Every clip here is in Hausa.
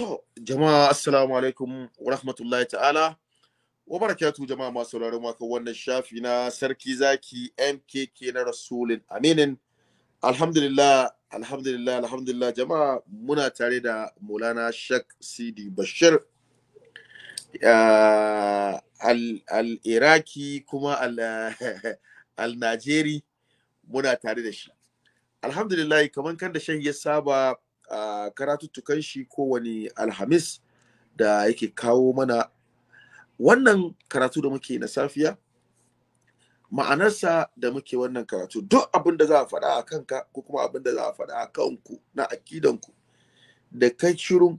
To, jama'a assalamu alaikum wa rahmatullahi ta'ala. Wa barakatu jama'a masu sauraron maka wannan shafi na sarki zaki MKK na Rasulin Aminin. Alhamdulillah, alhamdulillah, alhamdulillah jama'a muna tare da Maulana Shak Sidi Bashir. Al-Iraki kuma al-Najeri muna tare da shi. Alhamdulillah, kamar kan da ya saba karatuttukan shi ko kowane alhamis da yake kawo mana wannan karatu da muke na safiya ma'anarsa da muke wannan karatu duk abin da za a faɗa a kanka ko kuma abin da za a faɗa a kanku na akidanku da kai shirin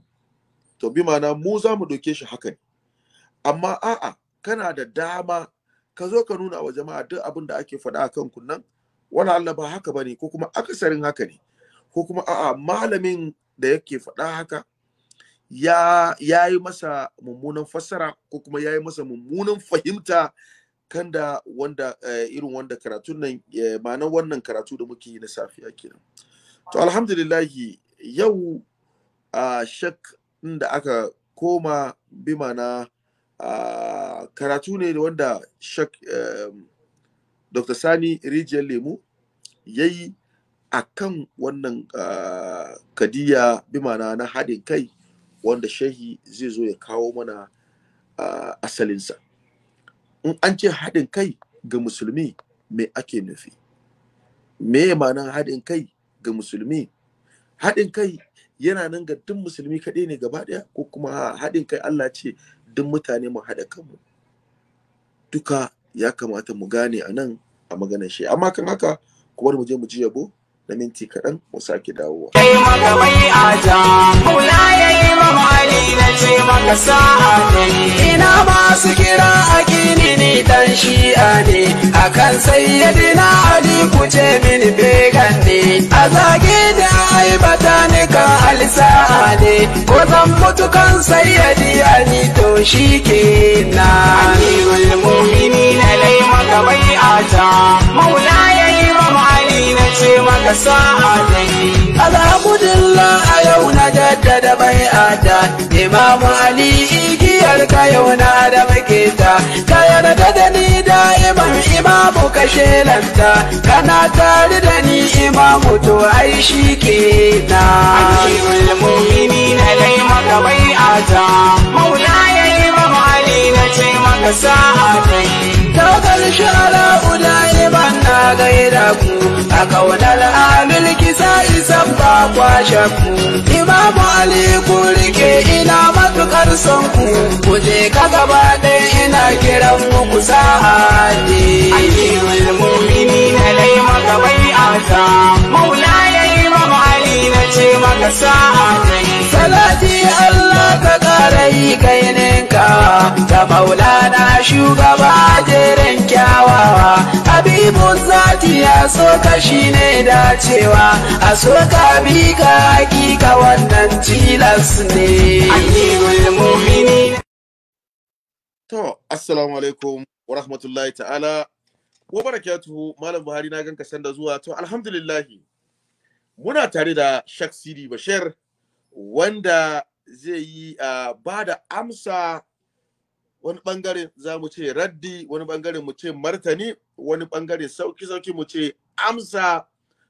to bi ma'ana mu za mu doke shi haka ne amma a'a kana da dama ka zo ka nuna wa jama'a duk abin da ake faɗa a kanku nan wala Allah ba haka bane ko kuma akasarin haka ne ko kuma a'a malamin da yake faɗa haka ya ya yi masa mummunan fassara ko kuma ya yi masa mummunan fahimta kan da wanda eh, irin wanda karatun nan eh, ma'anar wannan karatu da muke yi na safiya kenan to alhamdulillahi yau a shak da aka koma bi mana karatu ne wanda shak eh, dr sani rijiyar lemu ya yi a kan wannan ah, kadiya bi mana na haɗin kai wanda shehi zai zo ya kawo mana ah, asalinsa in an ce haɗin kai ga musulmi me ake nufi me ma'anar haɗin kai ga musulmi haɗin kai yana nan ga duk musulmi kaɗai ne gaba ɗaya ko kuma haɗin kai Allah ce duk mutane mu haɗa kanmu duka ya kamata mu gane a nan a maganar shi amma kan haka kuma mu je mu ji yabo na minti kaɗan mu sake dawowa. Kai maka mai aja, maula ya yi mamali na ce maka sa'a ne. Ina masu kira a gini ni dan shi'a ne, akan sayyadina Ali ku ce mini began ne, a zage da aibu. mata ne kan alisa ne ko zan mutu kan sayyadi ani to shi ke na amirul mu'mini na lai maka bai'ata maula yayi mamali na ce maka sa'a dai alhamdulillah a yau na jaddada bai'ata imamu ali igi yau na da maketa ka yarda da ni da'iman imamu ka shelanta kana tare da ni imamu to ai shi ke na. Ashirul mu'mini na dai maka bai'ata maulaya Imam Ali na ce maka sa'a kai. Ta karshe ala udayi ban na gaida ku, a ƙaunar amil kisa isan ba kwashe ku. Imam Ali ku rike ina matuƙar son ku, ku je ka gaba ɗaya ina kiran muku sa'a ne. Ayyul mu'mini na lai maka bai'ata, Imam na ce maka sa'a Salati Allah ka ƙara yi kai ninka, da maulana shugaba jeren kyawawa. Habibu zati ya so ka shi ne dacewa, a so ka bi ka hakika wannan tilas ne. Ayyul mu'mini. To, assalamu alaikum wa rahmatullahi ta'ala. Wa barakatuhu Malam Buhari na ganka sanda zuwa to alhamdulillahi muna tare da shaksiri Sidi Bashir wanda zai yi uh, ba da amsa wani bangare za mu ce raddi wani bangare mu ce martani wani bangare sauki-sauki mu ce amsa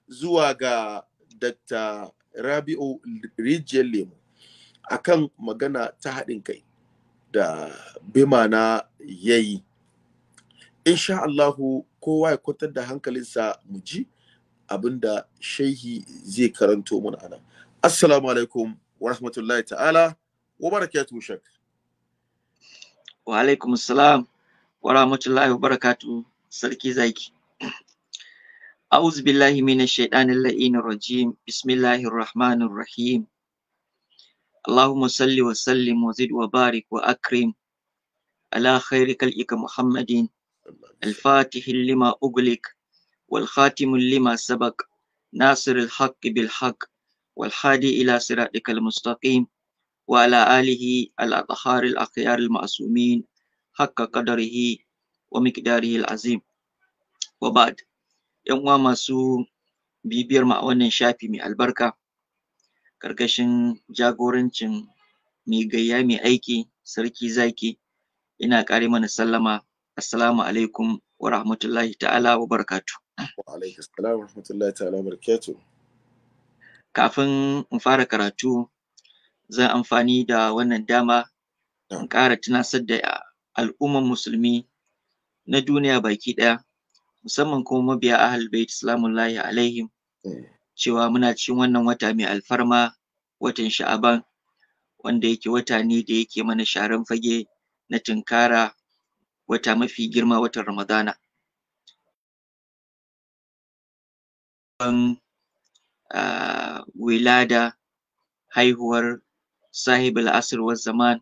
zuwa ga Dr. Rabi'u Rijiyar Lemu kan magana ta haɗin kai da bima na yayi. Insha Allahu kowa ya kwantar da hankalinsa mu ji. abinda shehi zai karanto mana ana assalamu alaikum wa rahmatullahi ta'ala wa barakatuhu shak wa alaikum salam. wa rahmatullahi wa barakatuhu sarki zaki أعوذ بالله من الشيطان اللئين الرجيم بسم الله الرحمن اللهم صل وسلم وزد وبارك وأكرم على خير كلئك محمد الفاتح لما أغلق والخاتم لما سبق ناصر الحق بالحق والحادي إلى صراطك المستقيم وعلى آله الأطهار الأخيار المعصومين حق قدره ومقداره العظيم وبعد uwa masu bibiyar ma wannan shafi mai albarka ƙarƙashin jagorancin mai gayya mai aiki sarki zaki ina ƙare mana sallama assalamu alaikum wa rahmatullahi ta'ala wa barakatu Kafin in fara karatu zan amfani da wannan dama in ƙara tunasar da al'umman musulmi na duniya baki ɗaya musamman kuma mabiya ahal bait islamullahi alaihim eh. cewa muna cikin wannan wata mai alfarma watan sha'aban wanda yake wata ne da yake mana sharan fage na tunkara wata mafi girma watan ramadana uh, wilada haihuwar sahib al'asir wa zaman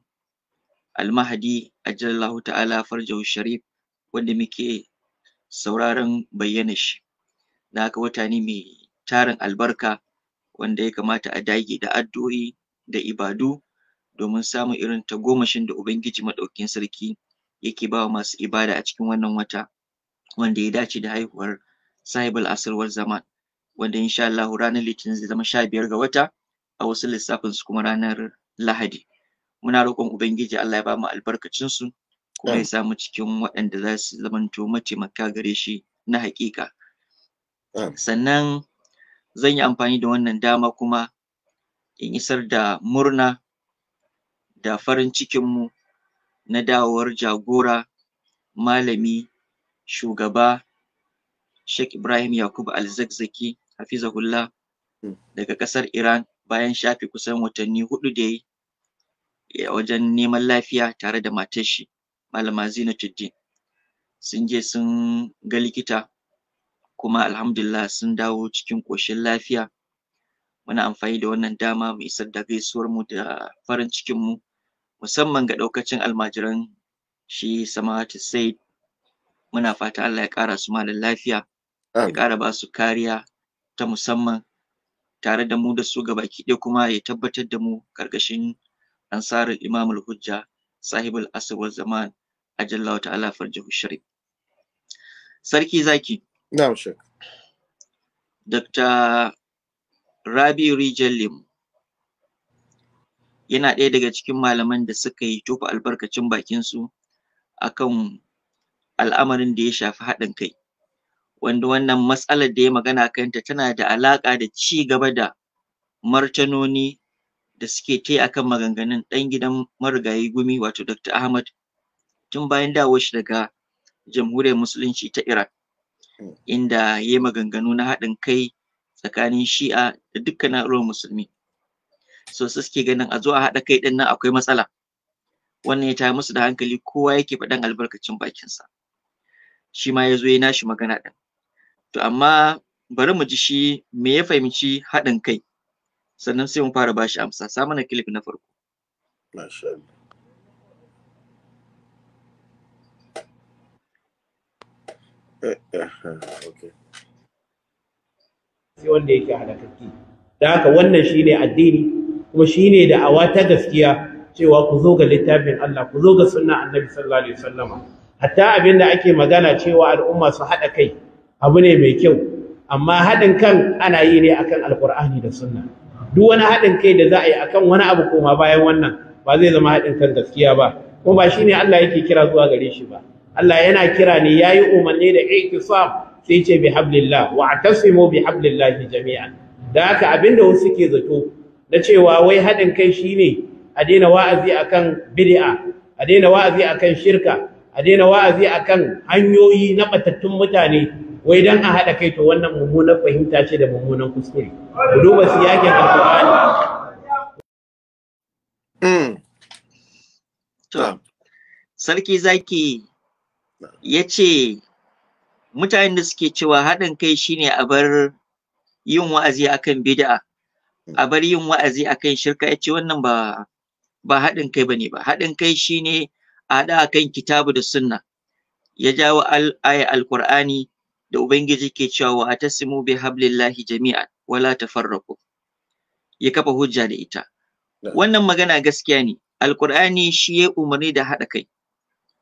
almahadi ajallahu ta'ala farjahu sharif wanda muke sauraron bayyana shi da haka wata ne mai tarin albarka wanda ya kamata a dage da addu'o'i da ibadu domin samun irin tagomashin da ubangiji maɗaukin sarki yake ba masu ibada a cikin wannan wata wanda ya dace da haihuwar sahib al'asir wa zaman wanda insha Allah ranar litinin zai zama sha biyar ga wata a wasu lissafin su kuma ranar lahadi muna roƙon ubangiji Allah ya ba mu albarkacin su kuma ya samu cikin waɗanda za su zamanto mataimaka gare shi na haƙiƙa sannan zan yi amfani da wannan dama kuma in isar da murna da farin cikin mu na dawowar jagora malami shugaba Sheikh Ibrahim Yakubu Alzakzaki hafizahullah hmm. daga ƙasar Iran bayan shafe kusan watanni hudu da yayi wajen neman lafiya tare da matar shi Malama Zinatuddin. Sun je sun ga likita kuma alhamdulillah sun dawo cikin ƙoshin lafiya. Muna amfani da wannan dama mu isar da gaisuwar mu da farin cikin mu musamman ga ɗaukacin almajiran shi Sama'atu Said. Muna fata Allah ya ƙara su malam lafiya, ya ƙara ba su kariya ta musamman tare da mu da su baki ɗaya kuma ya tabbatar da mu ƙarƙashin ansarar imamul hujja sahibul asr wal zaman ajallahu ta'ala farjahu shari sarki zaki na'am shek dr rabi rijalim yana ɗaya daga cikin malaman da suka yi tofa albarkacin bakin su akan al'amarin da ya shafi haɗin kai wanda wannan matsalar da ya magana kanta tana da alaƙa da ci gaba da martanoni da suke ta akan maganganun ɗan gidan marigayi gumi wato Dr. Ahmad tun bayan dawowar shi daga jamhuriyar musulunci ta Iran inda ya maganganu na haɗin kai tsakanin shi'a da dukkanin na'urar musulmi so su suke ganin a zo a haɗa kai ɗin nan akwai matsala wannan ya tayar musu da hankali kowa yake faɗan albarkacin bakinsa shi ma ya zo ya nashi magana ɗin To amma bari mu ji shi me ya fahimci haɗin kai sannan sai mu fara bashi amsa sa mana clip na farko. wanda yake halakaki. Da haka wannan ne addini kuma shine da awa ta gaskiya cewa ku zo ga littafin Allah ku zo ga sunna annabi sallallahu alaihi wasallama hatta abinda ake magana cewa al'umma su haɗa kai abu ne mai kyau amma haɗin kan ana yi ne akan alkur'ani da sunna duk wani haɗin kai da za a yi akan wani abu koma bayan wannan ba zai zama haɗin kan gaskiya ba kuma ba shine Allah yake kira zuwa gare shi ba Allah yana kira ne yayi umarni da i'tisam sai ce Wa bihablillah bi hablillah jami'an da haka abinda wasu suke zato na cewa wai haɗin kai shine a daina wa'azi akan bid'a a daina wa'azi akan shirka a daina wa'azi akan hanyoyi na batattun mutane wai dan a haɗa kai to wannan mummunan fahimta ce da mummunan kuskure ku duba siyakin mm to sarki zaki ya ce mutanen da suke cewa haɗin kai shine a bar yin wa'azi akan bid'a a bar yin wa'azi akan shirka ya ce wannan ba ba haɗin kai bane ba haɗin kai shine a hada akan kitabu da sunna ya jawo al aya alqur'ani da ubangiji ke cewa wa atasimu bi hablillahi jami'an wala tafarraqu ya kafa hujja da ita wannan magana gaskiya ne alqur'ani shi ya umarni da hada kai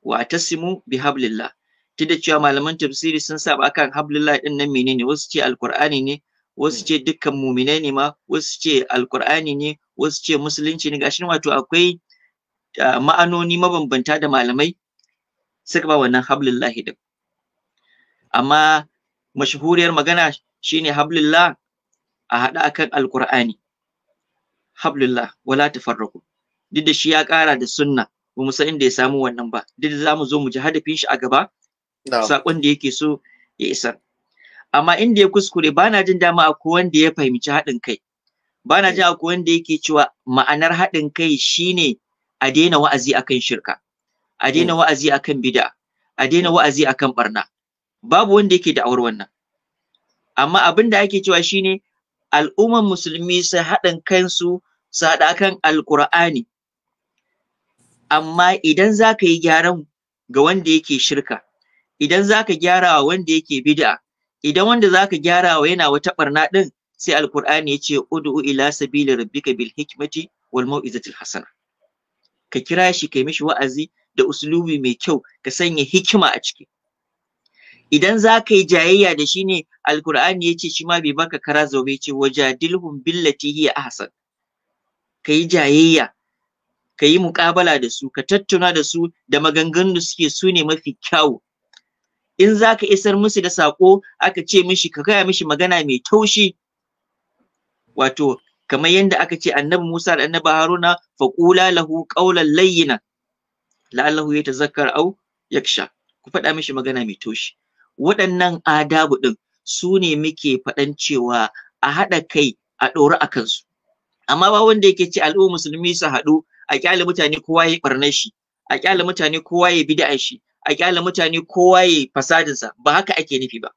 wa atasimu bi hablillah tunda cewa malaman tafsiri sun saba akan hablillah din nan menene wasu ce alqur'ani ne wasu ce dukkan muminai ne ma wasu ce alqur'ani ne wasu ce musulunci ne gashi wato akwai ah, ma'anoni mabambanta da malamai suka ba wannan hablillahi din amma mashhuriyar magana shine hablillah a haɗa akan alqur'ani hablillah wala tafarraqu duk da shi ya ƙara da sunna ba mu san inda ya samu wannan ba duk da zamu zo mu ji hadafin shi a gaba sakon da yake so ya isa amma inda ya kuskure ba na jin dama akwai wanda ya fahimci haɗin kai ba na jin akwai wanda yake cewa ma'anar haɗin kai shine a daina wa'azi akan shirka a daina wa'azi akan bid'a a daina wa'azi akan barna babu wanda yake da awar wannan amma abin da ake cewa shine al'umman musulmi su haɗin kansu su haɗa kan alƙur'ani amma idan za ka yi gyaran ga wanda yake shirka idan za ka gyara wa wanda yake bid'a idan wanda za ka gyara yana wata ɓarna ɗin sai alƙur'ani ya ce ud'u ila sabili rabbika bil hikmati wal mau'izatil hasana ka kira shi kai mishi wa'azi da uslubi mai kyau ka sanya hikima a ciki idan za ka yi jayayya da shi ne alkur'ani ya ce shi ma bai baka kara zobe ce dilhun billati hiya ahsan ka yi jayayya ka yi muƙabala da su ka tattuna da su da maganganun da suke su ne mafi kyau. in za ka isar musu da saƙo aka ce mishi ka gaya mishi magana mai taushi wato kamar yadda aka ce annabi Musa da annabi Haruna faqula lahu qawlan layyina la'allahu yatazakkar aw yaksha ku faɗa mishi magana mai taushi waɗannan adabu ɗin su ne muke faɗan cewa a haɗa kai a ɗori a kansu amma ba wanda yake ce al'umma musulmi su haɗu a ƙyale mutane kowa ya ɓarnar shi a ƙyale mutane kowa ya bid'a shi a ƙyale mutane kowa ya fasadinsa ba haka ake nufi ba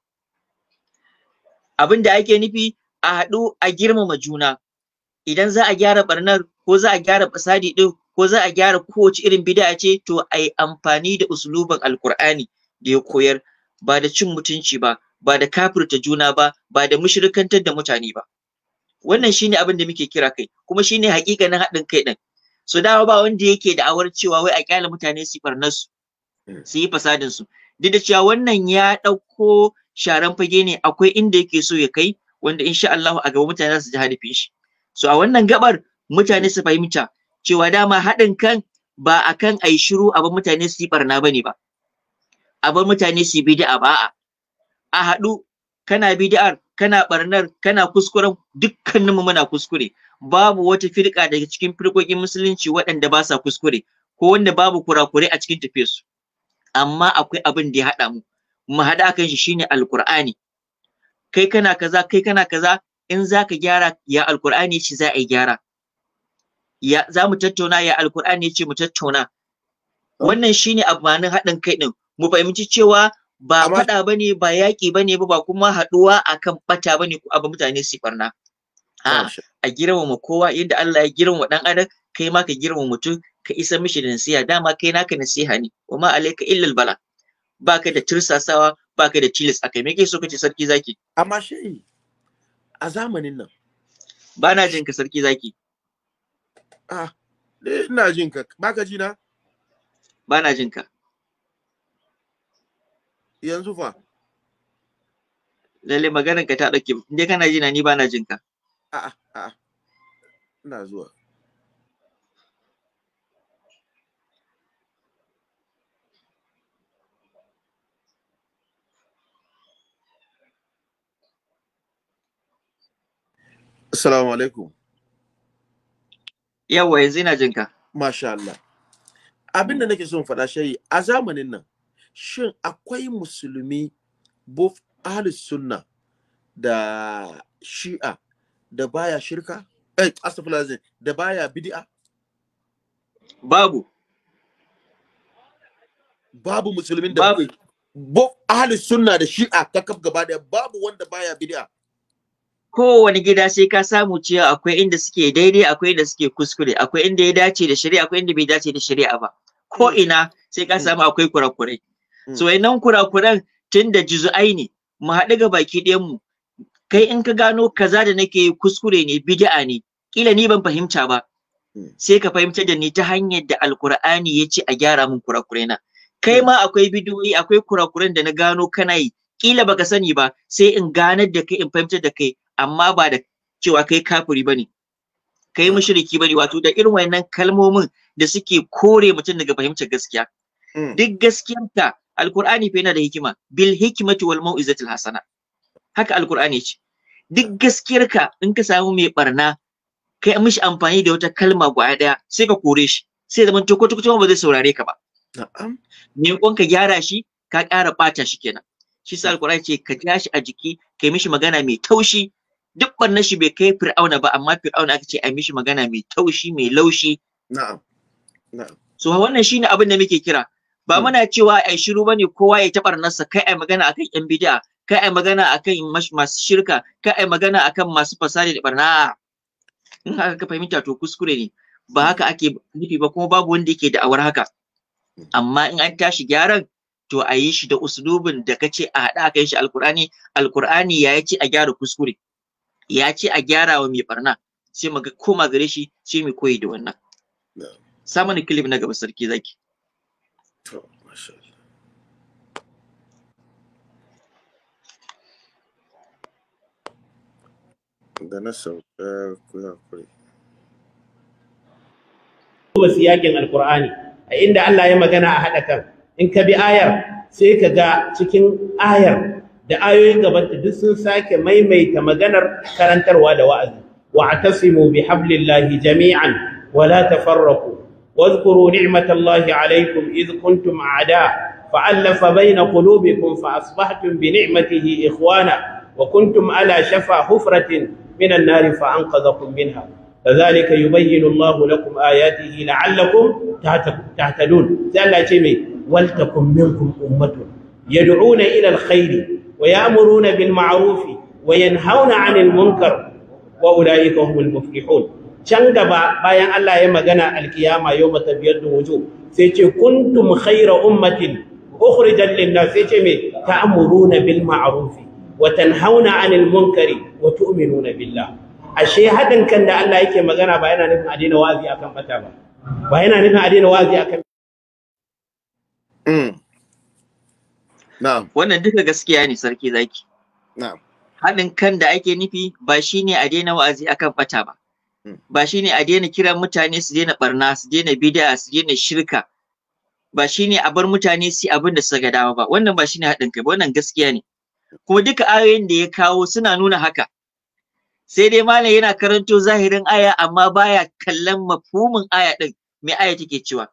abin da ake nufi a haɗu a girmama juna idan za a gyara ɓarnar, ko za a gyara fasadi ɗin ko za a gyara kowace irin bid'a ce to a yi amfani da usuluban alkur'ani da ya koyar ba da cin mutunci ba ba da kafirta juna ba ba da mushrikantar da mutane ba wannan shine abin da muke kira kai kuma shine na haɗin kai din so ba wanda yake da awar cewa wai a kyala mutane su barnar su eh. su yi fasadin su duk da cewa wannan ya ɗauko sharan fage ne akwai inda yake so ya kai wanda insha Allah a gaba mutane za su ji hadifin shi so a wannan gaɓar, mutane su fahimta cewa dama haɗin kan ba akan ayi shiru abin mutane su yi barna bane ba a bar mutane su bid'a ba a a haɗu kana bid'ar kana barnar kana kuskuren dukkanin mu muna kuskure babu wata firka daga cikin firkokin musulunci waɗanda ba sa kuskure ko wanda babu kurakure a cikin tafiyarsu amma akwai abin da ya haɗa mu mu haɗa kan shi shine alqur'ani kai kana kaza kai kana kaza in ka gyara ya alqur'ani shi za a yi gyara ya za mu tattauna ya alqur'ani ce mu tattauna wannan shine abanin haɗin kai din mu fahimci cewa ba faɗa ba ne ba yaƙi ba ne ba kuma haɗuwa akan ɓata ba ne abin mutane su barna a girma girmama kowa yadda Allah ya wa ɗan adam kai ma ka girma mutum ka isa mishi da nasiha dama kai naka nasiha ne wa ma alaika illal bala baka da tirsasawa baka da tilis akai me kake so kace sarki zaki amma shi a zamanin nan ba na jin ka sarki zaki ah eh, ina jin ka baka ji na ba na jin ka yanzu fa lalle maganar ka ta dauke indai kana jina ni ba na jin ka a'a a ina zuwa Assalamu alaikum. Yawa yanzu ina jinka. Masha Allah. Abin da nake son faɗa shayi a zamanin nan shin akwai musulmi both ahlus sunna da shi'a da baya shirka eh astaghfirullah da baya bid'a babu babu musulmin da babu both ahlus sunna da shi'a kakaf gaba daya babu wanda baya bid'a kowane gida sai ka samu cewa akwai inda suke daidai akwai inda suke kuskure akwai inda ya dace da shari'a akwai inda bai dace da shari'a ba ko hmm. ina sai ka samu akwai kurakurai Mm. so nan kurakuran tun da juzu'ai ne mu haɗu ga baki ɗayan mu kai in ka gano kaza da nake kuskure ne bid'a ne ƙila ni ban fahimta ba mm. sai ka fahimtar da ni ta hanyar da alkur'ani ya ce a gyara min kurakurai na kai mm. ma akwai bidiyoyi akwai kurakuran da na gano kana yi kila baka sani ba sai in ganar da kai in fahimtar da kai amma ba da cewa kai kafiri bane kai mushriki bane wato da irin wayannan kalmomin da suke kore mutum daga fahimtar gaskiya duk gaskiyarka alqur'ani fa yana da hikima bil hikmati wal mau'izatil hasana haka alqur'ani ce duk gaskiyarka in ka samu mai barna kai mishi amfani da wata kalma guda daya sai ka kore shi sai zaman to kwata ba zai saurare ka ba ne ka gyara shi ka ƙara bata shi kenan shi sa alqur'ani ce ka ja shi a jiki kai mishi magana mai taushi duk barnar shi bai kai fir'auna ba amma fir'auna aka ce a mishi magana mai taushi mai laushi na'am na'am so wannan shine abin da muke kira ba muna cewa ai shiru bane kowa ya taba nasa kai ai magana akan yan bid'a kai ai magana akan masu shirka kai ai magana akan masu fasadi da barna in haka ka fahimta to kuskure ne ba haka ake nufi ba kuma babu wanda yake da'awar haka amma in an tashi gyaran to a yi shi da uslubin da kace a haɗa kai shi alkur'ani alkur'ani ya ce a gyara kuskure ya ce a gyara wa mai barna sai mu koma gare shi sai mu koyi da wannan samun clip na gaba sarki zaki To, masha Allah. Da siyakin Alƙur'ani, a inda Allah ya magana a haɗa kan, in ka bi ayar sai ka ga cikin ayar da ayoyin gabanta duk sun sake maimaita maganar karantarwa da wa'azi. Wa a tasimu bi hablillahi jami'an wala farraku واذكروا نعمة الله عليكم إذ كنتم أعداء فألف بين قلوبكم فأصبحتم بنعمته إخوانا وكنتم على شفا حفرة من النار فأنقذكم منها فذلك يبين الله لكم آياته لعلكم تهتدون سألنا شمي ولتكن منكم أمة يدعون إلى الخير ويأمرون بالمعروف وينهون عن المنكر وأولئك هم المفلحون can gaba bayan Allah ya magana alkiyama yau matabiyar da wujo sai ce kuntum khaira ummatin ukhrijat lin-nas sai ce me ta'muruna bil ma'ruf wa tanhauna 'anil munkari wa tu'minuna billah ashe hadin kan da Allah yake magana ba yana nufin a daina wazi akan bata ba ba yana nufin a wazi akan mm na'am wannan duka gaskiya ne sarki zaki na'am hadin kan da ake nufi ba shine a daina wazi akan bata ba ba shi ne a daina kiran mutane su daina barna su daina bid'a su daina shirka ba shi ne a bar mutane su abin da suka ga dama ba wannan ba shi ne haɗin kai ba wannan gaskiya ne kuma duka ayoyin da ya kawo suna nuna haka sai dai malam yana karanto zahirin aya amma baya kallon mafhumin aya din me aya take cewa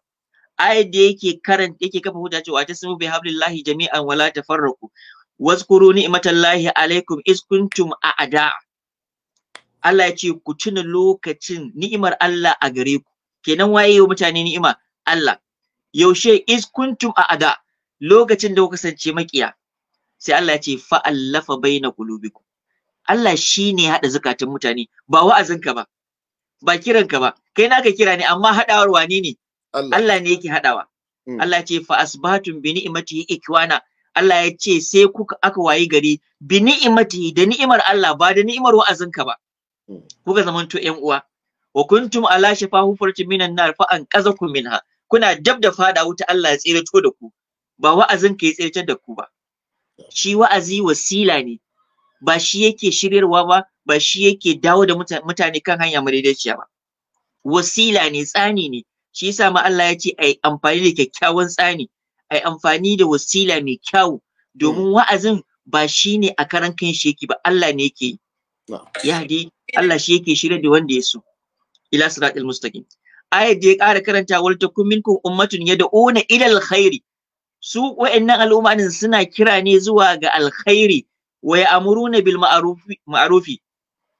aya da yake karanta yake kafa hujja cewa ta sabu bi hablillahi jami'an wala tafarraqu wazkuru ni'matallahi alaikum iskuntum a'da'a a'da Allah ya ce ku tuna lokacin ni'imar Allah a gare ku kenan waye wa mutane ni'ima Allah yaushe is kuntum a ada lokacin da kuka kasance makiya sai Allah ya ce fa allafa baina qulubikum Allah shine ya hada zakatun mutane ba wa'azinka ba ba kiranka ba kai naka kira ne amma hadawar wani ne Allah ne yake hadawa mm. Allah ya ce fa asbatum bi ni'matihi ikwana Allah ya ce sai kuka aka wayi gari bi ni'imati da ni'imar Allah ba da ni'imar wa'azinka ba kuka to ƴan uwa wa kuntum ala shafa hufurti minan nar fa an qazaku minha kuna dab da fada wuta Allah ya to da ku ba wa'azin ka ya tsiratar da ku ba shi wa'azi wasila ne ba shi yake shiryarwa ba ba shi yake dawo da mutane kan hanya madaidaiciya ba wasila ne tsani ne shi yasa ma Allah ya ce ai amfani da kyakkyawan tsani ai amfani da wasila mai kyau domin wa'azin ba shi ne a karan kan shi yake ba Allah ne yake yi Allah shi yake shirya da wanda ya so ila siratal mustaqim ayat da ya ƙara karanta wal takum minkum ummatun yad'una ila alkhairi su wa'annan al'umma din suna kira ne zuwa ga alkhairi wa ya'muruna bil ma'rufi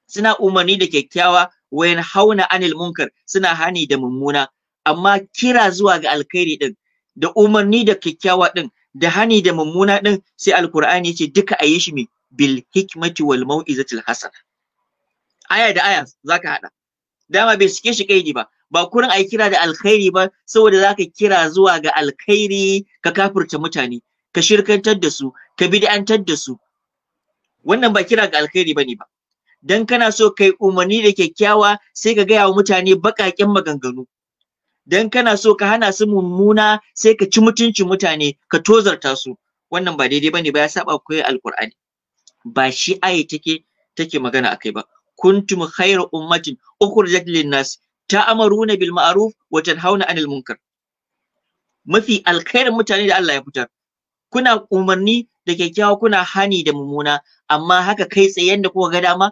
suna umarni da kyakkyawa wa hauna anil munkar suna hani da mummuna amma kira zuwa ga alkhairi din da umarni da kyakkyawa din da hani da mummuna din sai alkur'ani yace duka a shi bil hikmati wal mau'izatil hasana aya da aya zaka hada dama bai shike shi kaidi ba ba kurin ai kira da alkhairi ba saboda zaka kira zuwa ga alkhairi ka kafirta mutane ka shirkantar da su ka bid'antar da su wannan ba kira ga alkhairi bane ba dan kana so kai umarni da kyakkyawa sai ka gaya wa mutane bakakin maganganu dan kana so ka hana su mummuna sai ka ci mutuncin mutane ka tozarta su wannan ba daidai bane ba ya saba koyi alkur'ani ba shi aya take take magana akai ba kuntum khayra ummatin ukhrijat lin-nas tamaruna bil ma'ruf wa tanhauna 'anil munkar mafi alkhairin mutane da Allah ya fitar kuna umarni da kyakkyawa kuna hani da mumuna. amma haka kai tsaye yanda kuka ga dama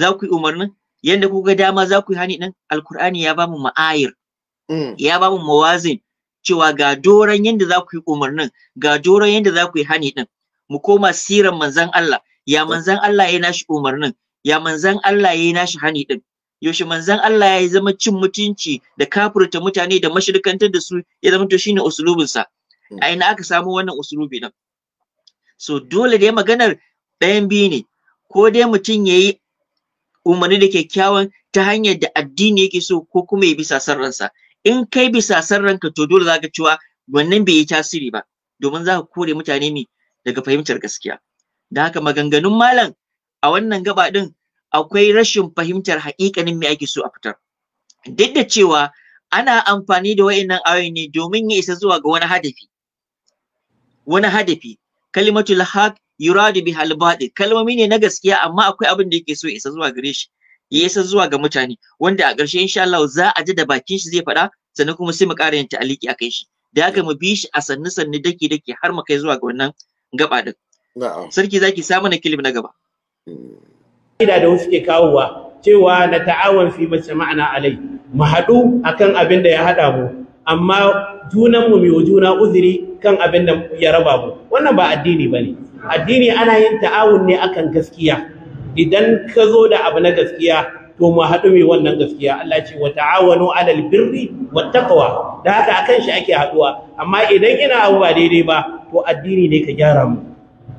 za ku yi umarnin yanda kuka ga dama za ku yi hani din alkur'ani ya bamu ma'ayir mm. ya bamu mawazin cewa ga doran yanda za ku yi umarnin ga doran yanda za ku yi hani din mu koma siran manzon Allah ya mm. manzon Allah ya nashi umarnin ya manzan Allah ya yi nashi hani din yaushe manzan Allah ya zama cin mutunci da kafurta mutane da mashirkantar da su ya zama to shine usulubinsa a ina aka samu wannan usulubi nan so dole dai maganar ɗayan biyu ne ko dai mutum ya yi umarni da kyakkyawan ta hanyar da addini yake so ko kuma ya bisa san in kai bisa san to dole za ka cewa wannan bai yi tasiri ba domin za ka kore mutane ne daga fahimtar gaskiya da haka maganganun malam a wannan gaba din akwai rashin fahimtar haƙiƙanin me ake so a fitar duk da cewa ana amfani da wayannan ayoyi ne domin ya isa zuwa ga wani hadafi wani hadafi kalimatul haq yuradu bi halbadi kalmomi ne na gaskiya amma akwai abin da yake so ya isa zuwa gare shi ya isa zuwa ga mutane wanda a ƙarshe insha Allah za a ji da bakin shi zai faɗa sannan kuma sai mu ƙara yin ta'aliki akan shi da haka mu bi shi a sannu sannu daki daki har mu kai zuwa ga wannan gaba din sarki zaki samu na kilim na gaba ida da suke kawowa cewa na ta'awan fi mace ma'ana alai mu haɗu akan abin da ya haɗa mu amma junan mu miyo juna uzuri kan abin da ya raba mu wannan ba addini bane addini ana yin ta'awun ne akan gaskiya idan ka zo da abu na gaskiya to mu haɗu mai wannan gaskiya Allah ce wa ta'awanu alal birri wat taqwa da haka akan shi ake haɗuwa amma idan ina abu ba daidai ba to addini ne ka gyara mu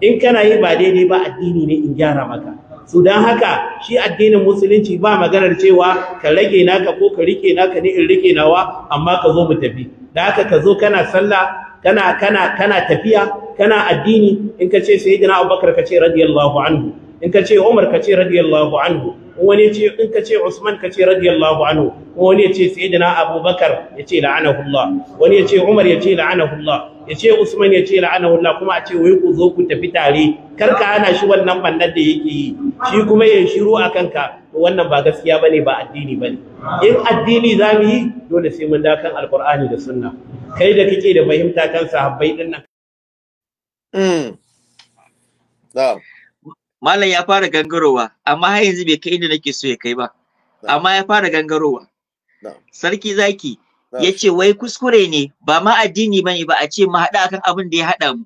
in kana yi ba daidai ba addini ne in gyara maka su don haka shi addinin musulunci ba maganar cewa ka rage naka ko ka rike naka ne in rike nawa amma ka zo mu tafi da haka ka zo kana sallah kana kana kana tafiya kana addini in ka ce sayyidina abubakar ka ce radiyallahu anhu in ka ce umar ka ce radiyallahu anhu wani ce in ka ce Usman ka ce radiyallahu anhu wani ya ce sayyidina Abubakar ya ce la'anahullah wani ya ce Umar ya ce la'anahullah ya ce Usman ya ce la'anahullah kuma a ce wai ku zo ku tafi tare kar ka hana shi wannan bannan da yake yi shi kuma ya shiru a kanka wannan ba gaskiya bane ba addini bane in addini zamu yi dole sai mun dakan alqur'ani da sunna kai da kike da fahimta kan sahabbai dinnan mm malam ya fara gangarowa amma har yanzu bai kai inda nake so ya kai ba amma ya fara gangarowa sarki zaki ya ce wai kuskure ne ba ma addini ba ne ba a ce mu haɗa akan abin da ya haɗa mu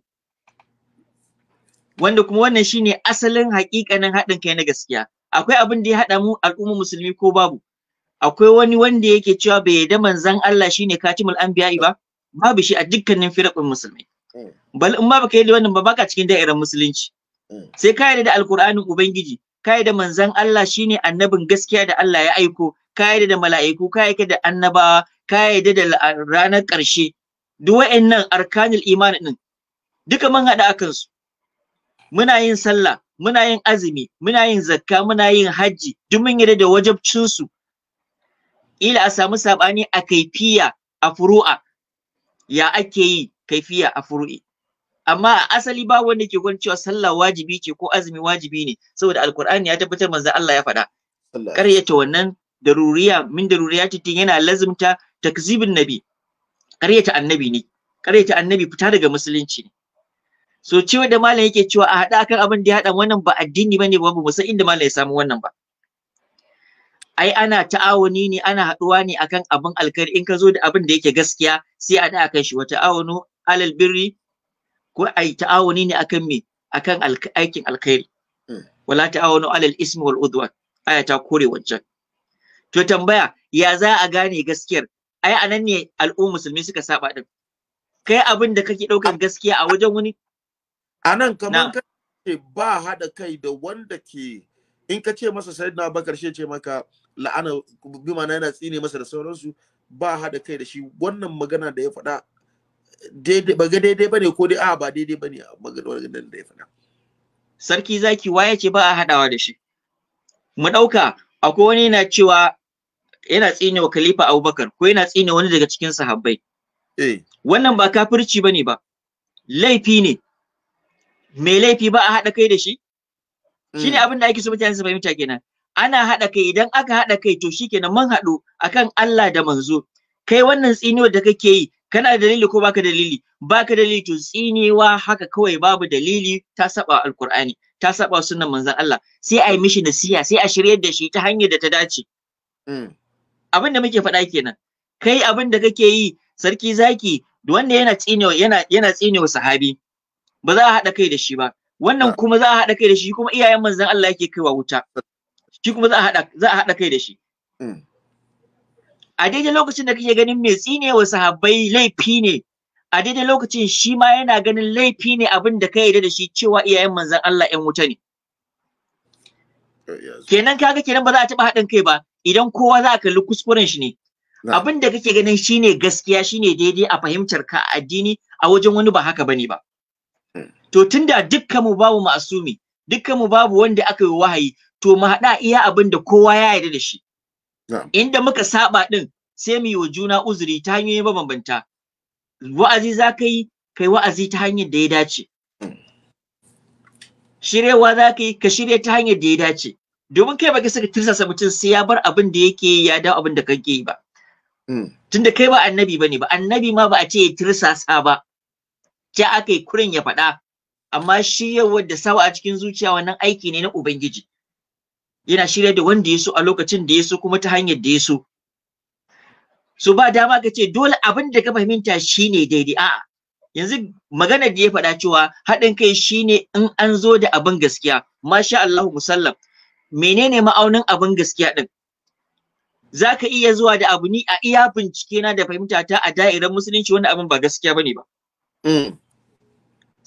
wanda kuma wannan shine asalin haƙiƙanin haɗin kai na gaskiya akwai abin da ya haɗa mu al'ummar musulmi ko babu akwai wani wanda yake cewa bai yarda manzon Allah shine katimul anbiya'i ba babu shi a dukkanin firqin musulmi mm. bal in ma baka yi wannan ba baka cikin da'irar musulunci Mm. sai ka yarda da alkur'anin ubangiji ka yarda manzon Allah shine annabin gaskiya da Allah ya aiko ka yarda da mala'iku ka yarda da annabawa ka yarda da ranar ƙarshe duk wa'annan arkanul iman din duka mun hada akan su muna yin sallah muna yin azumi muna yin zakka muna yin hajji duk mun yarda da wajibcin su ila a samu sabani a kaifiya a furu'a ya ake yi kaifiya a furu'i amma a asali ba wanda ke gwani cewa sallah wajibi ce ko azumi wajibi ne saboda alkur'ani ya tabbatar manzo Allah ya faɗa ƙaryata wannan daruriya min titin yana lazimta takzibin nabi ƙaryata annabi ne ƙaryata annabi fita daga musulunci ne so cewa da malam yake cewa a haɗa akan abin da ya haɗa wannan ba addini bane ne babu san inda malam ya samu wannan ba ai ana ta'awuni ne ana haɗuwa ne akan abin alkhairi in ka zo da abin da yake gaskiya sai a da akan shi wata awunu alal birri ko ai ta'awuni ne akan me akan aikin alkhairi hmm. wala ta'awunu alal ismi wal udwan aya ta kore wancan to tambaya ya za a gane gaskiyar ai anan ne al'ummu musulmi suka saba din kai abin da kake daukan gaskiya a wajen wani anan kaman ka ba hada kai da wanda ke in ka ce masa sayyidina bakar shi ce maka la'ana bi yana tsine masa da sauransu ba hada kai da shi wannan magana da ya faɗa ba ga daidai bane ko dai a ba daidai bane maganar da ya faɗa sarki zaki waye ce ba a haɗawa da shi mu ɗauka akwai wani yana cewa yana tsine wa khalifa abubakar ko yana tsine wani daga cikin sahabbai eh. wannan ba kafirci bane ba laifi ne me laifi ba a haɗa kai da shi mm. shine abin da ake so mutane su fahimta kenan ana haɗa kai idan aka haɗa kai to shikenan mun haɗu akan Allah da manzo kai wannan tsiniyar da kake yi kana da dalili ko baka dalili baka dalili to tsinewa haka kawai babu dalili ta saba alkur'ani ta saba sunnan manzon Allah sai a yi mishi nasiha sai a shiryar da shi ta hanyar da ta dace hmm. abin da muke faɗa kenan kai abin da kake yi sarki zaki wanda yana tsinewa yana yana tsinewa sahabi ba za a haɗa kai da shi ba wannan kuma za a haɗa kai da shi kuma iyayen manzon Allah yake kaiwa wuta shi kuma za a haɗa za a haɗa kai da shi hmm. a daidai lokacin da kake ganin mai tsine wa sahabbai laifi ne a daidai lokacin shi ma yana ganin laifi ne abin da ka yarda da shi cewa iyayen manzon Allah ƴan wuta ne kenan kaga kenan ba za a taɓa haɗin kai ba idan kowa za ka kalli kuskuren shi ne abin da kake ganin shine gaskiya shine daidai a fahimtar ka a addini a wajen wani ba haka bane ba hmm. to tunda dukkan mu babu ma'asumi dukkan mu babu wanda aka yi wahayi to mu haɗa iya abin da kowa ya yarda da shi Inda muka saba din sai mu yi wa juna uzuri ta hanyoyi mabambanta. Wa'azi za ka yi, kai wa'azi ta hanyar da ya dace. Hmm. Shirewa za ka yi, ka shirya ta hanyar da ya dace. Domin kai baki saka tirsasa mutum sai ya bar abin da yake ya dawo abin da kake yi ba. Hmm. Tunda kai ba annabi ba ne ba, annabi ma ba a ce ya tirsasa ba. Ta aka yi kurin ya faɗa, amma shi yawar da sawa a cikin zuciya wannan aiki ne na Ubangiji. yana shirya da wanda ya so a lokacin da ya so kuma ta hanyar da ya so so ba dama ka ce dole abin da ka fahimta shine daidai a'a yanzu maganar da ya faɗa cewa haɗin kai shine in an zo da abin gaskiya masha Allahu musallam menene ma'aunin abin gaskiya din za ka iya zuwa da abu ni a iya bincike na da fahimta ta a da'irar musulunci wanda abin ba gaskiya bane ba mm.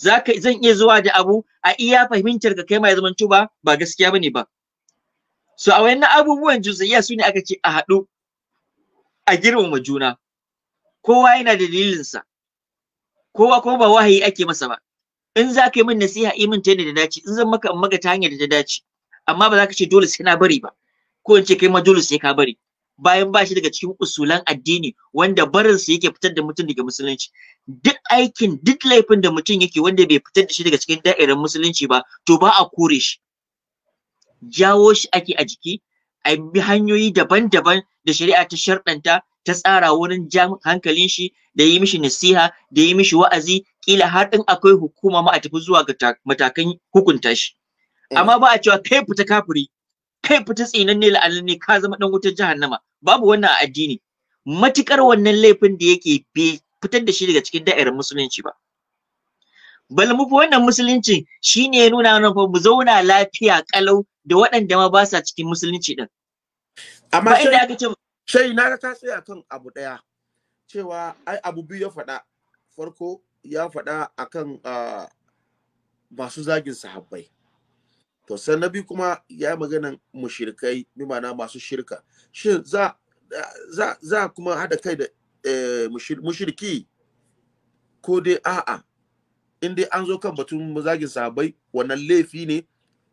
zan iya zuwa da abu a iya fahimtar ka kai mai ya ba ba gaskiya bane ba so a wayannan abubuwan juz'iyya su ne aka ce a haɗu a girmama juna kowa yana da dalilinsa kowa ko ba wahayi ake masa ba in za ka yi min nasiha yi min ta da dace in zan maka in maka ta hanyar da ta dace amma ba za ka ce dole sai na bari ba ko in ce kai ma dole sai ka bari bayan ba shi daga cikin usulan addini wanda barin su yake fitar da mutum daga musulunci duk aikin duk laifin da mutum yake wanda bai fitar da shi daga cikin da'irar musulunci ba to ba a kore shi jawo shi ake a jiki a bi hanyoyi daban-daban da shari'a ta sharɗanta ta tsara wurin ja hankalin shi da yi mishi nasiha da yi mishi wa'azi kila har ɗin akwai hukuma ma a tafi zuwa ga matakan hukunta shi eh. amma ba a cewa kai fita kafiri kai fita tsinan ne la'anan ne ka zama dan wutar jahannama babu wannan a addini matukar wannan laifin da yake bai fitar da shi daga cikin da'irar musulunci ba bal mu wannan musulunci shine ya nuna mana fa mu zauna lafiya kalau da waɗanda ma ba sa cikin musulunci din amma shai na ta tsaya kan abu ɗaya cewa ai abu biyu ya faɗa farko ya faɗa akan masu zagin sahabbai to na biyu kuma ya yi maganan mushirkai bi ma'ana masu shirka shin za za kuma hada kai da eh, mushirki ko dai a'a in dai an zo kan batun zagin sahabbai wannan laifi ne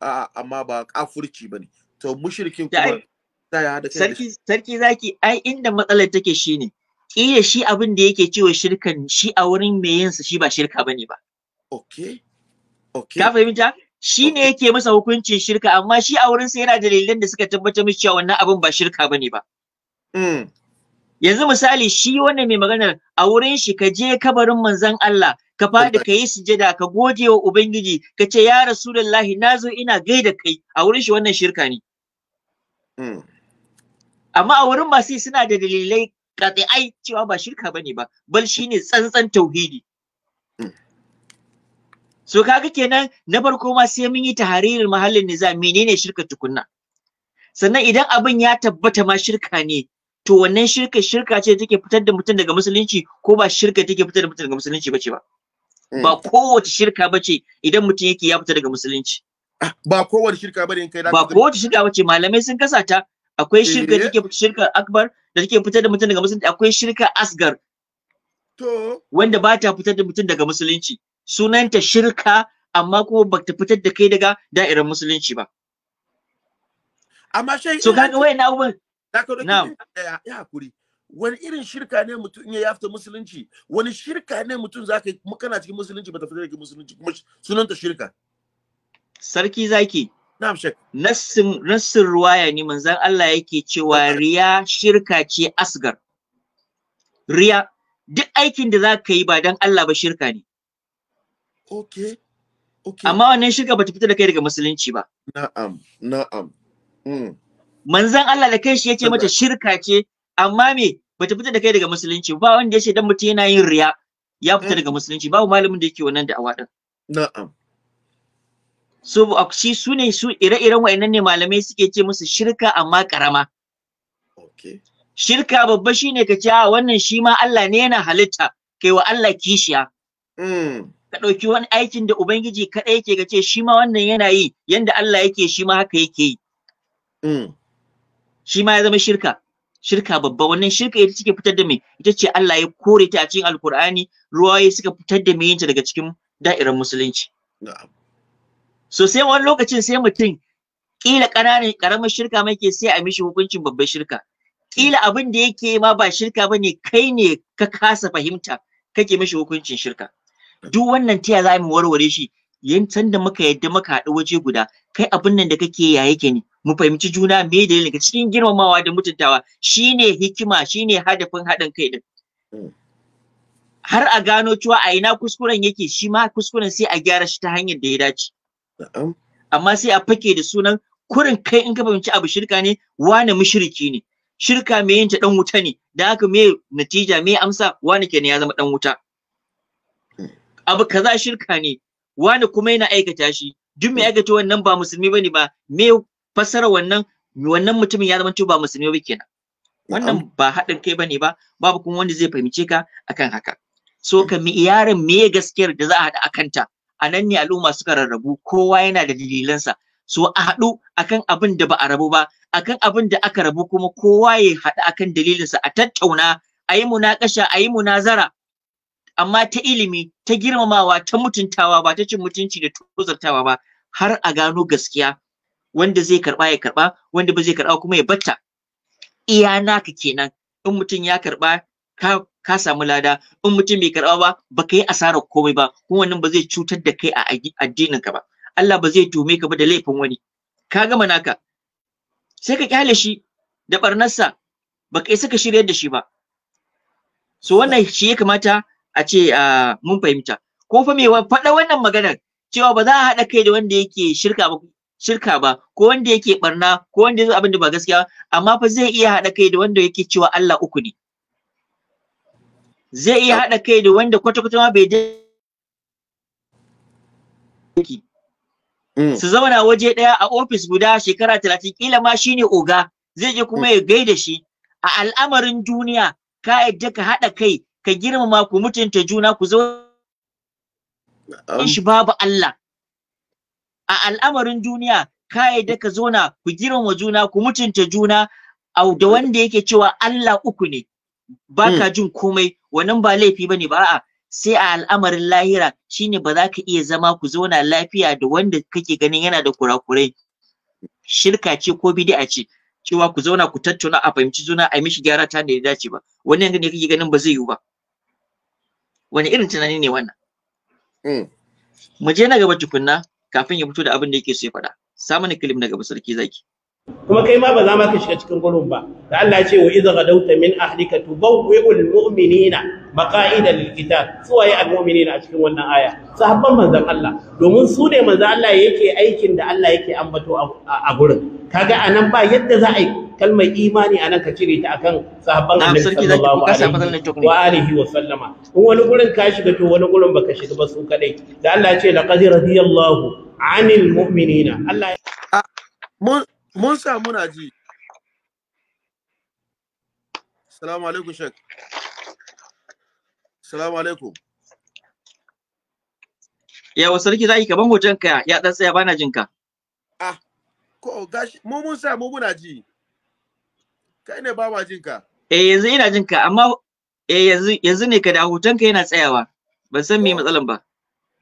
a amma ba kafurci ne to mushrikin kuma ta ya hada sarki sarki zaki ai inda matsalar take shine kila shi abin da yake cewa shirkan shi a wurin mai yinsa shi ba shirka bane ba okay okay ka fahimta shi ne yake masa hukuncin shirka amma shi a wurin sa yana dalilan da suka tabbata mishi cewa wannan abin ba shirka bane ba mm. yanzu misali shi wannan mai maganar a wurin shi ka je kabarin manzon Allah ka faɗi ka yi sujada ka gode wa ubangiji ka ce ya rasulullahi na zo ina gaida kai a wurin shi wannan shirka ne hmm. amma a wurin masu suna da dalilai ai cewa ba shirka bane ba bal shine tsantsan tauhidi hmm. so kaga kenan na farko ma sai mun yi taharirin mahallin niza menene shirka tukunna sannan idan abin ya tabbata ma shirka ne to wannan shirka shirka ce take fitar da mutum daga musulunci ko ba shirka take fitar da mutum daga musulunci ba ce ba Mm. ba kowace shirka ba ce idan mutum yake ya fita daga musulunci ah, ba kowace shirka bane kai ba kowace shirka bace malamai sun kasa ta akwai eh. shirka da take shirka akbar da take fitar da mutum daga musulunci akwai shirka asgar to wanda ba ta fitar da mutum daga musulunci sunanta shirka amma kuma ba ta fitar da kai daga da'irar musulunci ba amma shai so kaga wayan na ya hakuri wani irin shirka ne mutum in ya yafta musulunci wani shirka ne mutum za ka kana cikin musulunci ba ta fita daga musulunci kuma sunanta shirka sarki zaki na'am shek nassin nassin ruwaya ne manzon Allah yake cewa riya shirka ce asgar riya duk aikin da za ka yi ba dan Allah ba shirka ne okay okay amma wannan shirka ba ta fita da kai daga musulunci ba na'am na'am mm. manzon Allah da kanshi yace mata shirka ce amma me bata fita da kai daga musulunci ba wanda ya ce dan mutum yana yin riya ya fita daga musulunci babu malamin da yake wannan da'awa din na'am so shi su ne su ire-iren wayannan ne malamai suke ce musu shirka amma karama okay shirka babba shine ka ce wannan shi ma Allah ne yana halitta kai wa Allah kishiya mm. ka ɗauki wani aikin da ubangiji kaɗai yake ka ce shi ma wannan yana yi yanda Allah yake shi ma haka yake yi mm. shi ma ya zama shirka shirka babba wannan shirka ita take fitar da me ita ce Allah ya kore ta a cikin alkur'ani ya suka fitar da meyinta daga cikin da'irar musulunci so sai wani lokacin sai mutum kila ƙananan ƙaramar shirka mai ke sai a mishi hukuncin babbar shirka kila abin da yake ma ba shirka ba ne kai ne ka kasa fahimta kake mishi hukuncin shirka duk wannan taya za mu warware shi yin da muka yadda muka haɗu waje guda kai abin nan da kake ya yake ne mu fahimci juna me dalilin ka cikin girmamawa da mutuntawa shine hikima shine hadafin haɗin kai din hmm. har a gano cewa a ina kuskuren yake shi ma kuskuren sai a gyara shi ta hanyar da ya dace amma sai a fake da sunan kurin kai in ka fahimci abu shirka ne wane mushriki ne shirka me yin ta dan wuta ne da haka me natija me amsa wani kenan ya zama dan wuta hmm. abu kaza shirka ne wani kuma yana aikata shi duk mai hmm. aikata wannan ba musulmi bane ba me fassara wannan wannan mutumin ya zama ba musulmi ba kenan wannan ba haɗin kai bane ba babu kuma wanda zai fahimce ka akan haka so ka mi iyarin me gaskiyar da za a haɗa ta a nan ne al'umma suka rarrabu kowa yana da dalilansa so a haɗu akan abin da ba a rabu ba akan abin da aka rabu kuma kowa ya haɗu akan dalilinsa a tattauna a yi munakasha a yi munazara amma ta ilimi ta girmamawa ta mutuntawa ba ta cin mutunci da tozartawa ba har a gano gaskiya wanda zai karɓa ya karɓa, wanda ba zai karba kuma ya batta iya naka kenan in mutum ya karɓa ka ka samu lada in mutum bai karɓa ba baka yi asarar komai ba kuma wannan ba zai cutar da kai a addinin ka ba Allah ba zai tume ka ba da laifin wani ka gama naka sai ka kyale shi da barnarsa baka isa ka shiryar da shi ba so wannan shi ya kamata a ce mun fahimta ko fa me faɗa wannan maganar cewa ba za a haɗa kai da wanda yake shirka ba shirka ba ko wanda yake barna ko wanda yake abin da ba gaskiya amma fa zai iya haɗa kai da wanda yake cewa Allah uku ne zai iya haɗa kai da wanda kwata-kwata ma bai mm. su zauna waje daya a ofis guda shekara talatin kila ma shine oga zai je kuma ya gaida shi a al'amarin duniya ka yadda ka haɗa kai ka girmama ku mutunta juna ku zo um. shi babu Allah a al'amarin duniya ka yadda ka zauna ku girmama juna ku mutunta juna a da wanda yake cewa Allah uku ne ba ka hmm. jin komai wannan ba laifi bane ba a'a sai a al'amarin lahira shine ba za ka iya zama ku zauna lafiya da wanda kake ganin yana da kurakurai shirka ce ko bid'a ce cewa ku zauna ku tattauna a fahimci juna a mishi gyara ta da ya dace ba wannan ne kake ganin ba zai yiwu ba wani irin tunani ne wannan hmm. mu je na gaba tukunna kafin ya fito da abin da yake so ya faɗa. Sa mana kilim na gaba sarki zaki. kuma kai ma ba za ma ka shiga cikin gurin ba da Allah ya ce wa idza gadawta min ahlika tubawwi'ul mu'minina maqa'ida lil qital suwaye al mu'minina a cikin wannan aya sahabban manzon Allah domin su ne manzon Allah yake aikin da Allah yake ambato a gurin kaga anan ba yadda za a yi kalmar imani anan ka cire ta akan sahabban Annabi sallallahu alaihi wa sallama in wani gurin ka shiga to wani gurin baka shiga ba su kadai da Allah ya ce laqad radiyallahu anil mu'minina Allah ah, mun mun sa muna ji salamu alaikum shek salamu alaikum yawa sarki zaki kaman hotonka ya dan tsaya bana jinka. ah ko gashi mu mun sa mu muna ji kai ne ba ma eh yanzu ina jinka, amma eh yanzu yanzu ne ka da hotonka yana tsayawa ban san me matsalan ba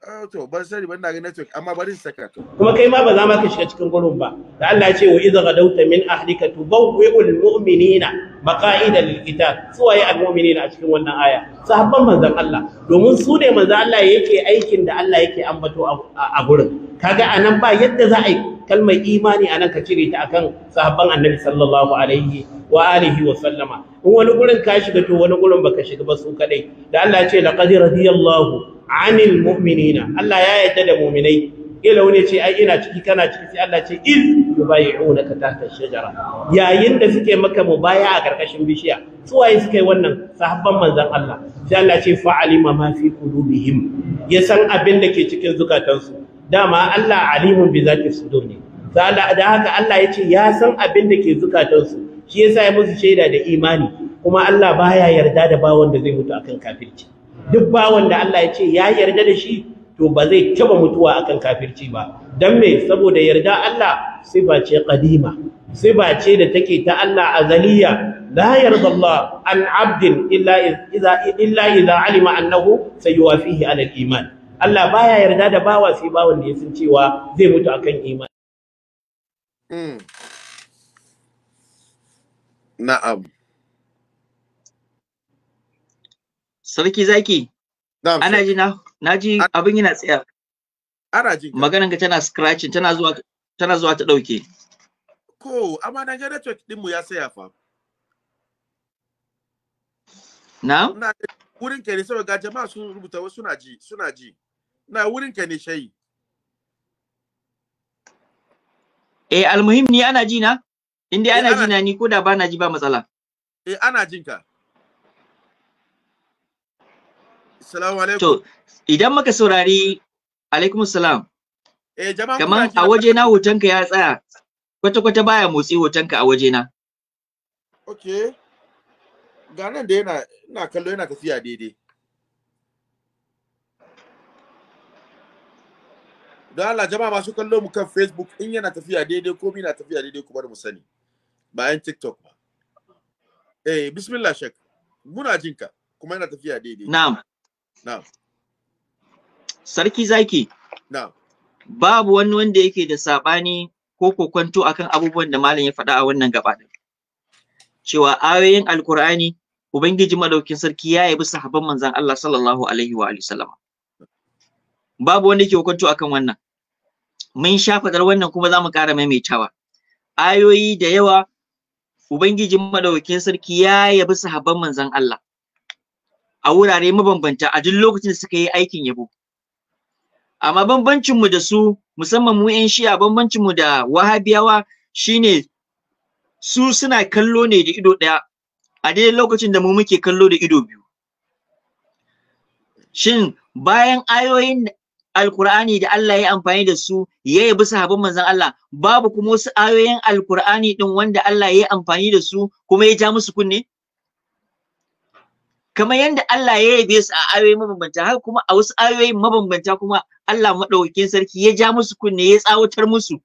Ah, to ban sani ban na ga network amma bari saka to kuma kai ma ba za ma ka shiga cikin gurin ba da Allah ya ce wa idza gadawta min ahlika tubawwi'ul mu'minina maqa'ida lil qital suwaye al mu'minina a cikin wannan aya sahabban manzon Allah domin su ne manzon Allah yake aikin da Allah yake ambato a gurin kaga anan ba yadda za a yi kalmar imani anan ka cire ta akan sahabban annabi sallallahu alaihi wa alihi wa sallama in wani gurin ka shiga to wani gurin baka shiga ba su kadai da Allah ya ce laqad radiyallahu 'anil mu'minina Allah ya yarda da mu'minai kila wani ce ai ina ciki kana ciki sai Allah ce iz yubayi'unaka tahta shajara yayin da suke maka mubaya a karkashin bishiya su waye suka yi wannan sahabban manzon Allah sai Allah ce fa'alima ma fi qulubihim ya san abin da ke cikin zukatansu dama Allah alimun bi zati sudur ne da haka Allah ya ce ya san abin da ke zukatansu shi yasa ya musu shaida da imani kuma Allah baya yarda da bawon da zai mutu akan kafirci duk bawon da Allah ya ce ya yarda da shi to ba zai taba mutuwa akan kafirci ba dan me saboda yarda Allah sifa ce qadima sifa ce da take ta Allah azaliya la yarda Allah an abdin illa idza illa idza alima annahu sayuwafihi ala al-iman Allah baya yarda da bawa sai bawon da ya san cewa zai mutu akan iman. mm. Na'am. Sarki zaki. Na'am. Ana ji na naji abin yana tsaya. Ana ji. Maganan ka tana scratching tana zuwa tana zuwa ta dauke. Ko amma na ga network din mu ya tsaya fa. Na'am. Na wurin ke ne sai ga jama'a sun rubuta wasu suna ji suna ji. Na wurin ke ne shayi. Eh almuhim ni ana ji na? In dai eh, ana jina ni ko da ba na ji ba matsala. Eh ana jin ka. Assalamu alaikum. To idan muka saurari alaikum salam. Eh jama'a kaman a waje na hotonka ya tsaya. Kwata kwata baya motsi hotonka a waje na. Okay. Ga nan da yana ina kallo yana tafiya daidai. Don Allah jama'a masu kallo mu kan Facebook in yana tafiya daidai ko bi na tafiya daidai ku bar mu sani. bayan tiktok ba eh bismillah shek muna jinka kuma yana tafiya daidai na'am na'am sarki zaki na'am babu wani wanda yake da sabani ko kokonto akan abubuwan da malam ya faɗa a wannan gaba din cewa ayoyin alkur'ani ubangiji madaukin sarki ya yabi sahabban manzon Allah sallallahu alaihi wa sallama. babu wanda yake hukunto akan wannan mun shafa faɗar wannan kuma za mu ƙara maimaitawa ayoyi da yawa Ubangijin madaukakin sarki ya yabi sahabban manzon Allah a wurare mabambanta a duk lokacin da suka yi aikin yabo. Amma bambancin mu da su musamman mu 'yan shi'a bambancin mu da wahabiyawa shine su suna kallo ne da ido ɗaya a daidai lokacin da mu muke kallo da ido biyu. Shin bayan ayoyin alkur'ani da Allah ya amfani da su ya yabi sahabban manzon Allah babu kuma wasu ayoyin alkur'ani din wanda Allah ya amfani da su kuma ya ja musu kunne kamar yadda Allah ya yabe su a ayoyi mabambanta har kuma a wasu ayoyin mabambanta kuma Allah madaukakin sarki ya ja musu kunne ya tsawatar musu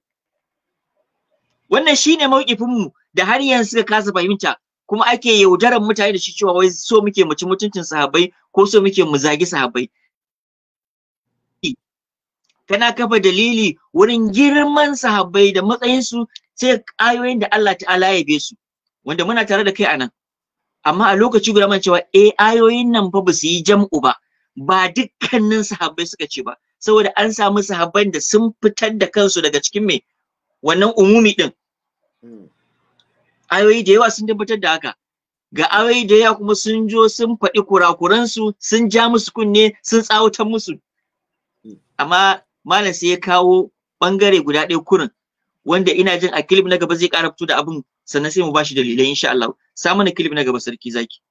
wannan shine mauƙifin mu da har yanzu suka kasa fahimta kuma ake yaudarar mutane da shi cewa wai so muke mu ci mutuncin sahabbai ko so muke mu zagi sahabbai kana kafa dalili wurin girman sahabbai da matsayinsu sai ayoyin da Allah ta'ala ya be su wanda muna tare da kai anan, amma a lokaci guda man cewa eh ayoyin nan fa ba su yi jam'u ba ba dukkanin sahabbai suka ce ba saboda an samu sahabban da sun fitar da kansu daga cikin me wannan umumi din hmm. ayoyi da yawa sun tabbatar da haka ga ayoyi da yawa kuma sun jo sun faɗi kurakuransu sun ja musu kunne sun tsawatar musu hmm. amma malam sai ya kawo bangare guda ɗaya kurin wanda ina jin a clip na gaba zai ƙara fito da abin sannan sai mu bashi dalilai insha Allah samu na clip na gaba sarki zaki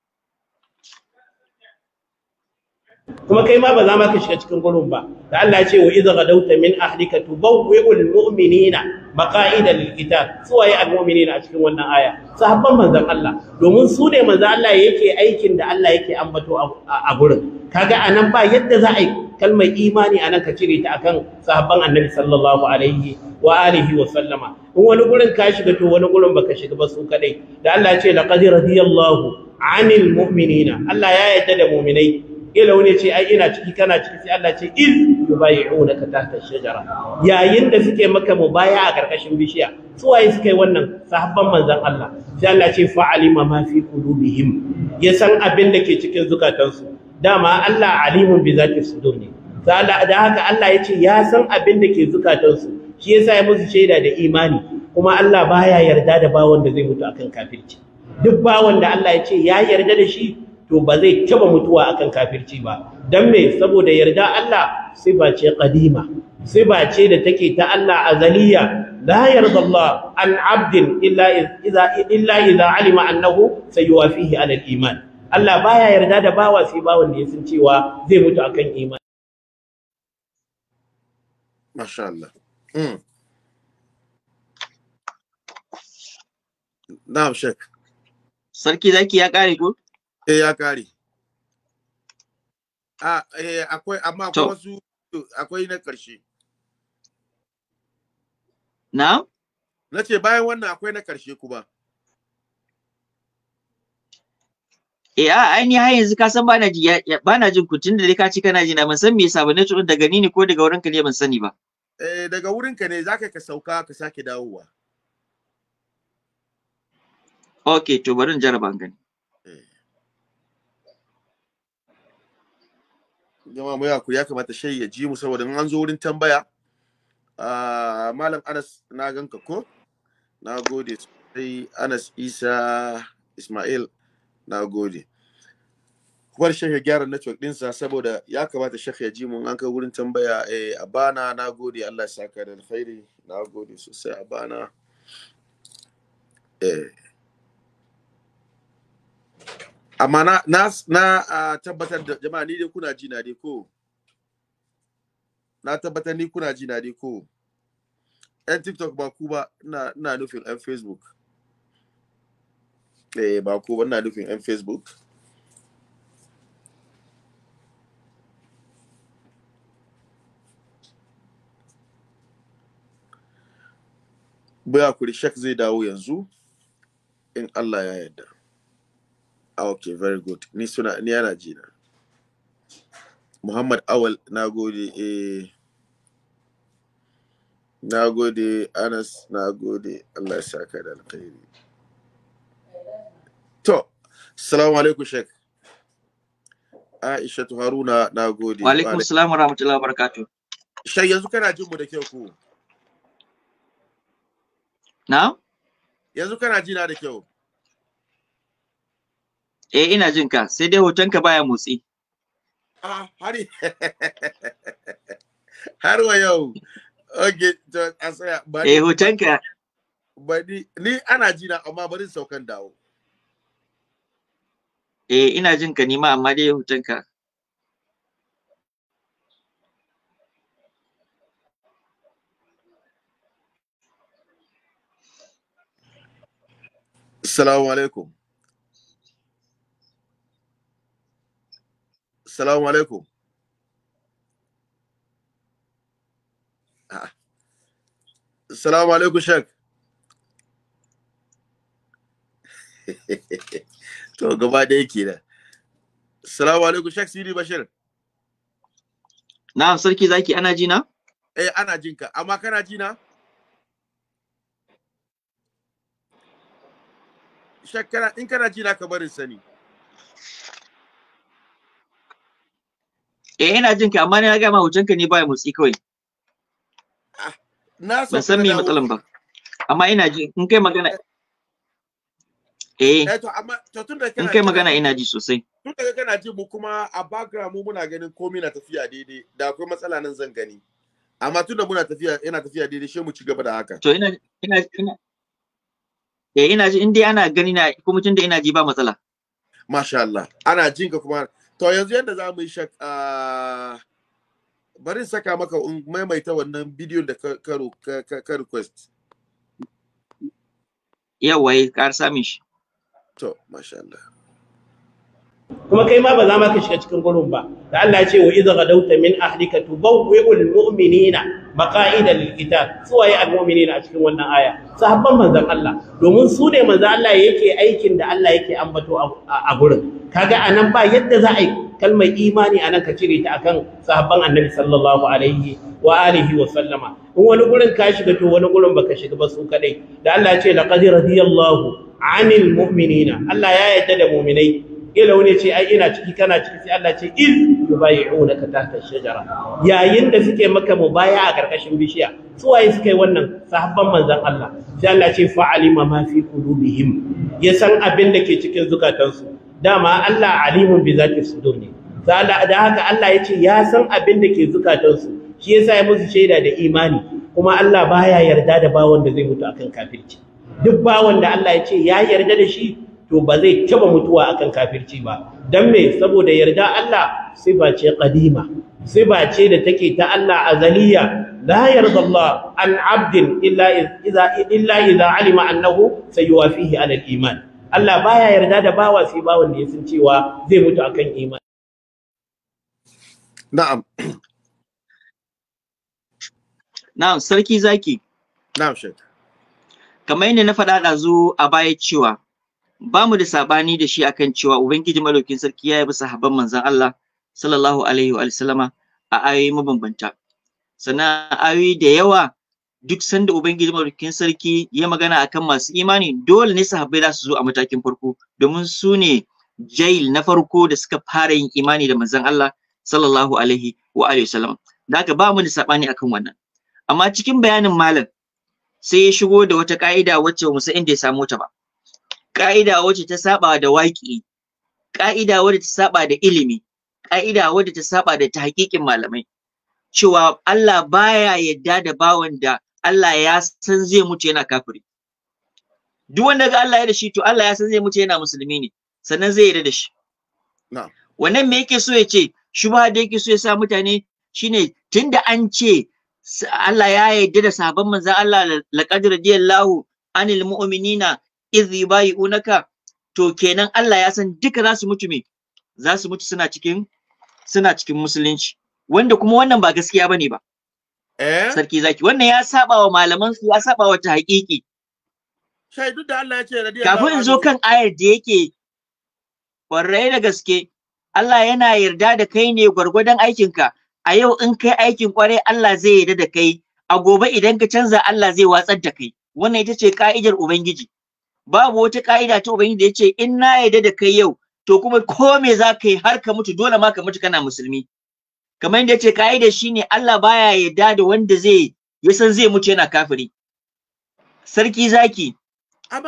kuma kai ma ba za ma ka shiga cikin gurin ba da Allah ya ce wa idza gadawta min ahlika tubawwi'ul mu'minina maqa'ida lil qital suwaye al mu'minina a cikin wannan aya sahabban manzon Allah domin su ne manzon Allah yake aikin da Allah yake ambato a gurin kaga anan ba yadda za a yi kalmar imani anan ka cire ta akan sahabban annabi sallallahu alaihi wa alihi wa sallama in wani gurin ka shiga to wani gurin baka shiga ba su kadai da Allah ya ce laqad radiyallahu anil mu'minina Allah ya yarda da mu'minai ila wani ce ai ina ciki kana ciki sai Allah ce iz yubayi'unaka tahta shajara yayin da suke maka mubaya a karkashin bishiya su waye suke wannan sahabban manzon Allah sai Allah ce fa alima ma fi qulubihim ya san abin da ke cikin zukatansu dama Allah alimun bi zati sudur ne sai da haka Allah ya ce ya san abin da ke zukatansu shi yasa ya musu shaida da imani kuma Allah baya yarda da bawon da zai mutu akan kafirci duk bawon da Allah ya ce ya yarda da shi to ba zai taba mutuwa akan kafirci ba dan me saboda yarda Allah ba ce qadima ba ce da take ta Allah azaliya la yarda Allah an abdin illa idza illa idza alima annahu sayuwafihi ala al-iman Allah baya yarda da bawa sai bawan da yasan cewa zai mutu akan iman. masha Allah hmm Na'am Sheikh. Sarki zaki ya kare ko? eh ya kare a eh akwai amma akwai wasu akwai na karshe na na ce bayan wannan akwai na karshe kuma Eh a ai ni har yanzu ka san na ji na jin ku tunda dai ka ci kana ji na ban san me yasa ba ne tuɗin daga ni ne ko daga wurin ka ne ban sani ba. Eh daga wurin ka ne zaka ka sauka ka sake dawowa. Okay to bari in gani. jama'a mai yaku ya kamata shai ya ji mu saboda an zo wurin tambaya malam anas na ganka ko na gode sosai anas isa ismail na gode kwar shek ya gyara network dinsa saboda ya kamata shek ya ji mun an kai wurin tambaya eh abana na gode Allah ya saka da alkhairi na gode sosai abana eh amma na na na tabbatar da jama'a ni dai kuna ji na dai ko na tabbatar ni kuna ji na dai ko yan tiktok ba ku ba ina ina nufin yan facebook eh ba ku ba ina nufin yan facebook Baya kuri shek zai dawo yanzu in Allah ya yarda. Ah, okay very good ni suna ni yana ji na Muhammad Awal na gode eh na gode Anas na gode Allah ya saka da alkhairi to assalamu alaikum sheikh Aisha Haruna na gode wa alaikum assalam wa rahmatullahi wa barakatuh Shai yanzu kana jin mu da kyau ko? Na? Yanzu kana ji na da kyau. Eh ina jin ka, sai dai hoton ka baya motsi. Ah, hari. Har wa yau. Okay, to asaya bari. Eh hoton ka. Bari ni ana ji na amma bari saukan dawo. Eh ina jin ka ni ma amma dai hoton ka. Assalamu alaikum. Salamu alaikum. Ah. Salamu alaikum, Shek. to, gaba da yake da. Salamu alaikum, Shek Siri Bashir. Na'am, sarki zaki ana jina? Eh, ana jinka, amma kana jina? Shek, in kana jina ka barin sani. eh ina jin ka amma na ga ma hoton ka ne baya motsi kawai na ban san me matsalan ba amma ina ji in kai magana eh, eh to amma to tun kana in kai magana ina ji sosai tun daga kana ji mu kuma a background mu muna ganin komai na tafiya daidai da akwai matsala nan zan gani amma tun da muna tafiya ina tafiya daidai shi mu ci gaba da haka to ina ina ina eh ina ji in dai ana gani na kuma tun da ina ji ba matsala masha Allah ana jinka kuma to yanzu yadda za mu yi shak bari saka maka maimaita wannan bidiyon da ka request yawa yi kar sami shi to masha Allah kuma kai ma ba za ma ka shiga cikin gurin ba da Allah ya ce wa idza gadawta min ahlika tubawwi'ul mu'minina maqa'ida lil qital suwaye al mu'minina a cikin wannan aya sahabban manzon Allah domin su ne manzon Allah yake aikin da Allah yake ambato a gurin kaga anan ba yadda za a yi kalmar imani anan ka cire ta akan sahabban annabi sallallahu alaihi wa alihi wa sallama in wani gurin ka shiga to wani gurin baka shiga ba su kadai da Allah ya ce laqad radiyallahu anil mu'minina Allah ya yarda da mu'minai ila wani ce ai ina ciki kana ciki sai Allah ce iz yubayi'unaka tahta shajara yayin da suke maka mubaya a karkashin bishiya suwaye suka yi wannan sahabban manzon Allah sai Allah ce fa'alima ma fi qulubihim ya san abin da ke cikin zukatansu dama Allah alimun bi zati sudur ne da haka Allah ya ce ya san abin da ke su shi yasa ya musu shaida da imani kuma Allah baya yarda da bawon da zai mutu akan kafirci duk bawon da Allah ya ce ya yarda da shi to ba zai taba mutuwa akan kafirci ba dan me saboda yarda Allah sifa ce qadima sifa ce da take ta Allah azaliya la yarda Allah an abdin illa iza illa alima annahu sayuwafihi ala al-iman Allah baya yarda da bawa sai bawan da ya cewa zai mutu akan imani na'am na'am sarki zaki na'am shek kamar yadda na faɗa zu a baya cewa ba mu da sabani da shi akan cewa ubangiji malaukin sarki ya bisa haban manzan Allah sallallahu alaihi wa sallama a ayoyi mabambanta sannan ayoyi da yawa duk sanda ubangiji madaukakin sarki ya magana akan masu imani dole ne sahabbai za su zo a matakin farko domin su ne jail na farko da suka fara yin imani da manzon Allah sallallahu alaihi wa alihi wasallam haka ba mu da sabani akan wannan amma cikin bayanin malam sai ya shigo da wata ka'ida wacce ba mu san inda ya samo ta ba ka'ida wacce ta saba da waƙi ka'ida wacce ta saba da ilimi ka'ida wacce ta saba da ta tahqiqin malamai cewa Allah baya yadda da bawanda. Allah ya san zai mutu yana kafiri duk wanda ga Allah ya da shi to Allah ya san zai mutu yana musulmi ne sannan zai yarda da shi wannan me yake so ya ce shi ba da yake so ya sa mutane shine tunda an ce Allah ya yarda da sabon manzan Allah laqad radiyallahu anil mu'minina idh yubayi'unaka to kenan Allah ya san duka za su mutu me za su mutu suna cikin suna cikin musulunci wanda kuma wannan ba gaskiya bane ba Eh? sarki zaki wannan ya saba wa malaman su ya saba wa ta haƙiƙi shaidu da Allah ya ce radiyallahu kafin in zo kan ayar da yake kwarai da gaske Allah yana yarda da kai ne gwargwadon aikinka a yau in kai aikin kwarai Allah zai yarda da kai a gobe idan ka canza Allah zai watsar da kai wannan ita ce ka'idar ubangiji babu wata ka'ida ta ubangiji da ya ce in na yarda da kai yau to kuma ko me za ka yi har ka mutu dole ma ka mutu kana musulmi kamar yadda yace kaida shine Allah baya yarda da wanda zai ya san zai mutu yana kafiri sarki zaki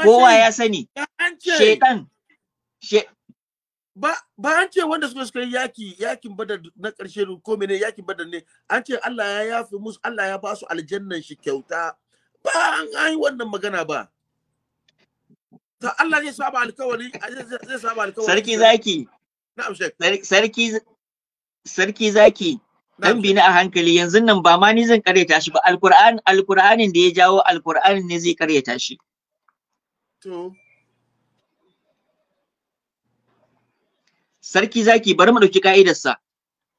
kowa ya sani shedan she ba ba an ce wanda suka suka yaki yakin badar na karshe ko menene yakin badar ne an ce Allah ya yafi musu Allah ya ba su aljannan shi kyauta ba an yi wannan magana ba ta Allah zai saba alkawari zai saba alkawari sarki zaki na'am shek sarki sarki zaki dan bi ni a hankali yanzu nan ba ma ni zan karyata shi ba alqur'an alqur'anin da ya jawo alqur'anin ne zai karyata shi to sarki zaki bari mu dauki ka'idarsa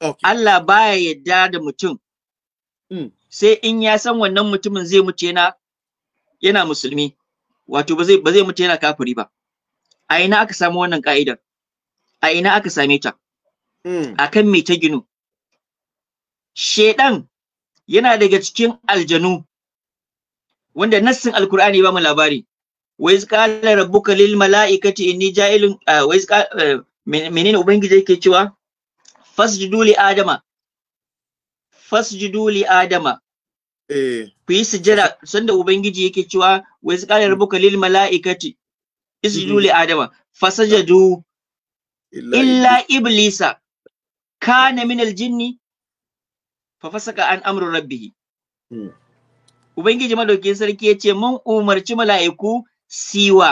okay. Allah baya yadda da mutum mm. sai in ya san wannan mutumin zai mutu yana yana musulmi wato ba zai ba zai mutu yana kafiri ba a ina aka samu wannan ka'idar a ina aka same ta Mm. akan me ta ginu shedan yana daga cikin aljanu wanda nassin alkur'ani ba mu labari wai qala rabbuka lil mala'ikati inni ja'ilun ah, wai eh, menene ubangiji yake cewa fasjudu li adama fasjudu li adama eh ku yi sujjada sanda ubangiji yake cewa wai qala rabbuka lil mala'ikati isjudu li mm-hmm. adama fasajadu illa iblisa kana min jinni fa fasaka an amru rabbihi hmm. ubangiji madaukakin sarki yace mun umarci mala'iku siwa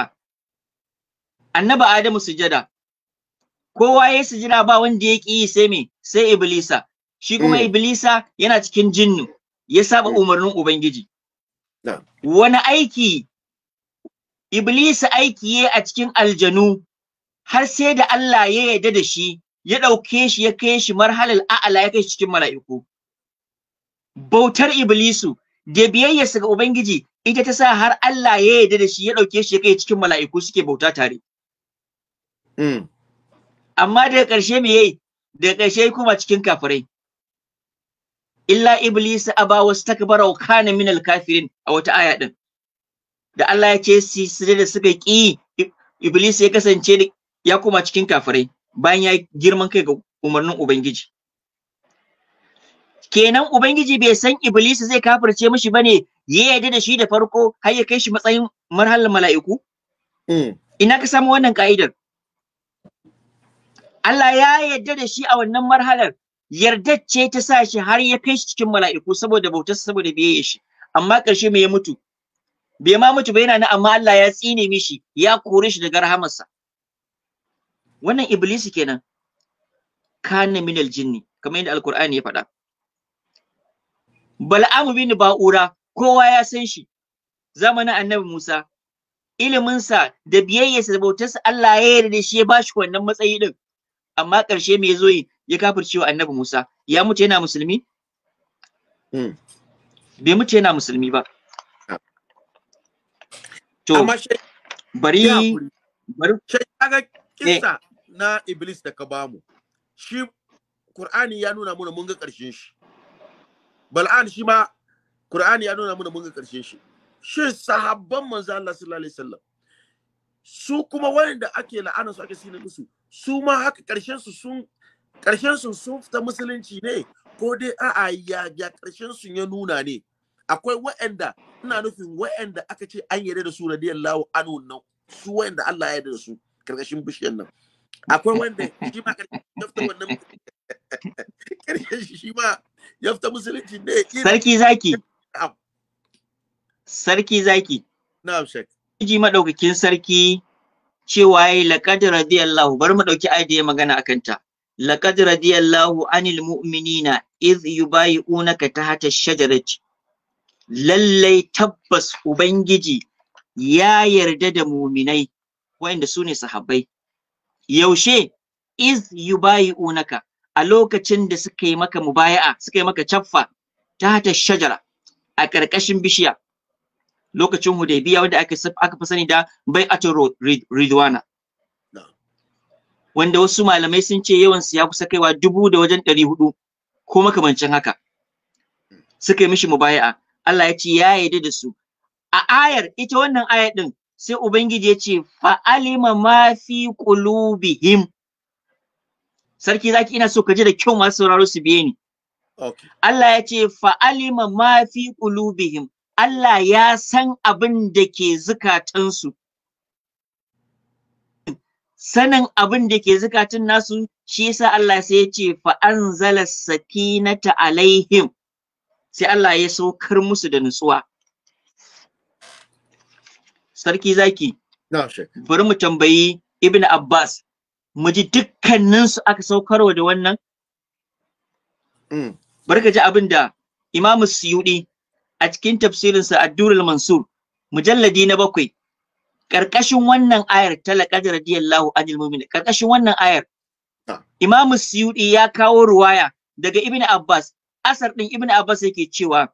annaba adamu sujada kowa ya sujada ba wanda ya ki sai me sai iblisa shi kuma hmm. iblisa yana cikin jinnu ya saba hmm. umarnin ubangiji wani aiki iblisa aiki ye a cikin aljanu har sai da Allah ya yarda da shi ya ɗauke shi ya kai shi marhalal a'ala ya kai shi cikin mala'iku bautar iblisu da biyayyarsa ga ubangiji ita ta sa har Allah ya yarda da shi ya ɗauke shi ya kai cikin mala'iku suke bauta tare mm. amma daga ƙarshe me yayi daga ƙarshe kuma cikin kafirai illa iblis aba wastakbara wa kana minal kafirin a wata aya din da Allah ya ce su da suka ki iblis ya kasance ya kuma cikin kafirai bayan ya girman kai ga umarnin ubangiji kenan ubangiji bai san iblis zai kafirce mishi ne ya yarda da shi da farko har ya kai shi matsayin marhalar mala'iku mm. ina ka samu wannan ka'idar Allah ya yarda da shi a wannan marhalar yardacce ce ta sa shi har ya kai shi cikin mala'iku saboda bautar saboda biye shi amma ƙarshe me ya mutu bai ma mutu ba yana nan amma Allah ya tsine mishi ya kore shi daga rahamarsa wannan iblisi kenan kana minal jinni kamar yadda alqur'ani ya faɗa bal'am bin ba'ura kowa ya san shi zamanin annabi musa iliminsa da biyayyarsa da bautarsa Allah ya yarda da shi ya bashi wannan matsayi din amma ƙarshe me zo yi ya kafirce wa annabi Musa ya mutu yana musulmi hmm. bai mutu yana musulmi ba ah. to bari bari kaga eh. kissa na iblis da ka bamu shi qur'ani ya nuna mana mun ga ƙarshen shi bal'an shi ma qur'ani ya nuna mana mun ga ƙarshen shi shi sahabban manzo Allah sallallahu alaihi wasallam su kuma wanda ake la'ana su ake sine musu su ma haka ƙarshen su sun ƙarshen su sun fita musulunci ne ko dai a'a ya ya ƙarshen su ya nuna ne akwai wa'anda ina nufin wa'anda aka ce an yarda da su radiyallahu anhu nan su wa'anda Allah ya yarda da su karkashin bishiyar nan akwai wanda shi ma ya fita wannan karshen shi ma ya fita musulunci ne sarki zaki sarki zaki na shek ji madaukakin sarki cewa yayi laqad radiyallahu bari mu dauki ayi magana akan ta laqad radiyallahu anil mu'minina iz yubayi'unaka tahta ash-shajarati lallai tabbas ubangiji ya yarda da muminai wa'inda su ne sahabbai yaushe iz yubayi'unaka a lokacin da suka yi maka mubaya'a suka yi maka caffa ta ta shajara a ƙarƙashin bishiya lokacin hudaybiya wanda aka aka fi sani da bai ridwana wanda wasu malamai sun ce yawan su ya kusa kaiwa dubu da wajen ɗari hudu ko makamancin haka suka yi mishi mubaya'a Allah ya ce ya yarda da su a ayar ita wannan ayar din sai ubangiji ya ce fa'alima ma fi qulubihim sarki zaki ina so ka ji da kyau masu sauraro su biye ni Allah ya ce fa'alima ma fi qulubihim Allah ya san abin da ke zukatansu sanin abin da ke zukatun nasu shi yasa Allah sai ya ce fa anzala sakinata alaihim sai Allah ya saukar musu da nutsuwa sarki zaki bari mu tambayi ibn abbas mu ji dukkaninsu aka saukarwa da wannan mm. bari ka ji abin da imamu suyudi a cikin tafsirinsa addurul mansur mujalladi na bakwai ƙarƙashin wannan ayar talaqad radiyallahu anil mu'minin ƙarƙashin wannan ayar imamu suyudi ya kawo ruwaya daga ibn abbas asar din ibn abbas yake cewa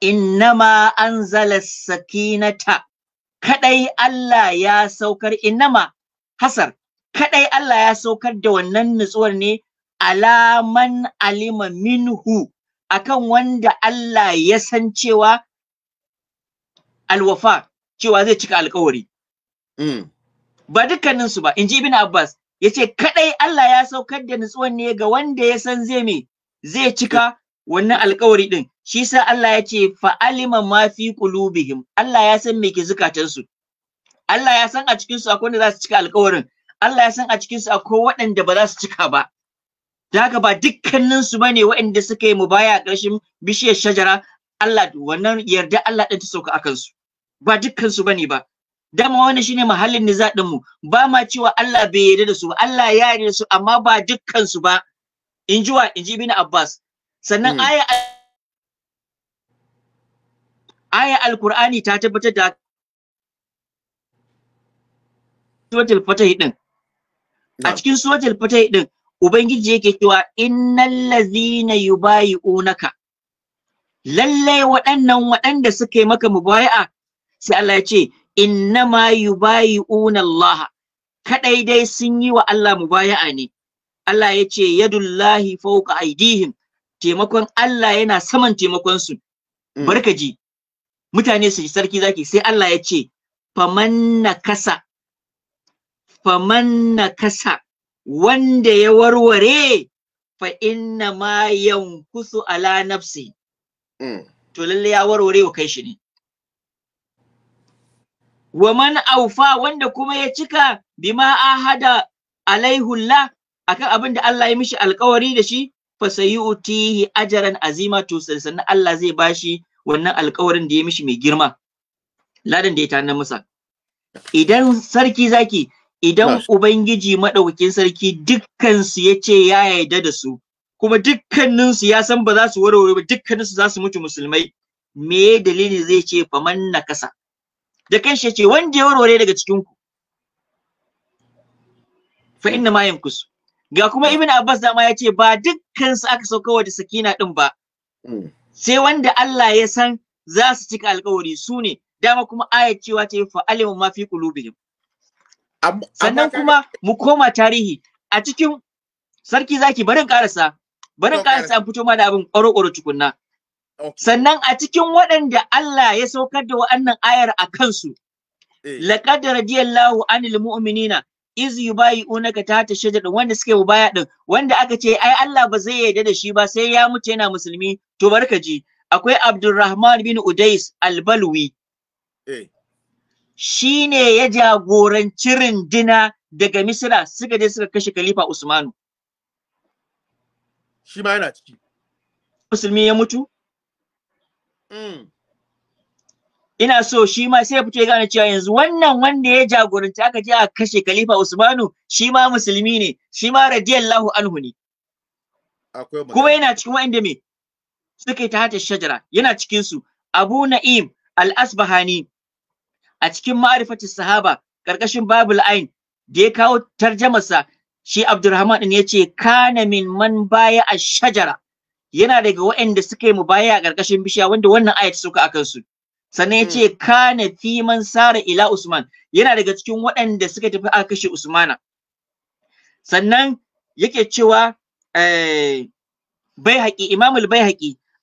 innama anzala sakinata kadai Allah ya saukar inama hasar kadai Allah ya saukar da wannan nutsuwar ne alaman alima minhu akan wanda Allah ya san cewa alwafa cewa zai cika alkawari mm. ba dukkanin su ba inji ibn Abbas yace kadai Allah ya saukar da nutsuwar ne ga wanda ya san zai me zai cika wannan alkawari din shi sa Allah ya ce fa'alima ma fi qulubihim Allah ya san me ke zukatansu Allah ya san a cikin su akwai wanda za su cika alƙawarin Allah ya san a cikin su akwai waɗanda ba za su cika ba da haka ba dukkanin su bane waɗanda suka yi mubaya a ƙarshen bishiyar shajara Allah wannan yarda Allah ɗin ta sauka a kansu. ba dukkan su bane ba dama wannan shine mahallin niza mu ba ma cewa Allah bai yarda da su Allah ya yarda su amma ba dukkan su ba in ji wa in ji Abbas sannan hmm. aya aya alkur'ani ta tabbatar da suratul fatih din a cikin suratul fatih din ubangiji yake cewa innal ladhina yubayi'unaka lallai waɗannan waɗanda suka yi maka mubaya'a sai Allah ya ce innama yubayi'una Allah kadai dai sun yi wa Allah mubaya'a ne Allah ya ce yadullahi fawqa aydihim taimakon Allah yana saman taimakon su mm. barkaji mutane su ji sarki zaki sai Allah ya ce famanna kasa famanna kasa wanda ya warware fa inna ma yankusu ala nafsi mm. to lalle ya warware wa kai shi ne wa man aufa wanda kuma ya cika bima ahada alaihullah akan abin da Allah ya mishi alkawari da shi fa sayu'tihi ajran azima to sannan Allah zai bashi wannan alkawarin da ya mishi mai girma ladan da ya tana masa idan sarki zaki idan ubangiji madaukakin sarki dukkan su yace ya yarda da su kuma dukkanin su ya san ba za su warware ba dukkanin su za su mutu musulmai me dalili zai ce faman nakasa da kanshi ce wanda ya warware daga cikin ku fa inna ma yankusu ga kuma ibn abbas dama ya ce ba dukkan su aka sauka wa da sakina din ba hmm. sai wanda Allah ya san za su cika alkawari su ne dama kuma ayat cewa ta yi fa’alimu ma fi sannan kuma mu koma tarihi a cikin sarki zaki barin ƙarasa barin ƙarasa an fito ma da abin ƙoro-ƙoro tukunna sannan a cikin waɗanda Allah ya saukar da wa'annan ayar a kansu eh. laqad radiyallahu anil mu'minina iz yubayi'unaka tahta shajarin wanda suke mubaya din wanda aka ce ai Allah ba zai yarda da shi ba sai ya mutu yana musulmi to barka ji akwai Abdulrahman bin Udais albalwi eh. shi ne shine ya jagoranci rindina daga Misra suka je suka kashe Khalifa Usmanu shi yana ciki musulmi ya mutu mm. ina so shi ma sai fito ya gane cewa yanzu wannan wanda ya jagoranci aka je a kashe khalifa usmanu shi ma musulmi ne shi ma radiyallahu anhu ne kuma yana cikin wa'anda me suke ta hata shajara yana cikin su abu na'im al-asbahani a cikin ma'rifatu sahaba karkashin babul ain da ya kawo tarjamarsa shi abdurrahman din yace kana min man baya a shajara yana daga wa'anda suka yi mu baya a ƙarƙashin bishiya wanda wannan ayat suka akan su sannan ya ce hmm. kana fiman sara ila usman yana daga cikin waɗanda suka tafi a kashe usmana sannan yake cewa eh, bai haƙi imamul bai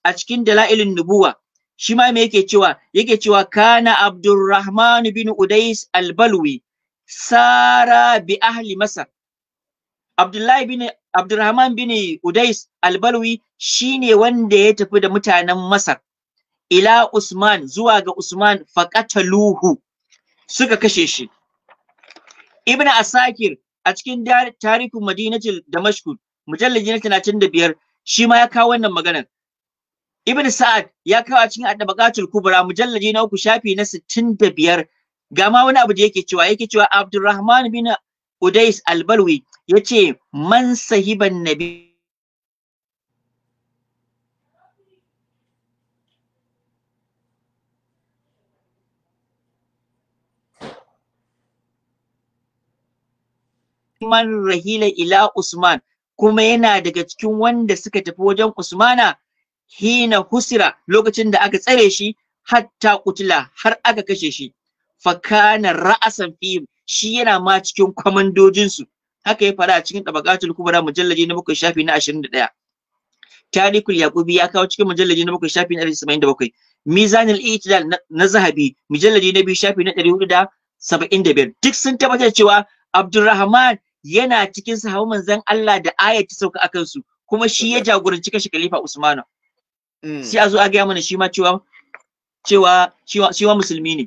a cikin dala'ilin nubuwa shi ma me yake cewa yake cewa kana abdurrahman bin udais albalwi sara bi ahli masar abdullahi bin abdurrahman bin udais albalwi shine wanda ya tafi da mutanen masar ila Usman zuwa ga Usman faqataluhu suka kashe shi Ibn Asakir a cikin tarihin Madinatul Damashq mujallad na 35 shi ma ya kawo wannan magana Ibn Sa'ad ya kawo a cikin Adabaqatul Kubra mujallaji na uku shafi na 65 ga ma wani abu da yake cewa yake cewa Abdurrahman bin Udais Albalwi yace man sahiban nabi Usman rahila ila Usman kuma yana daga cikin wanda suka tafi wajen Usmana hina husira lokacin da aka tsare shi hatta kutila har aka kashe shi fakana ra'asan fihim shi yana ma cikin kwamandojinsu haka ya fara a cikin tabaqatul kubra mujallaji na bakwai shafi na 21 tarikul yaqubi ya kawo cikin mujallaji na bakwai shafi na 77 mizanul itidal na zahabi mujallaji na biyu shafi na 475 duk sun tabbatar cewa Abdulrahman yana cikin sahabban manzon Allah da aya ta sauka akan su kuma shi ya jagoranci kashe Khalifa Usman. Mm. Sai a zo a gaya mana shi ma cewa cewa shi wa musulmi ne.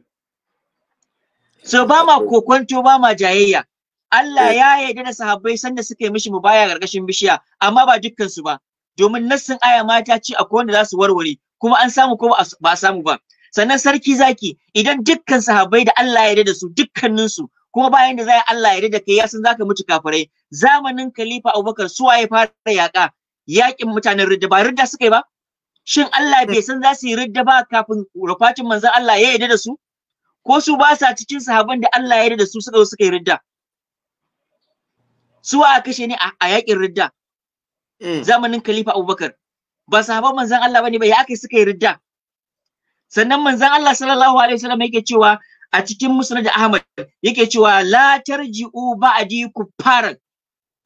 So ba ma kokonto ba ma jayayya. Allah ya yarda da sahabbai sanda suka yi mishi mubaya gargashin bishiya amma ba dukkan su ba. Domin nassin aya ma ta ce akwai wanda za su warware kuma an samu ko ba a samu ba. Sannan sarki zaki idan dukkan sahabbai da Allah ya yarda da su dukkaninsu kuma bayan da zai Allah ya da kai ya san zaka mutu kafirai zamanin khalifa Abubakar su waye fara yaka yakin mutanen ridda ba ridda suka yi ba shin Allah bai san za su yi ridda ba kafin rufacin manzon Allah ya yarda da su ko su ba sa cikin sahabban da Allah ya yarda da su suka suka yi ridda su a kashe ne a yakin ridda eh. zamanin khalifa Abubakar ba sahabban manzon Allah bane ba ya aka suka yi ridda sannan manzon Allah sallallahu alaihi wasallam yake cewa a cikin musnad Ahmad yake cewa la tarji'u ba'di kuffar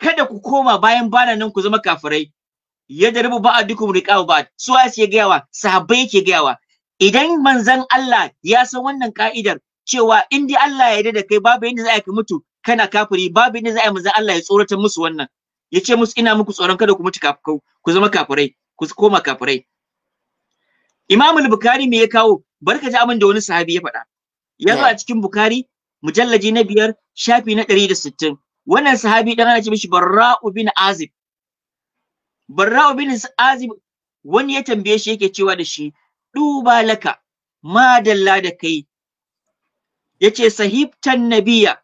kada ku koma bayan bana nan ku zama kafirai yadda rubu ba'dukum riqab ba su ya ce gayawa sahabbai yake gayawa idan manzon Allah ya san wannan ka'idar cewa in dai Allah ya yarda da kai babu yadda za ka mutu kana kafiri babu yadda za a yi manzon Allah ya tsoratar musu wannan ya ce musu ina muku tsoron kada ku mutu ku zama kafirai ku koma kafirai Imam al-Bukhari me ya kawo barka ji abin da wani sahabi ya faɗa ya zo a cikin Bukhari mujallaji na biyar shafi na ɗari da sittin wannan sahabi ɗan ana ce mishi Barra'u bin Azib Barra'u bin Azib wani ya tambaye shi yake cewa da shi duba laka madalla da kai yace sahibtan nabiya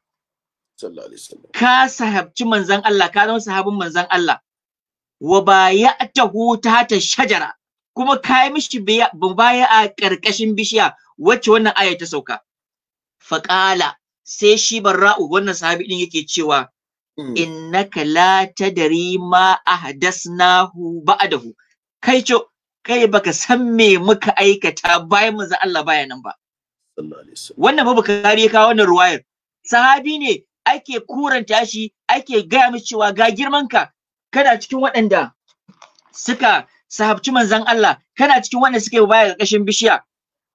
ka sahabci manzan Allah ka zama sahabin manzan Allah wa ya ta shajara kuma kai mishi baya a ƙarƙashin bishiya wacce wannan aya ta sauka faƙala sai shi barra'u wannan sahabi din yake cewa hmm. innaka la tadri ma ahdasnahu ba'dahu kai co kai baka san me muka aikata bayan mu za Allah baya nan ba wannan ba bukari ya kawo wannan ruwayar sahabi ne ake kuranta shi ake gaya mu cewa ga girmanka kana cikin waɗanda suka sahabci manzon Allah kana cikin waɗanda suka baya ƙarƙashin bishiya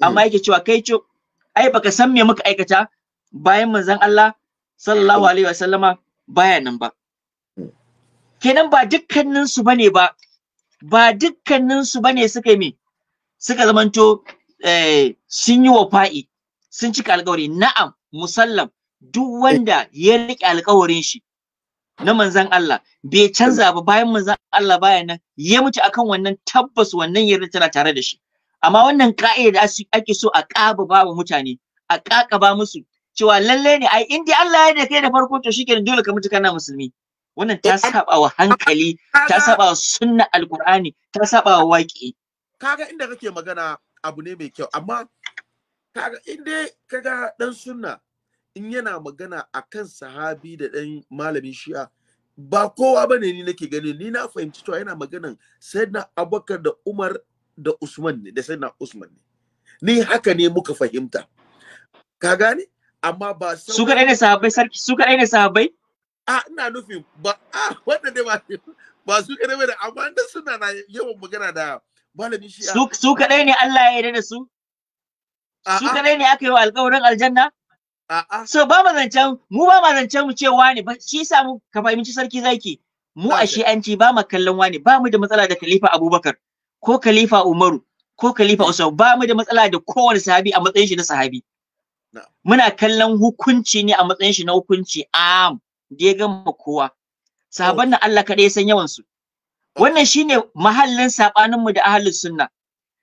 amma hmm. yake cewa kai co ai baka san me muka aikata bayan manzon Allah sallallahu alaihi wasallama baya nan ba kenan ba dukkanin su bane ba ba dukkanin su bane suka yi me suka zamanto eh, sun yi wafa'i sun cika alƙawari na'am musallam duk wanda ya riƙe alƙawarin shi na manzon Allah bai canza ba bayan manzon Allah baya nan ya mutu akan wannan tabbas wannan yarda tana tare da shi amma wannan ka'ida da ake so a ƙaba ba mutane a ƙaƙaba musu cewa lalle ne ai in dai Allah ya da kai da farko to shikenan dole ka mutu kana musulmi wannan ta eh, saba wa hankali ta saba wa sunna alqur'ani ta saba wa waƙi kaga inda kake magana abu ne mai kyau amma kaga in dai kaga dan sunna in yana magana akan sahabi da dan malamin shi'a ba kowa bane ni nake gani ni na fahimci cewa yana maganan sayyidina Abubakar da Umar da Usman ne da sayyidina Usman ne ni haka ne muka fahimta ka gane amma ba su kadai ne sahabbai sarki su kadai ne sahabbai Ah, ina nufin ba ah, wanda ne ba ba su kadai ne amma da suna na yawan magana da malami shi su su kadai ne Allah ya yi da su su kadai ne aka yi wa alƙawarin aljanna so ba ma zancen mu ba ma zancen mu ce wani, ba shi sa mu ka fahimci sarki zaki mu a shi'anci ba ma kallon wani ba mu da matsala da khalifa abubakar ko khalifa Umaru ko khalifa Usman ba mu da matsala da kowane sahabi a matsayin shi na sahabi muna kallon hukunci ne a matsayin shi na hukunci am da ya gama kowa sahabban nan Allah kaɗai ya san yawan su wannan shine mahallin sabanin mu da ahlus sunna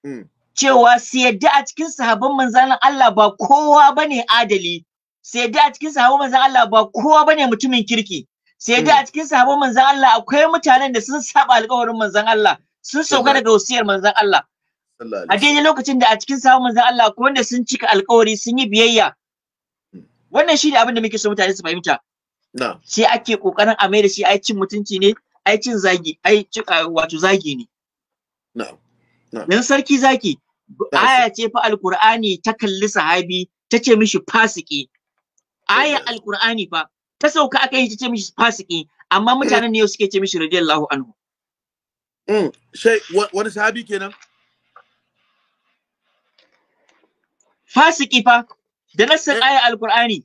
hmm. cewa su yadda a cikin sahabban manzanin Allah ba kowa bane adali su yadda a cikin sahabban manzan Allah ba kowa bane mutumin kirki sai yadda hmm. a cikin sahabban manzon Allah akwai mutanen da sun saba alƙawarin manzan Allah sun sauka daga wasiyar manzon Allah a daidai lokacin da a cikin sahabban manzan Allah ko wanda sun cika alkawari sun yi biyayya hmm. wannan shi ne abin da muke so mutane su fahimta sai ake kokarin a mai da shi ai cin mutunci ne ai cin zagi ai wato zagi ne dan sarki zaki aya ce fa alqur'ani ta kalli sahabi ta ce mishi fasiki aya alqur'ani fa ta sauka aka yi ta ce mishi fasiki amma mutanen ne suke ce mishi radiyallahu anhu Mm. shai wani sahabi kenan fasiki fa da nassin eh. ayar alkur'ani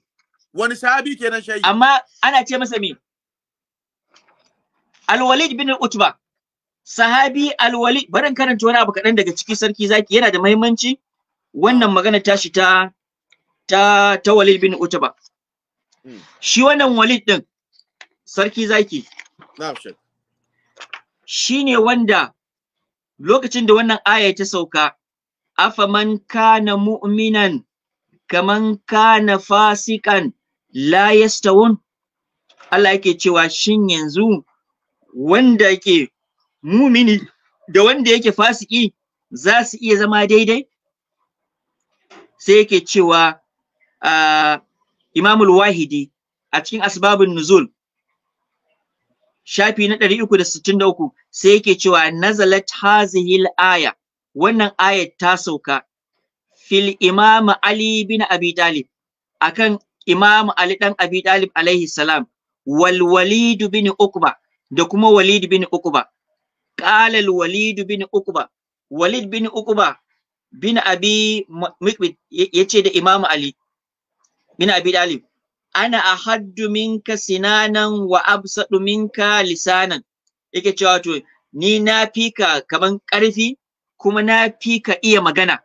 wani sahabi kenan shai amma ana ce masa me alwalid bin utba sahabi alwalid barin karanta wani abu kaɗan daga ciki sarki zaki yana da mahimmanci wannan ah. magana tashi ta ta ta walid bin utba mm. shi wannan walid din sarki zaki na'am shai shine wanda lokacin da wannan aya ta sauka afaman kana mu'minan kaman kana fasikan la yastawun Allah yake cewa shin yanzu wanda yake mumini da wanda yake fasiki za su iya zama daidai sai yake cewa uh, imamul wahidi a cikin asbabun nuzul shafi na ɗari uku da da sittin uku sai yake cewa nazalat hazihil aya wannan ayat ta sauka fil imam ali bin abi talib akan imam ali dan abi talib alaihi salam wal walid bin ukba da kuma walid bin ukba qala al walid bin ukba walid bin ukba bin abi mikbit yace da imam ali bin abi talib ana ahaddu minka sinanan wa absadu minka lisanan yake cewa to ni na fi ka kaman ƙarfi kuma na fi ka iya magana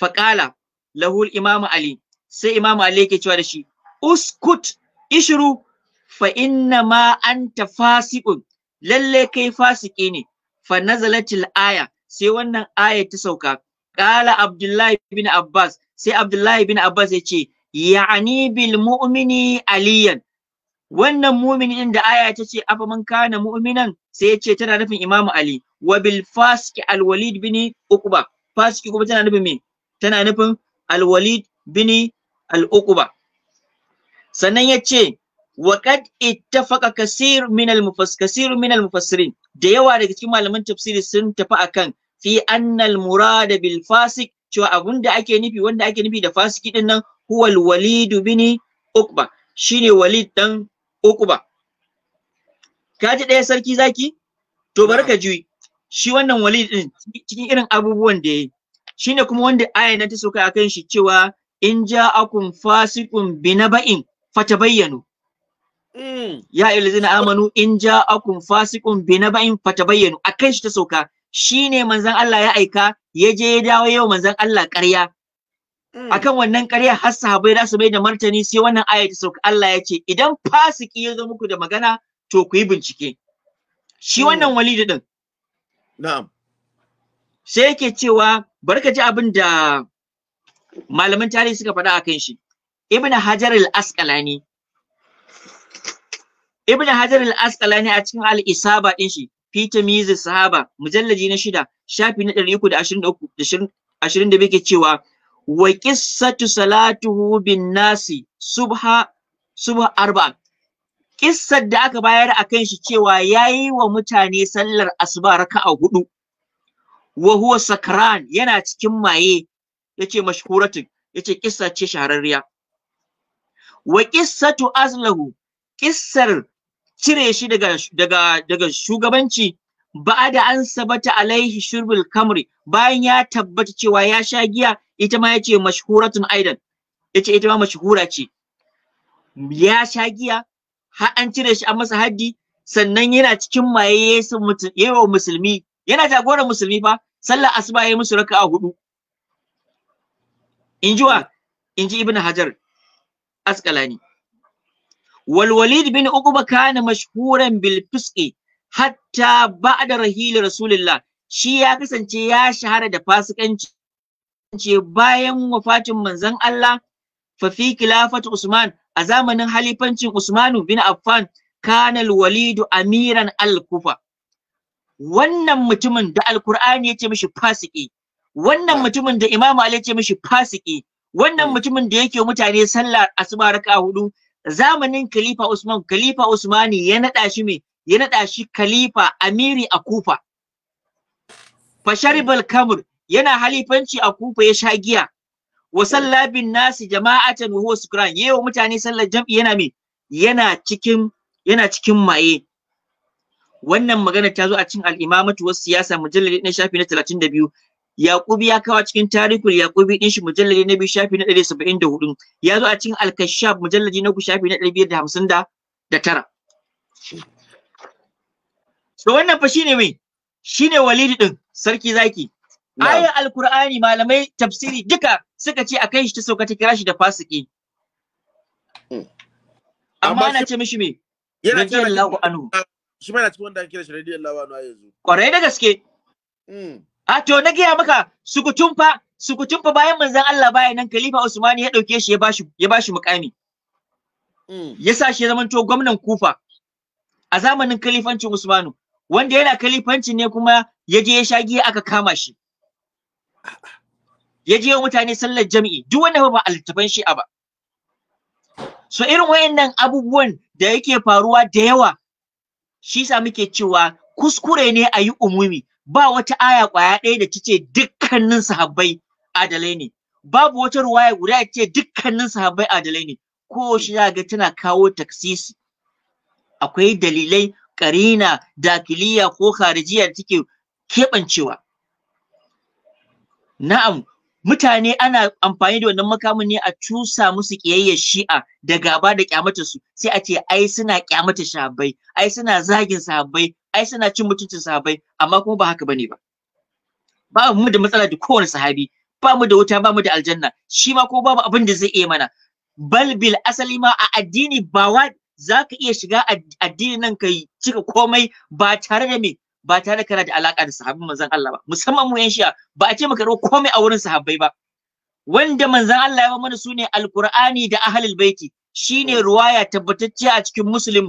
faƙala lahul imamu ali sai imamu ali yake cewa da shi uskut ishru fa inna ma anta fasiqun lalle kai fasiki ne fa nazalatil aya sai wannan aya ta sauka qala abdullahi bin abbas sai abdullahi bin abbas ya ce ya'ani bil mu'mini aliyan wannan mumini din da aya ta ce afa man kana mu'minan sai ya ce tana nufin imamu ali wa bil fasiki al walid bin uqba fasiki kuma tana nufin me tana nufin al walid bin al uqba sannan ya ce wa qad ittafaqa kasir min al mufassir min al mufassirin da yawa daga cikin malaman tafsiri sun tafi akan fi annal murada bil fasik cewa abunda ake nufi wanda ake nufi da fasiki din huwa al-walid bin uqba shine walid dan uqba kaji ɗaya sarki zaki to barka juyi shi wannan walid din cikin irin abubuwan da yayi shine kuma wanda ayyana ta soka akan shi cewa in ja'akum fasiqun binaba'in fatabayyanu Mm. ya ilzina amanu in ja'akum fasiqun binaba'in fatabayyanu akan shi ta sauka shine manzon Allah ya aika ya je ya dawo yau manzon Allah ƙarya Mm. akan wannan ƙarya har sahabbai za su mai da martani sai wannan aya ta sauka Allah ya ce idan fasiki ya zo muku da magana to ku yi bincike shi mm. wannan walidi din na'am sai yake cewa barka ji abin da malaman tarihi suka faɗa akan shi ibn hajar al-asqalani ibn hajar al-asqalani a cikin al-isaba din shi fi tamyiz sahaba mujallaji na shida shafi na 323 ashirin da yake cewa wa qissatu salatuhu bin nasi subha subha arba da aka bayar akan shi cewa yayi wa mutane sallar asuba raka'a hudu wa huwa sakran yana cikin maye yace mashhuratun yace kissa ce shahararriya wa qissatu azlahu kissar cire shi daga daga daga shugabanci ba'ada an sabata alaihi shurbul kamri bayan ya tabbata cewa ya sha giya ita ma yace mashhuratun aidan yace ita ma mashhura ce ya sha giya har an cire shi an masa haddi sannan yana cikin maye yawa musulmi yana jagoran musulmi fa sallar asuba yayi musu raka'a hudu in ji ibnu hajar asqalani wal walid bin uqba kana mashhuran bil fisqi hatta ba'da rahil rasulillah shi ya kasance ya shahara da fasikanci ce bayan wafatin manzon Allah fafi fi Usman a zamanin halifancin Usmanu bin Affan kana al-Walid amiran al-Kufa wannan mutumin da Al-Qur'ani yace mishi fasiki wannan mutumin da Imam Ali yace mishi fasiki wannan mutumin da yake mutane sallar asuba raka hudu zamanin Khalifa Usman Khalifa Usmani ya nada shi me ya nada shi Khalifa Amiri a Kufa sharibal kamr yana halifanci a kufa ya sha giya wa salla bin nasi jama'atan wa huwa sukran yayin mutane sallar jam'i yana me yana cikin yana cikin maye wannan magana ta zo a cikin al-imamatu was siyasa mujallad na shafi na 32 Yaqubi ya kawo cikin tarikhul Yaqubi din shi mujalladi na biyu shafi na 174 ya zo a cikin Al-Kashaf mujalladi na uku shafi na 259 So wannan fa shine me shine walidi din sarki zaki ayar alkur'ani malamai tafsiri duka suka ce a kai shi ta sauka ta kira shi da fasiki hmm. amma na ce mishi me radiyallahu anhu shi ma yana cikin wanda kira shi radiyallahu anhu yanzu kwarai da gaske hmm. a to na gaya maka su kutumfa su kutumfa bayan manzon Allah bayan nan khalifa Usmani ya dauke shi ya bashi ya bashi mukami hmm. ya sa shi ya zamanto gwamnan Kufa a zamanin khalifancin Usmanu wanda yana khalifancin ne kuma ya je ya sha aka kama shi ya je mutane sallar jami'i duk wanda ba a shi'a ba so irin wayannan abubuwan da yake faruwa da yawa shi sa muke cewa kuskure ne a yi umumi ba wata aya kwaya ɗaya da tace dukkanin sahabbai adalai ne babu wata ruwaya guda ce dukkanin sahabbai adalai ne ko shi za ga tana kawo taksisi akwai dalilai karina dakiliya ko kharijiya da take keɓancewa Na'am, mutane ana amfani da wannan makamin ne a cusa musu ƙiyayyar shi'a da gaba da kyamata su sai a ce ai suna kyamata sahabbai ai suna zagin sahabbai ai suna cin mutuncin sahabbai amma kuma ba haka bane ba ba mu da matsala da kowane sahabi ba mu da wuta ba mu da aljanna shi ma ko babu abin da zai iya mana bal bil asali ma a addini ba wa za ka iya shiga addinin nan ka cika komai ba tare da me ba tare kana da alaka da sahabban manzon Allah ba musamman mu yan shi'a ba a ce muka ro komai a wurin sahabbai ba wanda manzon Allah ya ba mana sune alqur'ani da ahlul baiti shine ruwaya tabbatacciya a cikin muslim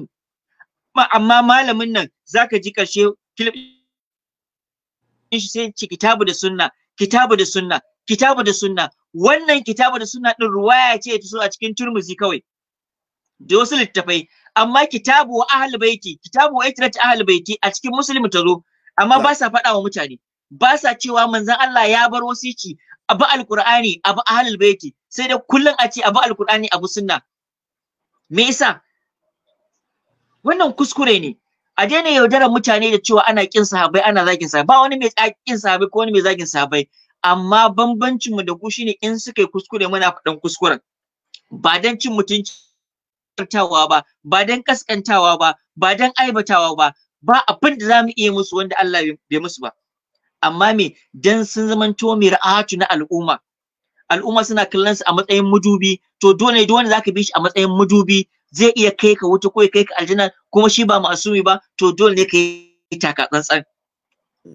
amma malamin nan zaka ji karshe shi sai kitabu da sunna kitabu da sunna kitabu da sunna wannan kitabu da sunna din ruwaya ce ta so a cikin turmuzi kawai da wasu littafai amma kitabu wa ahli baiti kitabu wa itrati ahli baiti a cikin muslim tazo, amma ba sa faɗa wa mutane ba sa cewa manzon Allah ya bar wasici abu alqur'ani abu ahli baiti sai da kullun a ce abu alqur'ani abu sunna me yasa wannan kuskure ne a daina yaudarar mutane da cewa ana kin sahabbai ana zagin sahabbai ba wani mai kin sahabbai ko wani mai zagin sahabbai amma bambancin mu da ku shine in suka yi kuskure muna faɗan kuskuren ba dan cin mutunci kaskantawa ba ba dan kaskantawa ba ba dan aibatawa ba ba abin da zamu iya musu wanda Allah bai musu ba amma me dan sun zamanto mir'atu na al'umma al'umma suna kallon su a matsayin mudubi to dole dole wanda zaka bi shi a matsayin mudubi zai iya kai ka wuta ko kai ka aljanna kuma shi ba masumi ba to dole ne kai taka tsantsan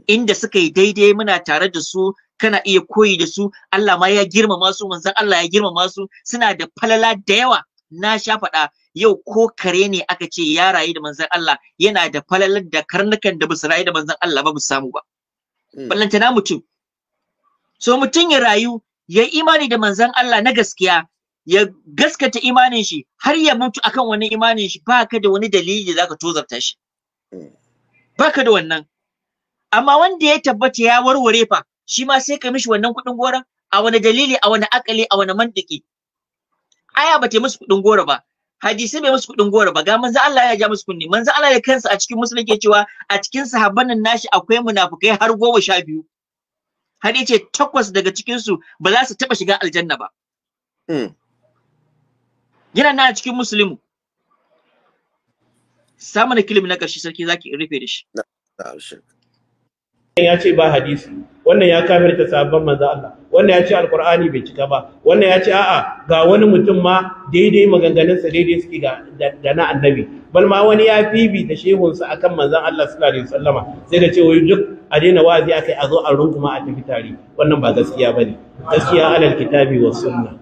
inda suka yi daidai muna tare da su kana iya koyi da su Allah ma ya girmama su manzon Allah ya girmama su suna da falala da yawa na sha faɗa yau ko kare ne aka ce ya rayu da manzon Allah yana da falalar da karnukan da basu rayu da manzon Allah ba basu samu ba hmm. na mutum so mutum ya rayu ya imani da manzon Allah na gaskiya ya gaskata imanin shi har ya mutu akan wani imanin shi ba ka da wani dalili da zaka tozarta shi hmm. ba ka da wannan amma wanda ya tabbata ya warware fa shi ma sai ka mishi wannan kuɗin goron a wani dalili a wani akali a wani mantiki aya ba ta musu kuɗin goro ba hadisi bai musu kuɗin goro ba ga manzo Allah ya ja musu kunni manzo Allah ya kansa a cikin musulun ke cewa a cikin sahabban nan nashi akwai munafukai har goma sha biyu har yace takwas daga cikin su ba za su taba shiga aljanna ba hmm. yana nan a cikin musulmi samun kilimi na ƙarshe sarki zaki rufe da shi ya ce ba hadisi wannan ya kafirta sabon manzan Allah wannan ya ce alqur'ani bai cika ba wannan ya ce a'a ga wani mutum ma daidai maganganunsa daidai suke ga da na annabi bal ma wani ya fibi da shehunsa akan manzan Allah sallallahu alaihi wasallama sai da ce wai duk a daina wazi akai a zo a runguma a tafi tare wannan ba gaskiya bane gaskiya alal kitabi wa sunna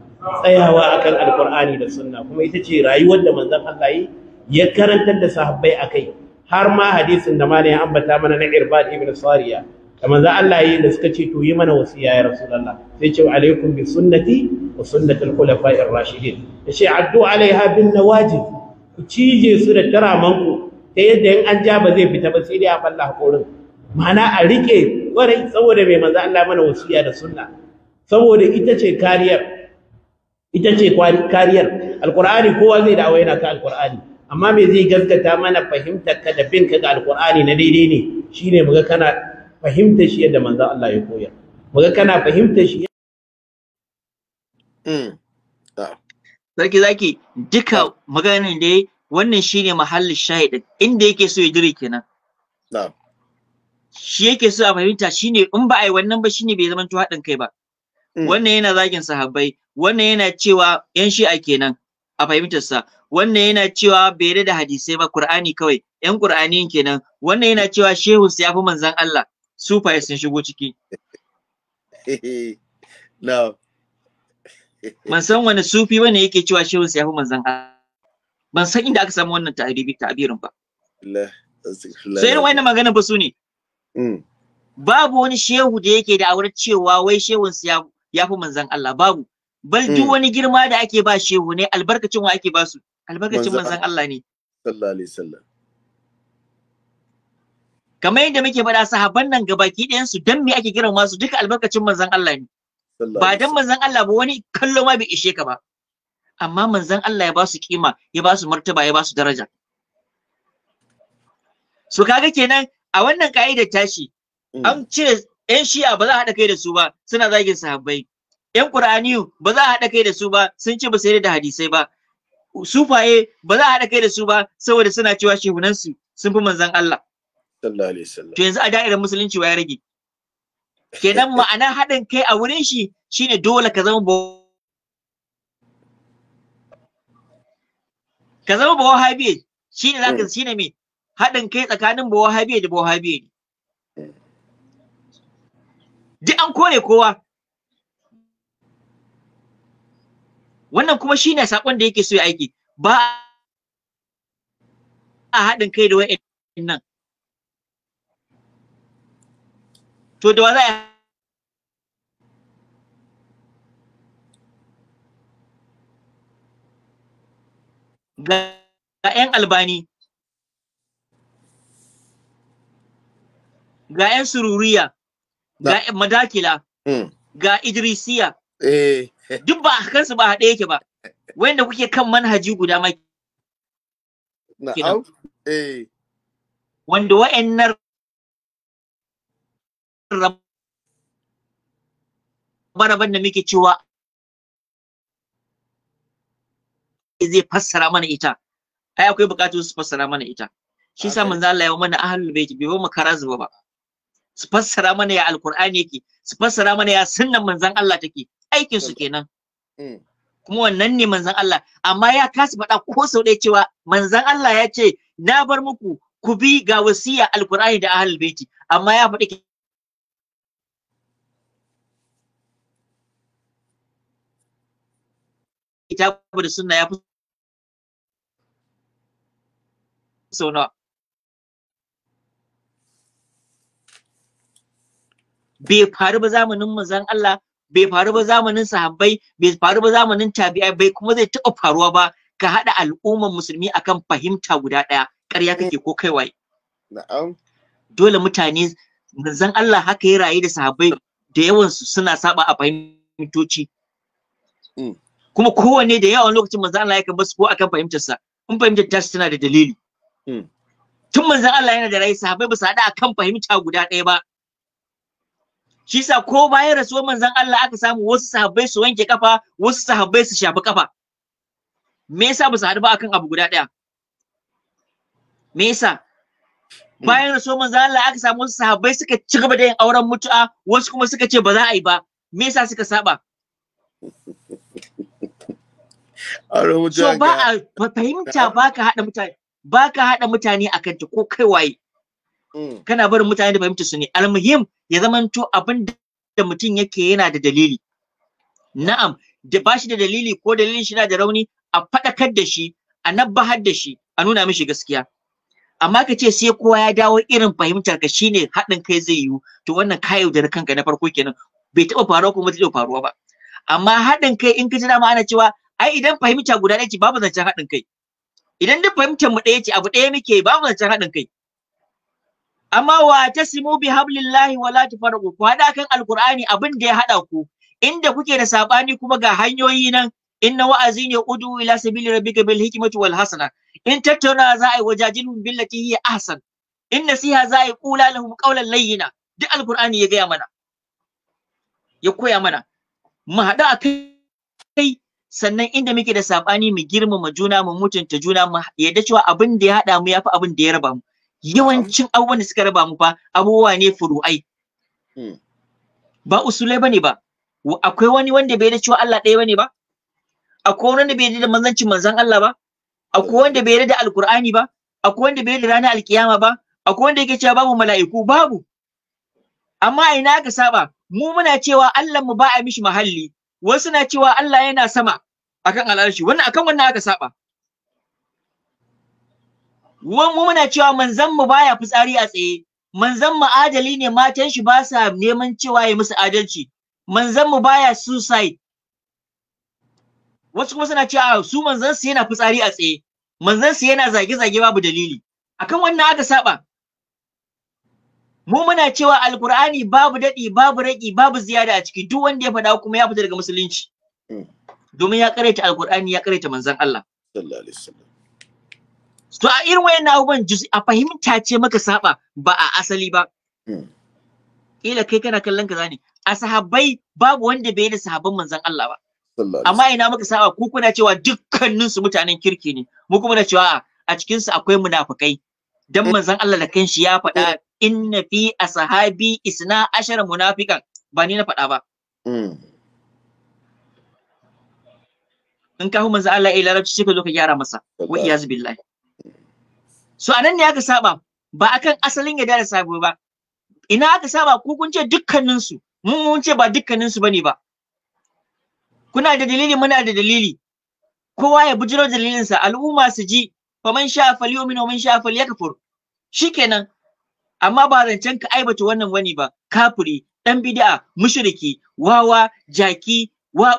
tsayawa akan alkur'ani da sunna kuma ita ce rayuwar da manzan Allah yi ya karantar da sahabbai akai har ma hadisin da malamin ambata mana na Irbad ibn Sariya da manzo Allah yi da suka ce to yi mana wasiya ya rasulullah sai ce alaikum bi sunnati wa sunnati al-khulafa'ir rashidin yace addu alaiha bin nawajid ku cije su da taramanku ta yadda in an ja ba zai fita ba sai da a falla ma'ana a rike kwarai saboda mai manzo Allah mana wasiya da sunna saboda ita ce kariyar ita ce kariyar alqur'ani kowa zai dawo yana ka alqur'ani amma me zai gaskata mana fahimtar ka da bin ka ga alqur'ani na daidai ne shine muga kana fahimta shi yadda manzon Allah ya koyar muga kana fahimta shi mm. ah. sarki zaki duka ah. maganin da wannan shine mahallin shahid inda yake so ya dire kenan ah. shi yake so a fahimta shine in ba a yi wannan ba shine bai zama haɗin kai ba mm. wannan yana zagin sahabbai wannan yana cewa yan shi'a kenan a fahimtarsa wannan yana cewa bai da hadisai ba qur'ani kawai yan qur'ani kenan wannan yana cewa shehu ya fi manzon Allah sufaye sun shigo ciki no ban san wani sufi wani yake cewa shehu sai fi manzan Allah ban san inda aka samu wannan ta'ribi ta'birin ba sai irin wannan magana ba su ne mm. babu wani shehu da yake da aure cewa wai shehun sa fi manzan Allah babu bal duk mm. wani girma da ake ba shehu ne albarkacin wa ake ba su albarkacin manzan Allah ne sallallahu alaihi wasallam kamar yadda muke faɗa sahabban nan baki ɗayan su dan me ake kiran masu duka albarkacin manzon Allah ne ba dan manzon Allah ba wani kallo ma bai ishe ka ba amma manzon Allah ya ba su kima ya ba su martaba ya ba su daraja so kaga kenan a wannan ka'idar tashi mm. an ce yan shi'a ba za a haɗa kai da su ba suna zagin sahabbai yan qur'aniyu ba za a haɗa kai da su ba sun ce ba sai da hadisai ba sufaye ba za a haɗa kai da su ba saboda suna cewa shehunansu sun fi manzon Allah sallallahu alaihi wasallam to yanzu a da'irar musulunci wa ya rage kenan ma'ana haɗin kai a wurin shi shine dole ka zama ka zama bawa wahabiye shine zaka mm. shine me haɗin kai tsakanin bawa wahabiye da bawa wahabiye ne mm. duk an kore kowa wannan kuma shine sakon da yake so ya aiki ba a haɗin kai da nan. to da wa za a ga 'yan albani ga 'yan sururiya ga madakila mm. ga idrisiya eh. duk ba kansu ba haɗe ke ba wanda kuke kan manhaji guda maki. Eh. wanda wa'annan rabe da muke cewa zai fassara mana ita ai akwai bukatu su fassara mana ita shi sa manzo Allah ya mana ahlul bait bai mu karazu ba su fassara mana ya alqur'ani yake su fassara mana ya sunnan manzon Allah take aikin su kenan mm. kuma wannan ne manzon Allah amma ya kasa faɗa ko sau ɗaya cewa manzon Allah ya ce na bar muku ku bi ga wasiya alqur'ani da ahlul baiti amma ya faɗi kitabu da sunna ya fi sauna. nawa bai faru ba zamanin manzon Allah bai faru ba zamanin sahabbai bai faru ba zamanin tabi'a, bai kuma zai taɓa faruwa ba ka haɗa al'ummar musulmi akan fahimta guda ɗaya ƙarya kake ko kai waye dole mutane manzon Allah haka ya rayu da sahabbai da yawansu suna saba a fahimtoci mm. kuma kowanne da yawan lokacin manzan Allah yakan basu ko akan fahimtar sa in fahimtar ta tana da dalili hmm. tun manzan Allah yana da rai sahabbai ba su hada akan fahimta guda ɗaya ba shi sa ko bayan rasuwar manzan Allah aka samu wasu sahabbai su wanke kafa wasu sahabbai su shafi kafa me yasa ba su haɗu ba akan abu guda ɗaya me yasa hmm. bayan rasuwar manzan Allah aka samu wasu sahabbai suka ci gaba da yin auren mutu'a wasu kuma suka ce ba za a yi ba me yasa suka saba so ba a fahimta ba ka haɗa mutane ba ka haɗa mutane a kanta ko kai waye mm. kana barin mutane da fahimta su ne almuhim ya zamanto abin da mutum yake yana da dalili na'am da ba shi da dalili ko dalilin shi na da rauni a faɗakar da shi a nabbahar da shi a nuna mishi gaskiya amma ka ce sai kowa ya dawo irin fahimtar ka shine haɗin kai zai yiwu to wannan ka yaudari kanka na farko kenan bai taɓa faruwa kuma bai taɓa faruwa ba amma haɗin kai in ka ji dama ana cewa ai idan fahimta guda ɗaya ce babu zancen haɗin kai idan duk fahimtar mu ɗaya ce abu ɗaya muke babu zancen haɗin kai amma wa tasimu bi hablillahi wala tafarqu ku hada kan alqur'ani abin da ya haɗa ku inda kuke da sabani kuma ga hanyoyi nan inna wa'azi ne udu ila sabili rabbika bil hikmati wal hasana in tattauna za a yi wajajilun billati hiya ahsan in nasiha za a yi qula lahum qawlan layyina duk alqur'ani ya gaya mana ya koya mana mu hada kai sannan inda muke da sabani mu girmama juna mu mutunta juna mu yadda cewa abin da ya haɗa mu yafi abin da ya raba mu yawancin abubuwan da suka raba mu fa abubuwa ne furu'ai hmm. ba usulai bane ba akwai wani wanda bai da cewa Allah ɗaya bane ba akwai wani wanda bai da manzancin manzan Allah ba akwai wanda bai da alqur'ani ba akwai wanda bai da ranar alkiyama ba akwai wanda yake cewa babu mala'iku babu amma ina ka saba mu muna cewa Allah mu ba a mishi mahalli wasu na cewa Allah yana sama akan al'arshi wannan akan wannan aka saba wan mu muna cewa manzon mu baya fitsari a tsaye manzon mu adali ne matan shi ba sa neman cewa ya musu adalci manzon mu baya suicide wasu kuma suna cewa su manzon su yana fitsari a tsaye manzon su yana zage-zage babu dalili akan wannan aka saba mu muna cewa alkur'ani babu daɗi babu raƙi babu ziyada a ciki duk wanda ya faɗa kuma ya fita daga musulunci hmm. domin ya karaita alkur'ani ya karaita manzon Allah to a irin wayannan a fahimta ce maka saba ba a asali ba hmm. ila kai kana kallon ka ne a sahabbai babu wanda bai da sahabban manzon Allah ba amma ina maka saba ku kuna cewa dukkaninsu mutanen kirki ne mu kuma na cewa a cikinsu akwai munafukai dan eh. manzon Allah da kanshi ya faɗa eh. inna fi ashabi isna ashara munafikan ba ni na faɗa ba mm. in ka hu manzon Allah ya rabbi shi ka zo ka gyara masa wa iyaz billahi so anan ne aka saba ba akan asalin ya da sabo ba ina aka saba ko kun ce dukkanin su mun mun ce ba dukkanin su bane ba kuna da dalili muna da dalili kowa ya bujiro dalilinsa al'umma su ji faman sha falyomin wa man sha kafur. shikenan amma ba zancen ka aibata wannan wani ba kafiri dan bid'a mushriki wawa jaki wa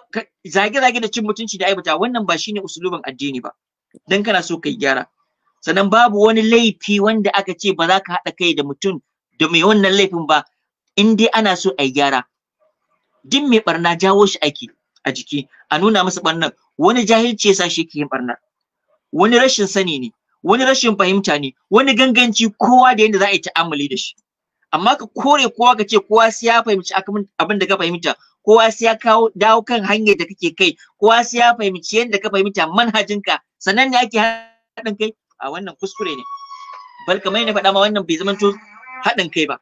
zage zage da cin mutunci da aibata wannan ba shine usuluban addini ba dan kana so kai gyara sannan babu wani laifi wanda aka ce ba za ka haɗa kai da mutum da mai wannan laifin ba in dai ana so a gyara duk mai barna jawo shi aiki a jiki a nuna masa barnar wani jahilci yasa shi yake yin barnar wani rashin sani ne wani rashin fahimta ne wani ganganci kowa da yadda za a yi ta'amali da shi amma ka kore kowa ka ce kowa sai ya fahimci abin da ka fahimta kowa sai ya kawo dawo kan hanyar da kake kai kowa sai ya fahimci yadda ka fahimta manhajinka sannan ne ake haɗin kai a wannan kuskure ne bal kamar na faɗa ma wannan bai zamanto haɗin kai ba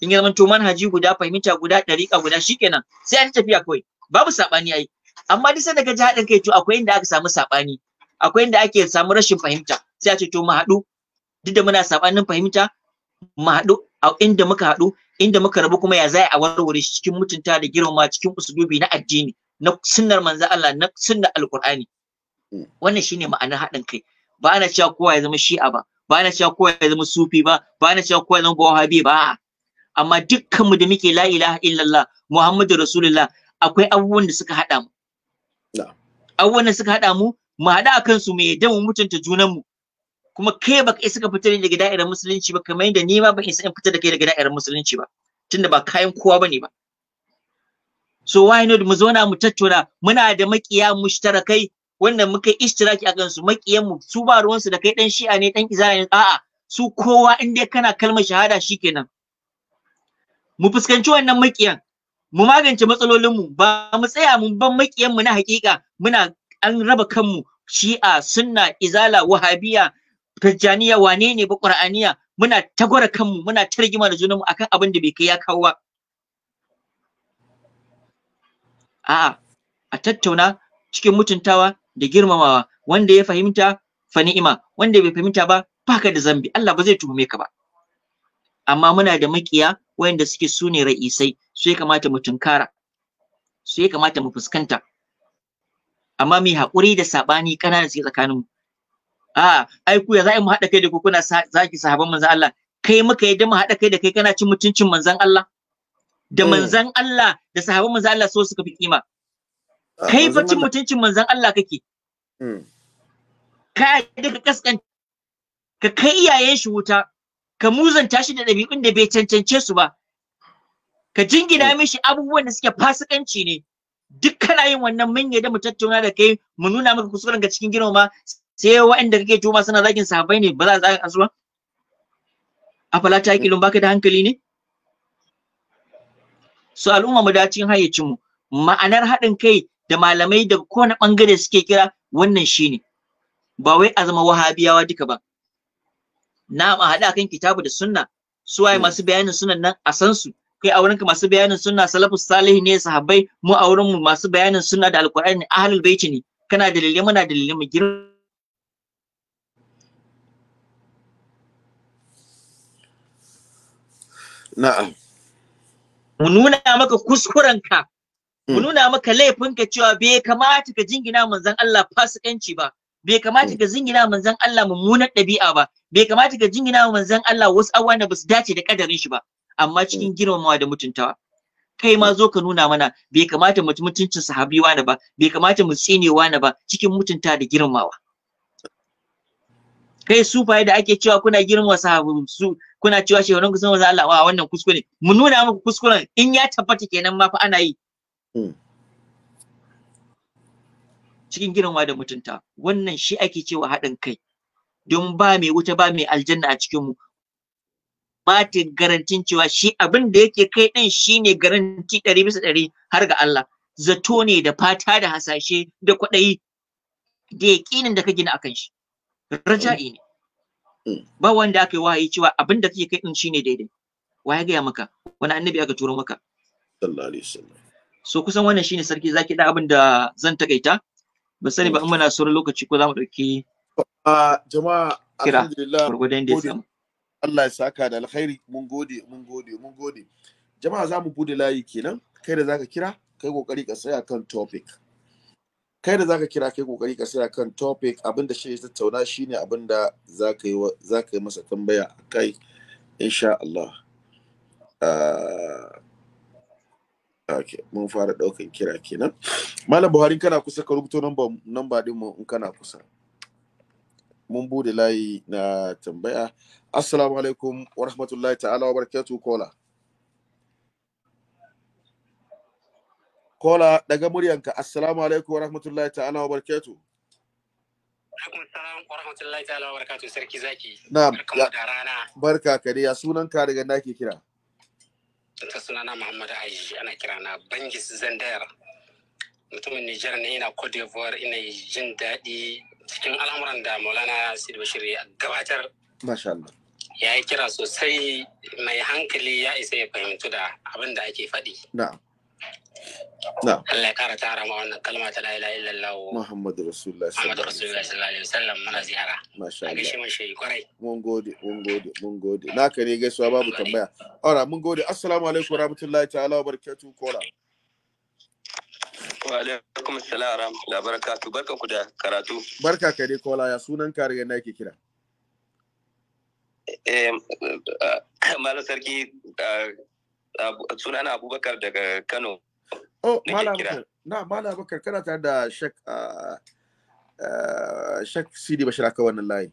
in ya zamanto manhaji guda fahimta guda ɗariƙa guda shikenan sai an tafiya kawai babu saɓani ai amma duk sanda ka ji haɗin kai to akwai inda aka samu saɓani akwai inda ake samu rashin fahimta sai a ce to mu haɗu duk da muna sabanin fahimta mu haɗu a inda muka haɗu inda muka rabu kuma ya zai a warware shi cikin mutunta da girma cikin usulubi na addini na sunnar manzo Allah na sunnar alqur'ani wannan shine ma'anar haɗin kai ba ana cewa kowa ya zama shi'a ba ba ana cewa kowa ya zama sufi ba ba ana cewa kowa ya zama wahabi ba amma dukkan mu da muke la ilaha illallah muhammadu rasulullah akwai abubuwan da suka haɗa mu abubuwan da suka haɗa mu mu haɗu a kansu mu yadda mu mutunta junanmu kuma kai ba kai suka fitar daga da'irar musulunci ba kamar yadda ni ma ba isa in fitar da kai daga da'irar musulunci ba tunda ba kayan kowa bane ba so why not mu zauna mu tattauna muna da makiya mushtarakai wannan muka yi ishtiraki akan su makiyan mu su ba ruwansu da kai dan shi'a ne dan izala ne a'a su kowa in ya kana kalmar shahada shikenan mu fuskanci wannan makiyan mu magance matsalolinmu ba mu tsaya mun ban makiyan mu na hakika muna an raba kanmu shi'a sunna izala wahabiya tijjaniya wane ne ba qur'aniya muna tagwara kanmu muna targima da junanmu akan abin da bai kai ya kawo ba a'a a tattauna cikin mutuntawa da girmamawa wanda ya fahimta fa ni'ima wanda bai fahimta ba baka da zambi Allah ba zai tuhume ka ba amma muna da makiya wayanda suke sune ra'isai sai kamata mu tunkara su kamata mu fuskanta amma mai haƙuri da saɓani ƙanana suke tsakanin mu a ai ku ya yi mu haɗa kai da ku kuna zaki sahaban manzon Allah kai muka yadda mu haɗa kai da kai kana cin mutuncin manzon Allah da eh. manzon Allah da sahaban manzon Allah so suka fi kima kai fa cin mutuncin manzon Allah kake hmm. ka yadda ka kaskan ka kai iyayen shi wuta ka muzanta shi da ɗabi'un da bai cancance su ba ka jingina hmm. mishi abubuwan da suke fasikanci ne duk kana yin wannan mun yadda mu tattauna da kai mu nuna maka kusurin ga cikin ma. sai waɗanda kake tuma suna zagin sahabbai ne ba za a zaga asuwa afala ta kilun baka da hankali ne su al'umma mu da cikin hayyacin mu ma'anar haɗin kai da malamai daga kowane bangare suke kira wannan shine ba wai a zama wahabiyawa duka ba na a haɗa kan kitabu da sunna su hmm. masu bayanin sunan nan a san su kai a wurinka masu bayanin sunna salafus salih ne sahabbai mu a wurin mu masu bayanin sunna da alqur'ani ahlul baiti ne kana dalilai muna dalilai mu girma na'am mu nuna maka kuskurenka mu hmm. nuna maka laifinka cewa bai kamata ka jingina manzon Allah fasikanci ba bai kamata hmm. ka jingina manzon Allah mummunar ɗabi'a ba bai kamata ka jingina manzon Allah wasu abubuwan da basu dace da kadarin shi ba amma mm. cikin girmamawa da mutuntawa kai ma mm. zo ka nuna mana bai kamata mu mutuncin sahabi wani ba bai kamata mu tsine wani ba cikin mutunta da girmamawa kai su fa da ake cewa kuna girmama sahabu su kuna cewa shi wannan kusan wannan Allah wa wannan kuskure mu nuna muku kuskuren in ya tabbata kenan ma fa ana yi mm. cikin girmama da mutunta wannan shi ake cewa haɗin kai don ba mai wuta ba mai aljanna a cikin mu batin garantin cewa shi abin da yake kai ɗin shine garanti ɗari bisa ɗari har ga Allah zato ne da fata da hasashe da kwaɗayi da yaƙinin da ka gina akan shi raja'i ne ba wanda aka yi wahayi cewa abin da kake kai ɗin shine daidai wa ya gaya maka wani annabi aka turo maka sallallahu alaihi wasallam so kusan wannan shine sarki zaki da abin da zan takaita ba sani ba in muna sauran lokaci ko za mu ɗauki uh, jama'a alhamdulillah Gwargwadon da ya samu Allah ya saka da alkhairi mun gode mun gode mun gode jama'a za mu bude layi kenan kai da zaka kira kai kokari ka tsaya kan topic kai da zaka kira kai kokari ka tsaya kan topic abinda shi ya tattauna shine abinda zaka yi zaka yi masa tambaya kai insha Allah uh, okay mun fara daukan kira kenan malam Buhari kana kusa ka rubuto namba namba din mu in kana kusa mun bude layi na tambaya assalamu alaikum wa rahmatullahi ta'ala wa barakatuh kola kola daga muryanka assalamu alaikum wa rahmatullahi ta'ala wa barakatuh alaikum salam wa rahmatullahi ta'ala wa barakatuh sarki zaki na'am barka da rana barka ka dai sunan ka daga nake kira ta sunana Muhammad Aji ana kira na Bangis Zandayar mutumin Nijar ne yana Cote d'Ivoire ina jin daɗi cikin al'amuran da maulana sid bashir ya gabatar ya yi kira sosai mai hankali ya isa ya fahimtu da abin da ake faɗi Allah ya kara tara ma wannan kalma ta la'ila illallahu Muhammadu Rasulullah Muhammadu Rasulullah sallallahu alaihi wasallam muna ziyara Masha Allah gaishe mun shi kwarai mun gode mun gode mun gode naka ne gaisuwa babu tambaya ora mun gode assalamu alaikum warahmatullahi ta'ala wa barakatuh kola Wa alaikum assalam wa rahmatullahi barakatu. Barka ku da karatu. Barka ka dai kola ya sunan ka riga na yake kira. Eh, eh malam sarki eh, sunana Abubakar daga Kano. Oh malam na malam Abubakar kana tare da shek ah, ah, Sheikh Sidi Bashir aka wannan layi.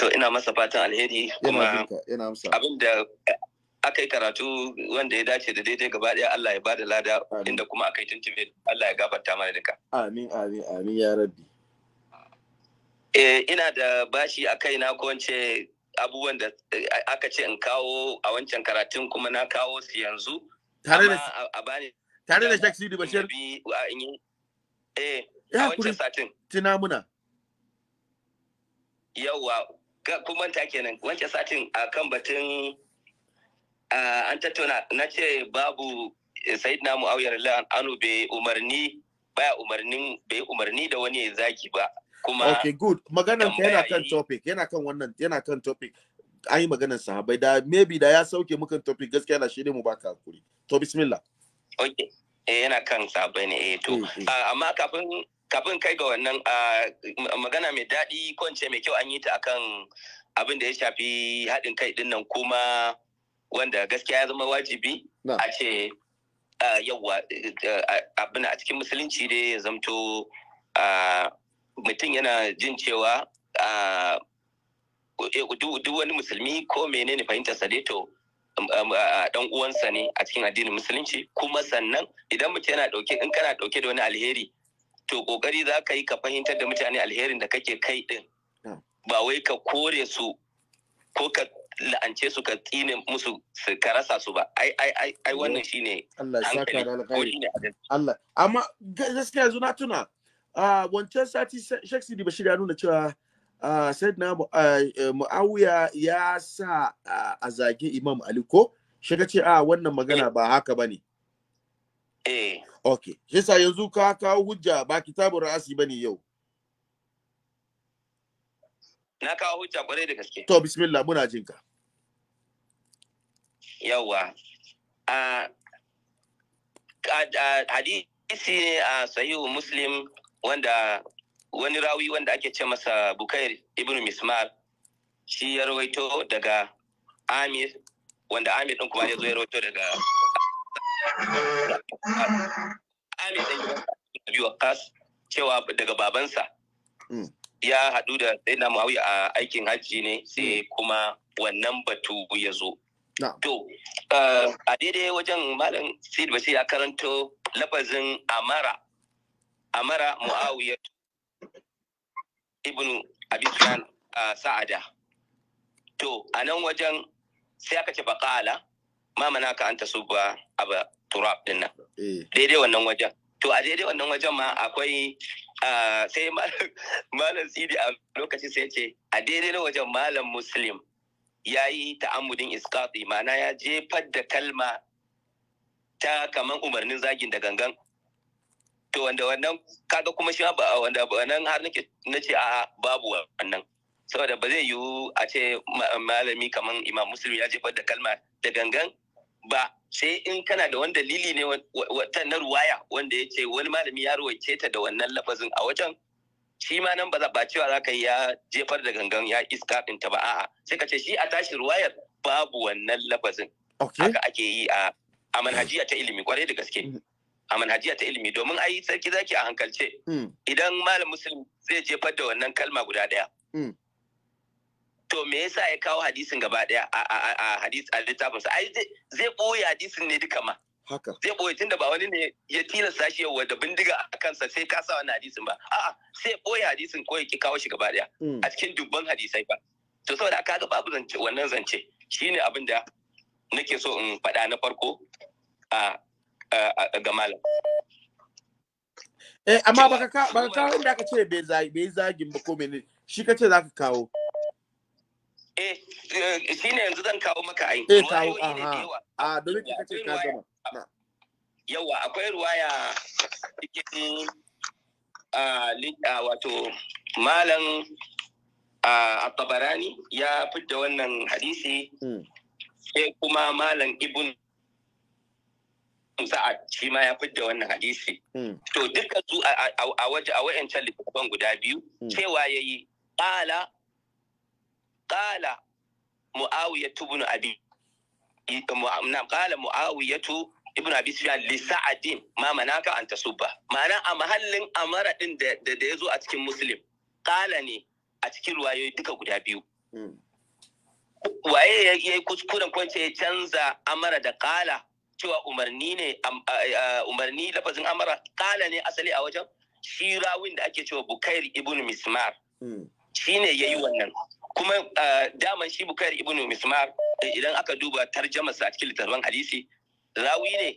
To ina masa fatan alheri kuma abinda aka yi karatu wanda ya dace da daidai gaba daya Allah ya ba da lada inda kuma aka yi tuntube Allah ya gabata mana duka. Amin amin amin ya rabbi. Eh ina da bashi a kaina ko wance abubuwan da eh, aka ce in kawo a wancan karatun kuma na kawo su yanzu. Tare da tare da Bashir. Eh a wancan satin. Tuna muna. Yawwa kuma ta kenan wancan satin a kan batun Ah, an tattauna na ce babu eh, na mu'awiyar anu bai umarni baya umarnin bai umarni da wani ya zaki ba kuma ok good maganar ka yana kan topic yana kan wannan yana kan topic an yi maganar sahabai da maybe da ya sauke mukan topic gaskiya na shirin mu ba ka hakuri to bismillah Ok. eh yana kan sahabai ne eh to mm, mm. Ah, amma kafin kafin kai ga wannan ah, magana mai daɗi ko mai kyau an yi ta akan abin da ya shafi haɗin kai ɗin nan kuma wanda gaskiya ya zama wajibi a ce yawa abin a cikin musulunci dai ya zamto mutum yana jin cewa duk wani musulmi ko menene fahimtar sa to um, um, dan uwansa ne a cikin addinin musulunci kuma sannan idan mutum yana dauke in kana dauke da wani alheri to kokari za ka yi ka fahimtar da mutane alherin da kake kai din ba wai ka kore su ko ka la'ance su ka tsine musu ka rasa su ba ai ai ai ai wannan shine Allah ya saka da alƙairi Allah amma gaskiya yanzu na tuna a wancan sati Sheikh Sidi Bashir ya nuna cewa Sayyidina e, Muawiya ya sa a zage Imam Ali ko shi ka ce a wannan magana eh. ba haka bane eh okay yasa yanzu ka kawo hujja ba kitabun ra'asi bane yau na kawo hujja kwarai da gaske to bismillah muna jin ka yawa a hadisi a sahihu muslim wanda wani rawi wanda ake ce masa bukair ibn mismar shi ya rawaito daga amir wanda amir ɗin kuma ya zo ya rawaito daga amir ɗin wa kas cewa daga babansa hmm. ya haɗu da sayyidina muawiya a aikin hajji ne sai mm. kuma wannan batu ya zo to uh, a daidai wajen malam sid basir ya karanto lafazin amara amara muawiya ibn abi sufyan uh, sa'ada to a nan wajen sai aka ce an ta manaka ba a ba turab dinnan eh. daidai wannan wajen to a daidai wannan wajen ma akwai sai malam sidi a lokaci sai ce a daidai wajen malam muslim ya yi ta'amudin iskati mana ya jefar da kalma ta kaman umarnin zagin da gangan to wanda wannan kaga kuma shi ba wanda wannan har nake ce a babu wannan saboda ba zai yiwu a ce malami kaman imam muslim ya jefar da kalma da gangan ba sai in kana da wani dalili ne wata na ruwaya wanda ya ce wani malami ya ruwaice ta da wannan lafazin a wajen shi ma nan ba za ba cewa za ka ya jefar da gangan ya iska ta ba a'a sai ka ce shi a tashi ruwayar babu wannan lafazin haka ake yi a a manhajiya ta ilimi kwarai da gaske mm. a manhajiya ta ilimi domin ai sarki zaki a hankalce mm. idan malam muslim zai jefar da wannan kalma guda daya mm. to me yasa ya kawo hadisin gaba daya a hadis a sa ai zai boye hadisin ne duka ma haka zai boye tunda ba wani ne ya tilasta shi yawa da bindiga a kansa sai ka sa wannan hadisin ba a'a sai boye hadisin ko ya ki kawo shi gaba daya mm. a cikin dubban hadisai ba to saboda kaga babu zance wannan zance shine abin da nake so in faɗa na farko a ga malam eh amma baka ka baka kawo inda aka ce bai zagin ba ko menene shi ka za zaka kawo Eh, eh shine yanzu zan kawo maka ai eh kawo aha a domin kika ce ka gama yawa akwai ruwaya cikin wato malam at-tabarani ya fidda wannan hadisi hmm. sai kuma malam ibn sa'ad shi ma ya fidda wannan hadisi hmm. to duka su a waje a wayancan littattafan guda biyu hmm. cewa yayi qala kala muawiyatu ibn abi na muawiyatu ibn abi sufyan li sa'adin ma manaka an tasubba ma'ana a mahallin amara din da da yazo a cikin muslim qala ne a cikin ruwayoyi duka guda biyu hmm. waye ya yi kuskuren kwance ya canza amara da qala cewa umarni ne umarni lafazin amara qala ne asali a wajen shirawin da ake cewa Bukairi ibn mismar hmm. shine yayi wannan kuma daman shi bukari ibn mismar idan aka duba tarjamarsa a cikin littattafan hadisi rawi ne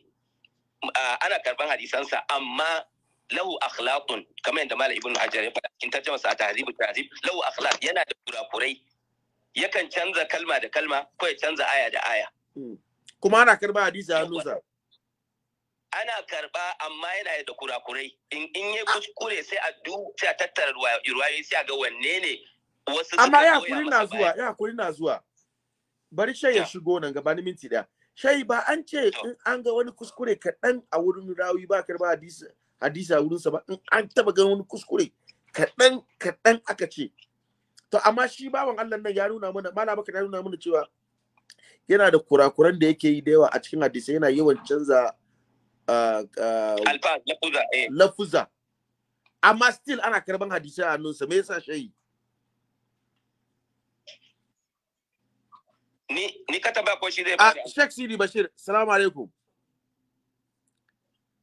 ana karban hadisansa amma lahu akhlaqun kamar yadda malam ibn hajar ya faɗa cikin tarjamarsa a tahzibu tahzib lahu akhlaq yana da kurakurai yakan canza kalma da kalma ko ya canza aya da aya hmm. kuma ana karba hadisi a hannunsa ana karba amma yana da kurakurai in in ya kuskure sai a du sai a tattara ruwayoyi sai a ga wanne ne wasu amma ya kuri na zuwa ya kuri na zuwa bari shai ya shigo nan gaba ni minti daya shai ba an ce in an ga wani kuskure kaɗan a wurin rawi ba ba hadisi hadisi a sa ba in an taba ganin wani kuskure kaɗan kaɗan aka ce to amma shi bawan Allah nan ya nuna mana malama ka nuna mana cewa yana da kurakuran da yake yi da yawa a cikin hadisi yana yawan canza ah, ah, eh. lafuza amma still ana karban hadisi a hannunsa me yasa shayi Ni ni kata ba ko shi ba Ah, Sheikh sidi Bashir, salamu alaikum.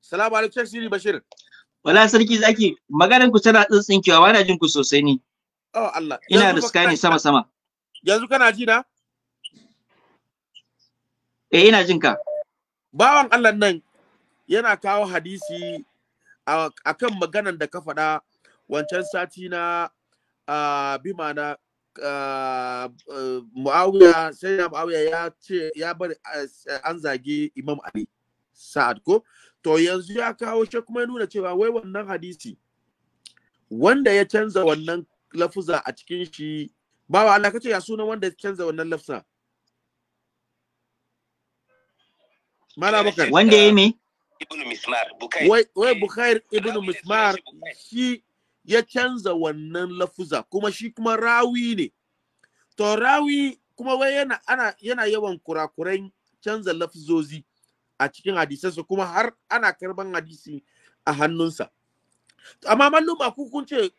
Salamu alaikum Sheikh sidi Bashir. Wala sarki zaki, maganar ku tana tsintsinkewa, ba na jin ku sosai ni. Oh Allah. Ina da skani sama sama. Yanzu kana ji na? Eh ina jin ka. Bawan Allah nan yana kawo hadisi akan maganar da ka faɗa wancan sati na uh, bima na muawiya sai na muawiya ya ce ya bar an zage imam ali sa'ad ko to yanzu ya kawo shi kuma ya nuna cewa wai wannan hadisi wanda ya canza wannan lafuza a cikin shi ba wa Allah kace ya sunan wanda ya canza wannan lafuza? mala bukhari wanda ya ne ibnu mismar bukhari wai eh, bukhari ibnu mismar shi ya canza wannan lafuza kuma shi kuma rawi ne to rawi kuma wai yana ana yana yawan kurakuren canza lafuzozi a cikin hadisansa kuma har ana karban hadisi a hannunsa amma malluma ku kun ce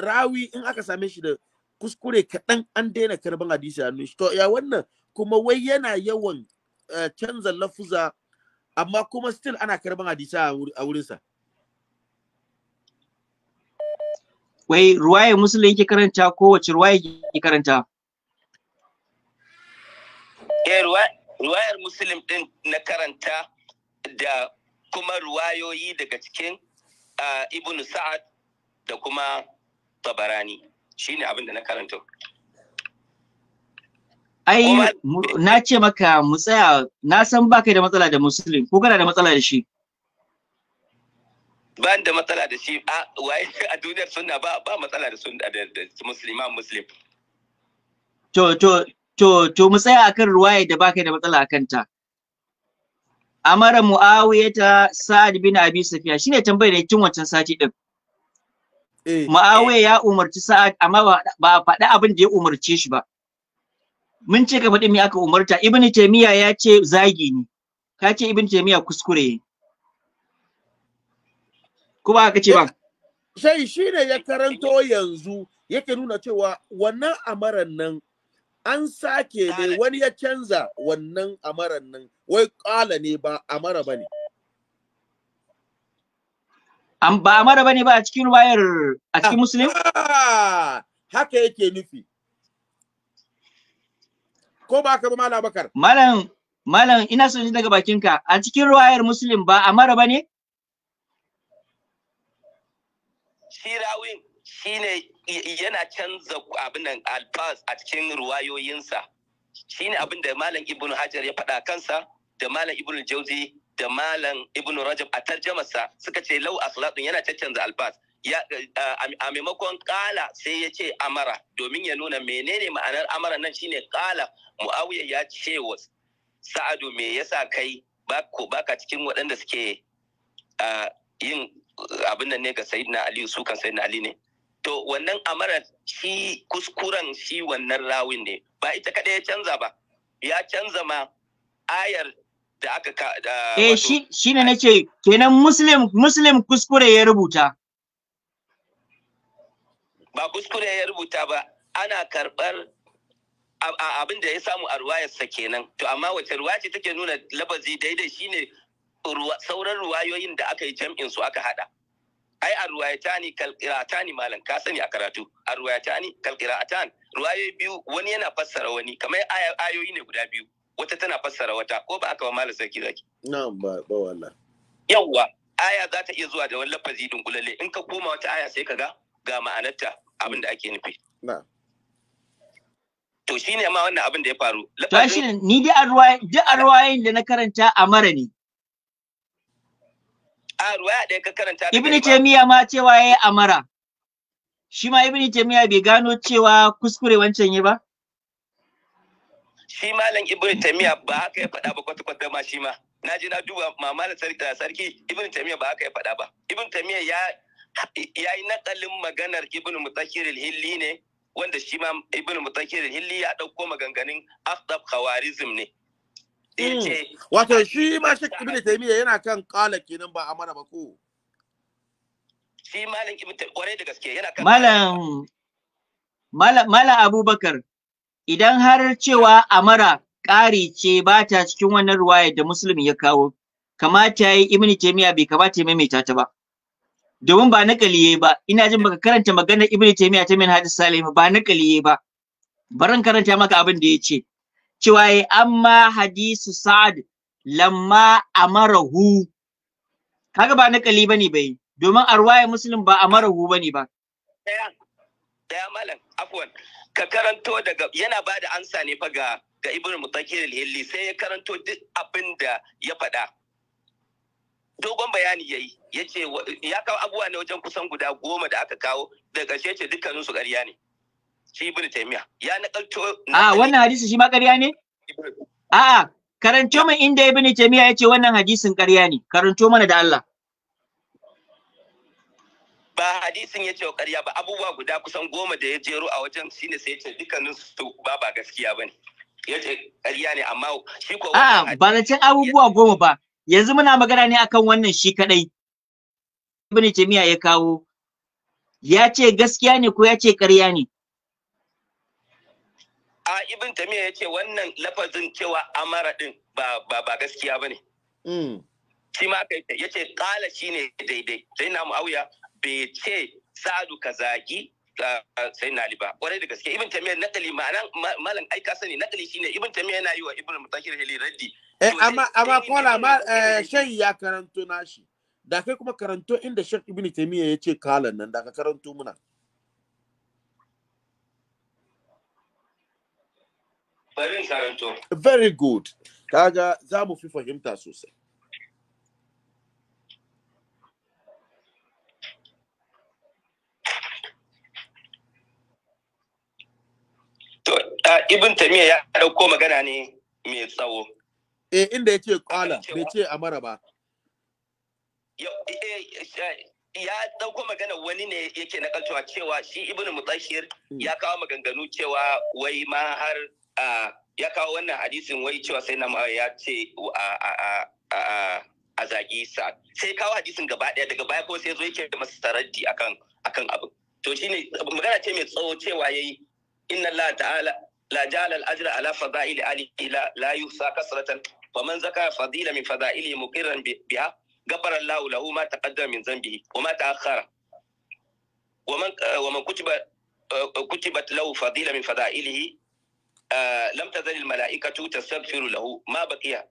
rawi in aka same shi da kuskure kaɗan an daina karban hadisi a hannun shi to ya wannan kuma wai yana yawan eh, canza lafuza amma kuma still ana karban hadisa a wurinsa wai ruwaya musulun yake karanta ko wace ruwaya yake karanta eh ruwayar musulun din na karanta da kuma ruwayoyi daga cikin ah, ibnu sa'ad da kuma tabarani shine abin da na karanta ai na ce maka mu tsaya na san baka da matsala da musulun ko kana da matsala da shi ba da matsala da shi a waye a duniyar sunna ba ba matsala da sunna da musulma muslim to to to to mu tsaya akan ruwaye da baka da matsala akan ta amara muawiyata sa'ad bin abi safiya shine tambayar da kin wancan sati din eh, eh. Muawiya ya umarci Sa'ad amma ba faɗi abin da ya umarce shi ba. Mun ce ka faɗi me aka umarta Ibn taymiya ya ce zagi ne. Ka ce Ibn taymiya kuskure ne. ko ba ka ce ba sai shi ne ya karanto yanzu yake nuna cewa wannan amaran nan an sake ne wani ya canza wannan amaran nan wai kala ne ba amara ba ne ba amara ba ne ba a cikin wayar a cikin musulun haka yake nufi ko ba ka ba malam bakar malam malam ina son ji daga bakinka a cikin ruwayar muslim ba amara ba ne shi yana canza abin nan a cikin ruwayoyinsa shine abin da malam ibnu hajar ya faɗa kansa da malam ibnu jauzi da malam ibnu rajab a tarjamarsa suka ce lau aslatun yana canza alfaz a maimakon ƙala sai ya ce amara domin ya nuna menene ma'anar amara nan shine kala muawiya ya ce wa sa'adu me yasa kai Ba baka cikin waɗanda suke yin abin nan ne ga na ali su kan na ali ne to wannan amara shi kuskuren shi wannan rawin ne ba ita kada ya canza ba ya canza ma ayar da aka ka eh shi ne nace kenan muslim muslim kuskure ya rubuta ba kuskure ya rubuta ba ana karɓar abin da ya samu a ruwayarsa kenan to amma wace ruwa ce take nuna labazi daidai shine sauran ruwayoyin da aka yi jam'in su aka hada ai a ruwayatani kalqiratani malam ka sani a karatu a ruwayatani kalqiratan ruwayoyi biyu wani yana fassara wani kamar ayoyi ne guda biyu wata tana fassara wata ko ba aka ba malam sarki zaki na'am ba ba wallah yawwa aya za ta iya zuwa da wani lafazi dunkulalle in ka koma wata aya sai ka ga ga ma'anarta abin da ake nufi na'am to ne ma wannan abin da ya faru to shi ni dai a ruwayoyin da na karanta a mara ne a ruwaya ɗaya ka karanta ibn taymiya ma cewa yayi amara shi ma ibn taymiya bai gano cewa kuskure wancan yi ba shi malam ibn taymiya ba haka ya faɗa ba kwata kwata ma shi ma na ji na duba ma sarki da sarki ibn taymiya ba haka ya faɗa ba ibn taymiya ya ya yi nakalin maganar ibn mutakir hilli ne wanda shi ma ibn mutakir hilli ya ɗauko maganganun afdab khawarizm ne Mm. Wato shi ma Sheikh Ibn Taymiyyah yana kan kala kenan ba mana ba ko. Shi malam Ibn kwarai da gaske yana kan Malam Malam Abubakar idan har cewa amara ƙari ce ba ta cikin wannan ruwayar da Muslim ya kawo kamata yi Ibn taimiyya bai kamata ya maimaita ta ba. Domin ba nakaliye ba ina jin baka karanta maganar Ibn taimiyya ta min hadis Salim ba nakaliye ba. Baran karanta maka abin da ya ce. cewa ya amma hadisu sa'ad lamma amarahu kaga ba nakali bane bai domin a ruwaya muslim ba amarahu bane ba daya daya malam afwan ka karanto daga yana ba da ansa ne fa ga ga ibnu mutakir al sai ya karanto duk abin da ya faɗa dogon bayani ya yi ya ce ya kawo abubuwa ne wajen kusan guda goma da aka kawo daga ƙarshe ce dukkaninsu ƙarya ne shi ibnu taymiya ya nakalto ah, a wannan hadisi shi ma ƙarya ne a karanto mun inda ibnu taymiya yace wannan hadisin ƙarya ne karanto mana da Allah ba hadisin yace ce ƙarya ba abubuwa guda kusan goma da ya jero a wajen shine sai yace dukkanin su ba ba gaskiya bane yace ƙarya ne amma shi ko a ba zancen abubuwa goma ba yanzu muna magana ne akan wannan shi kadai ibnu taymiya ya kawo ya ce gaskiya ne ko ya ce ƙarya ne a ibn tamiya ya ce wannan lafazin cewa amara din ba ba ba ne. Hmm. shi ma ya ce kala ne daidai sai na muawiya bai ce sadu ka zagi sai na liba kwarai da gaske ibn tamiya nakali ma'anan malam aika ka sani nakali ne. ibn tamiya yana yi wa ibn mutakir hili raddi eh amma kola ma eh, shayi ya karanto nashi da kai kuma karanto inda shek ibn tamiya ya ce kalan nan da ka karanto muna barin karanto very good kaga za mu fi fahimta sosai To, uh, Ibn Tamiya ya ɗauko magana ne mai tsawo. Eh, inda ya ce kwala, bai ce a mara ba. Ya dauko eh, magana wani ne yake na cewa cewa shi Ibn Mutashir hmm. ya kawo maganganu cewa wai ma har ya kawo wannan hadisin wai cewa sai na ya ce a zagi sa sai kawo hadisin gaba daya daga baya ko sai zo yake da masa taraddi akan akan abu to shine magana ce mai tsawo cewa yayi inna Allah ta'ala la jalal ajra ala fada'ili ali la yusa kasratan man zaka fadila min fada'ili muqirran biha ma taqaddama min ما wa ma ta'akhara Wa man wa man kutiba kutibat lahu Fadila min fadailihi آه، لم تزل الملائكة تستغفر له ما بقي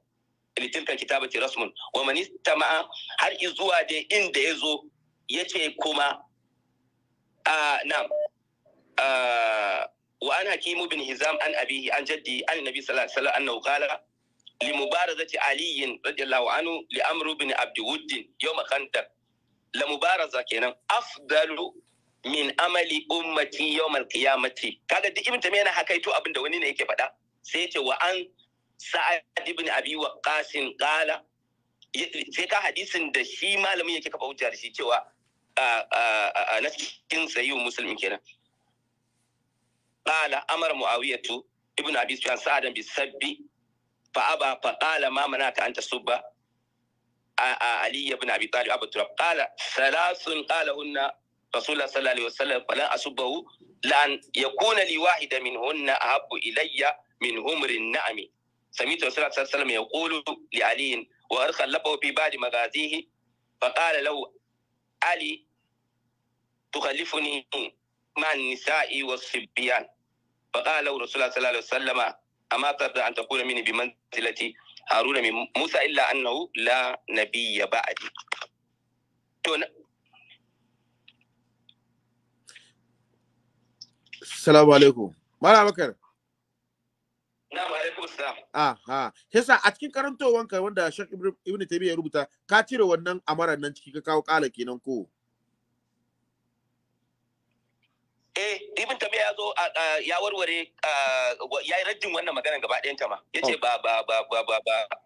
لتلك الكتابة رسم ومن استمع هل إزوا دي إن دي إزو يتي كما آه نعم آه وأنا حكيم بن هزام عن أبيه عن جدي عن النبي صلى الله عليه وسلم أنه قال لمبارزة علي رضي الله عنه لأمر بن عبد ود يوم خندق لمبارزة كنا أفضل min amali ummati yawmal qiyamati kaga duk ibn tamiya yana ito abin da wani ne yake faɗa sai ya ce wa an sa'ad ibn abi waqqas qala sai ka hadisin da shi malamin yake kafa da shi cewa a na cikin sayyid muslim kenan qala amar muawiyatu ibn abi sufyan sa'adan bi sabbi fa aba fa qala ma manaka anta subba ali ibn abi talib abu turab Ƙala salasun, ƙala hunna رسول الله صلى الله عليه وسلم فلا أسبه لأن يكون لي واحدة منهن أحب إلي من همر النعم سمعت رسول الله صلى الله عليه وسلم يقول لعلي وأرخى لبه في بعد مغازيه فقال له علي تخلفني مع النساء والصبيان فقال له رسول الله صلى الله عليه وسلم أما ترضى أن تكون مني بمنزلة هارون من موسى إلا أنه لا نبي بعد Salamu alaikum. Mala bakar. Aha. Yasa a cikin karantowanka wanda Sheikh Ibn Taymiyyah ya rubuta ka cire wannan amaran nan ciki ka kawo kala kenan ko? Eh, Ibn Taymiyyah ya zo ya warware ya yi rajin wannan magana gaba ɗayan ta ma. Yace oh. ba ba ba ba ba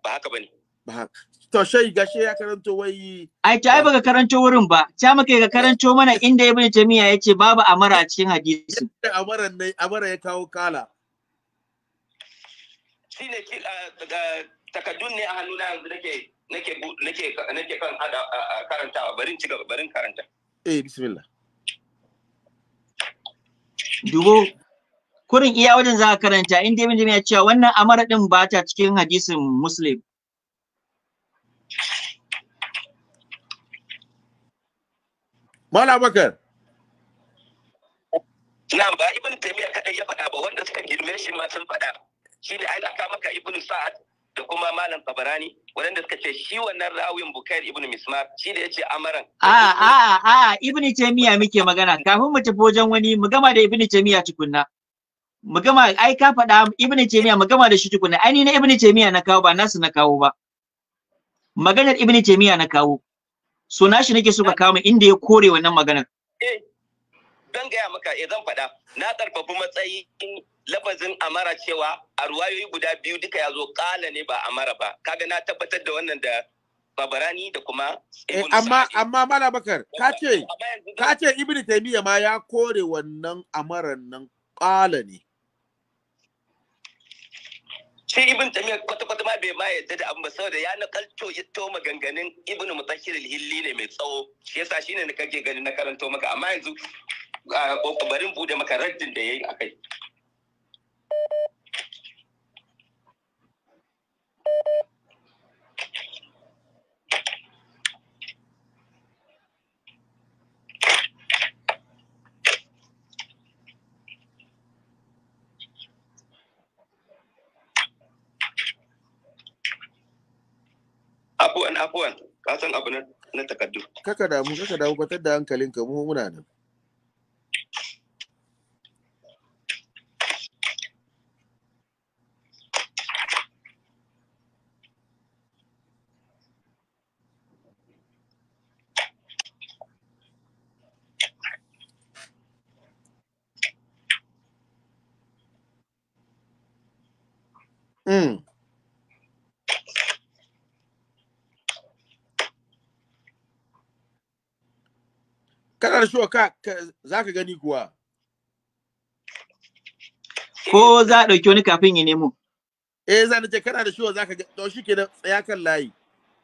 ba haka bane. Ba haka. To shai gashe ya karanto wai. Ai ta ai baka karanto wurin ba. Ta maka ga karanto mana inda Ibn Taymiyyah yace babu amara a cikin hadisi. amara ne amara ya kawo kala. Shine ki takaddun ne a hannuna yanzu nake nake nake nake kan hada karantawa barin ci gaba barin karanta. Eh bismillah. Dubo kurin iya wajen za ka karanta inda Ibn Taymiyyah cewa wannan amara din ba ta cikin hadisin Muslim. Mala Bakar. Na ba Ibn Taymiyyah kadai ya faɗa ba wanda suka girme shi ma sun faɗa. Shi ne ai aka maka Ibn Sa'ad da kuma Malam Tabarani wanda suka ce shi wannan rawin Bukair Ibn Mismar shi ne yace amaran. A a a Ibn Taymiyyah muke magana kafin mu tafi wajen wani mu gama da Ibn Taymiyyah tukunna. Mu gama ai ka faɗa Ibn Taymiyyah mu gama da shi tukunna. Ai ni na Ibn Taymiyyah na kawo ba nasu na kawo ba. Maganar Ibn Taymiyyah na kawo. so nashi nake so ka kama inda ya kore wannan maganar eh dan gaya maka eh zan faɗa na tsarfafi matsayin lafazin amara cewa a ruwayoyi guda biyu duka ya zo kala ne ba amara ba kaga na tabbatar da wannan da babarani da kuma eh, amma amma mala bakar ka ce ka ce ibnu taymiya ma ya kore wannan amaran nan kala ne shi ibn tamiya kwata kwata ma bai ma yadda da amma ba saboda ya nakalto ya to maganganun ibn mutashir hilli ne mai tsawo shi yasa shine na kake gani na karanto maka amma yanzu kokarin bude maka raddin da yayi akai afuwan, kasan abu na takardu. Kaka damu, kaka damu, batar da hankalinka mu muna nan. kana da shuwa ka za ka gani kuwa ko za a ɗauki wani kafin ya nemo eh za ce kana da shuwa za ka to shi ke tsaya kan layi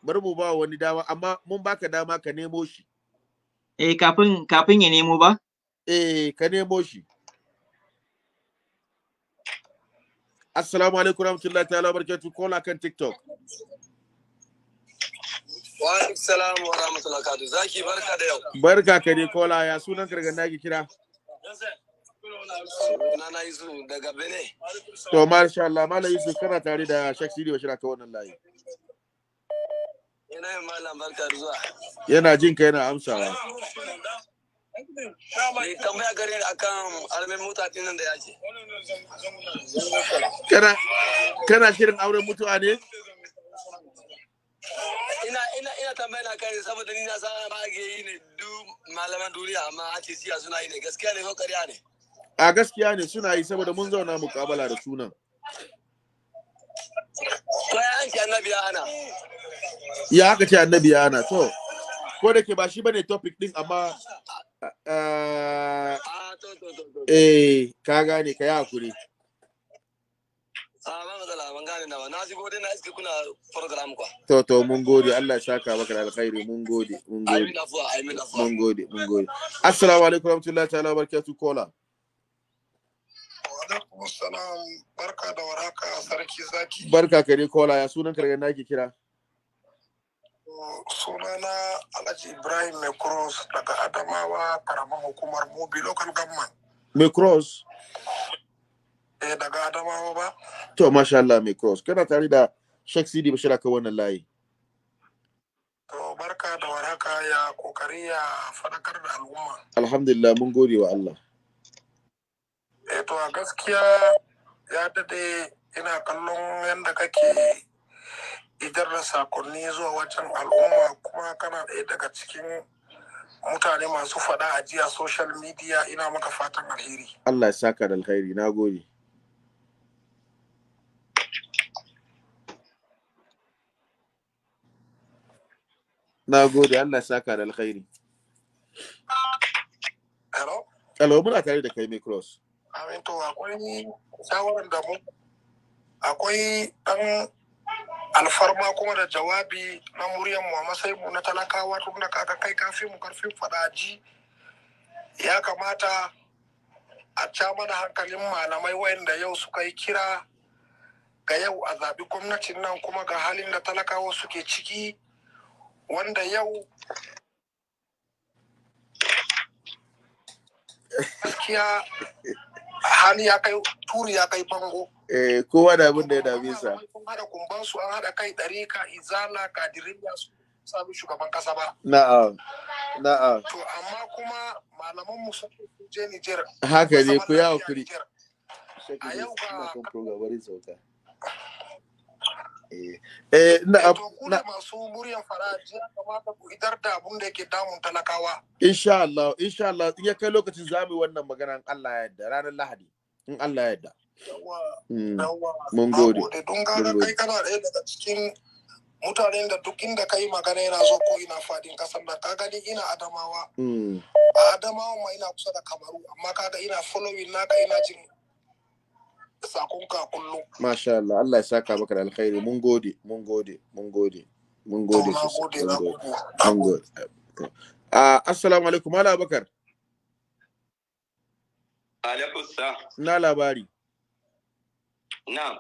bari mu ba wani dama amma mun baka dama ka nemo shi eh kafin kafin ya nemo ba eh ka nemo shi assalamu alaikum warahmatullahi ta'ala barakatuh kola kan tiktok Wa alaikum salam wa rahmatullahi wabarakatuh. Zaki barka da yau. Barka ka dai kola ya sunan ka daga naki kira. Sunana Yusuf daga bene. To masha Allah Malam Yusuf kana tare da Sheikh Sidi wa shiraka wannan layi. Ina yin mallam barka da zuwa. Yana jin ka yana amsawa. Ni tambaya gare akan alamin mota din da yake. Kana kana shirin auren mutuwa ne? ina ina ina tambaya na kai saboda ni na san ba ga yi ne duk malaman duniya amma ce siya suna yi ne gaskiya ne ko ƙarya ne a gaskiya ne suna yi saboda mun zauna muƙabala da sunan ko ya an ce annabi ya ana ya aka ce annabi ya ana to ko da ke ba shi bane topic din amma ah, eh ka gane ka yi hakuri a ah, nawa na shigo dai na iske kuna program kwa to to mun gode Allah ya saka maka da alkhairi mun gode mun gode amin afwa amin afwa mun gode mun gode assalamu alaikum warahmatullahi ta'ala barakatuh kola assalam barka da warhaka sarki zaki barka kare kola ya sunan kargan naki kira sunana alhaji ibrahim mai daga adamawa karamar hukumar mobi local government mai Eh, daga Adamawa ba. To, masha Allah mai cross, kana tare da Sheikh Sidi Bashir akan wannan layi. To, barka da waraka, ya kokari ya fadakar da al'umma. Alhamdulillah, mun gode wa Allah. Eh to, a gaskiya ya dade ina kallon yadda kake idar da sakonni zuwa wajen al'umma kuma kana ɗaya daga cikin mutane masu faɗa a jiya social media ina maka fatan alheri. Allah ya saka da alheri, na gode. Na gode, Allah saka da alkhairi. Hello? Hello, muna tare da kai Cross. Amin to akwai shawarar da mu akwai ɗan alfarma kuma da jawabi na muryar mu a matsayin mu na talakawa tun da kaga kai kafin mu karfin fadaji ya kamata a ca mana hankalin malamai wayanda yau suka yi kira ga yau a zaɓi gwamnatin nan kuma ga halin da talakawa suke ciki wanda yau gaskiya hali ya kai turu ya kai bango eh kowa da abin da ya dame sa kun kumban su an hada kai ɗarika, izala kadiriya su sami shugaban kasa ba na'am na'am to amma kuma malaman mu sun je Niger haka ne ku ya kuri a yau ga insha Allah kai lokacin zamu wannan magana in Allah ya ranar Lahadi in Allah ya hmm, mun gode don kana ɗaya daga cikin mutanen da duk inda yi magana yana zo ko ina fadin kasar da ka gani ina adamawa hmm. a adamawa ma ina kusa da kamaru amma kaga ina following naka ina jin sakonka kullum. Masha Allah, Allah ya saka maka da alkhairi. Mun gode, mun gode, mun gode. Mun gode Mun gode. Assalamu alaikum, Mala Bakar. Na labari. Na.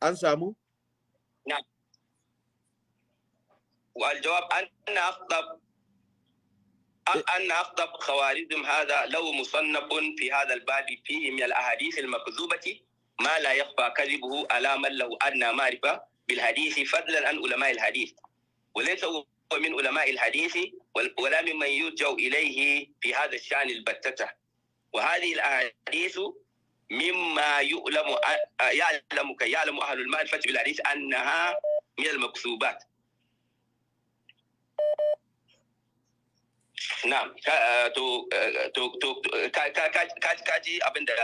An samu? Na. Waljawab an na أن أخطب خوارزم هذا لو مصنف في هذا الباب فيه من الأحاديث المكذوبة ما لا يخفى كذبه ألا من له أدنى معرفة بالحديث فضلا عن علماء الحديث وليس هو من علماء الحديث ولا ممن يرجع إليه في هذا الشأن البتة وهذه الأحاديث مما يؤلم يعلم يعلم أهل المعرفة بالحديث أنها من المكذوبات Na'am, eh, to eh, ka ji abin da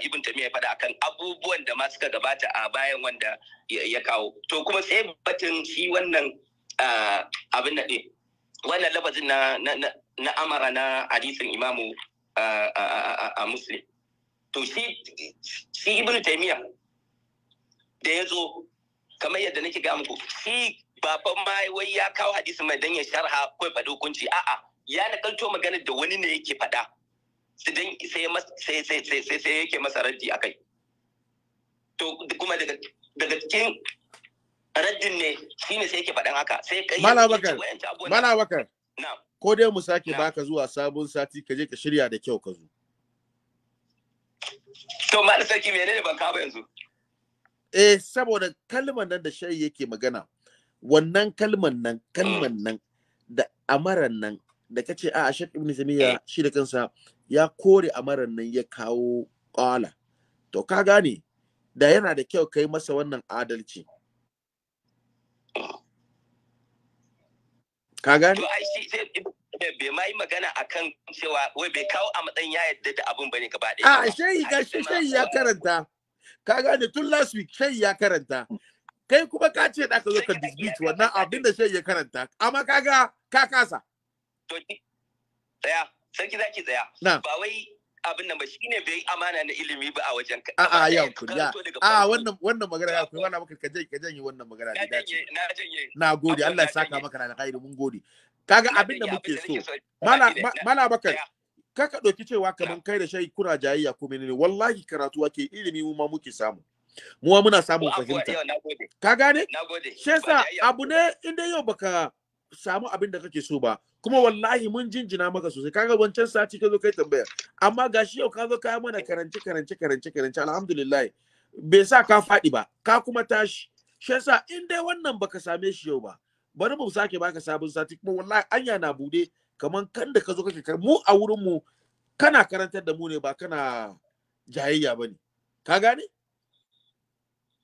Ibn Taymiyyah ya faɗa akan abubuwan da ma suka gabata a bayan wanda ya kawo. To kuma sai batun shi wannan eh, abin da Wannan lafazin na amara na hadisin imamu a Muslim. To shi Ibn Taymiyyah da ya zo kamar yadda nake ga muku shi babban fa ma wai ya kawo hadisin mai don ya sharha ko faɗi hukunci a'a ya nakalto magana da wani ne yake faɗa sai sai sai sai sai yake masa raddi akai to kuma daga daga cikin raddin ne shine sai yake faɗan haka sai kai mana bakar mana bakar ko dai mu sake baka zuwa sabon sati ka je ka shirya da kyau ka zo to mala sarki ne ban ka ba yanzu eh saboda kalmar nan da shayi yake magana wannan kalmar nan kalmar mm. nan da amaran nan da ka ce a shek ibn zamiya eh. shi da kansa ya kore amaran nan ya kawo ƙwala to ka gane da yana da kyau kai masa wannan adalci ka gane bai ma yi magana kan cewa wai bai kawo a matsayin ya yadda da abin bane gaba ɗaya a shayi ga shayi ya karanta ka gane tun last week shayi ya karanta kai kuma ka ce da ka zo ka dispute wannan abin da shayi ya karanta amma kaga ka kasa to tsaya sarki zaki tsaya ba wai abin nan ba shine bai amana na ilimi ba a wajen a a yau kun ya a wannan wannan magana ya kuma wannan maka kaje ka yi wannan magana da dace na janye na gode Allah ya saka maka da alkhairi mun gode kaga abin da muke so mala mala bakar ɗauki cewa kaman kai da shai kuna jayayya ko menene wallahi karatu ake ilimi mu ma muke samu mu muna samun fahimta ka gane shi abu ne inda yau baka samu abin da kake so ba kuma wallahi mun jinjina maka sosai kaga wancan sati ka zo kai tambaya amma gashi yau ka zo kai mana karance karance karanci karanci alhamdulillah bai sa ka faɗi ba ka kuma tashi shi yasa in dai wannan baka same shi yau ba bari mu sake baka sabon sati kuma wallahi anya na bude kaman kan da ka zo kake mu a wurin mu kana karantar da mu ne ba kana jayayya bane ka gane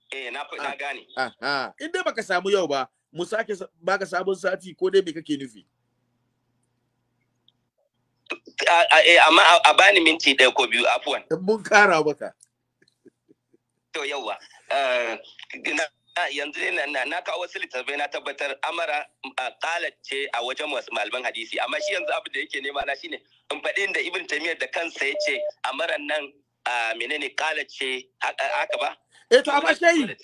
eh na fa ah, gane ah, ah. in dai baka samu yau ba mu sake baka sabon sati ko dai me kake nufi Eh, amma a bani minti ɗaya ko biyu afuwan. Mun kara maka. To yawa. Eh, yanzu ne na kawo wasu littattafai na tabbatar amara kalat ce a wajen malaman hadisi amma shi yanzu abu da yake nema na shine in faɗi da ibn taymiyyah da kansa ya ce amaran nan menene kalat ce haka ba eh to amma shehi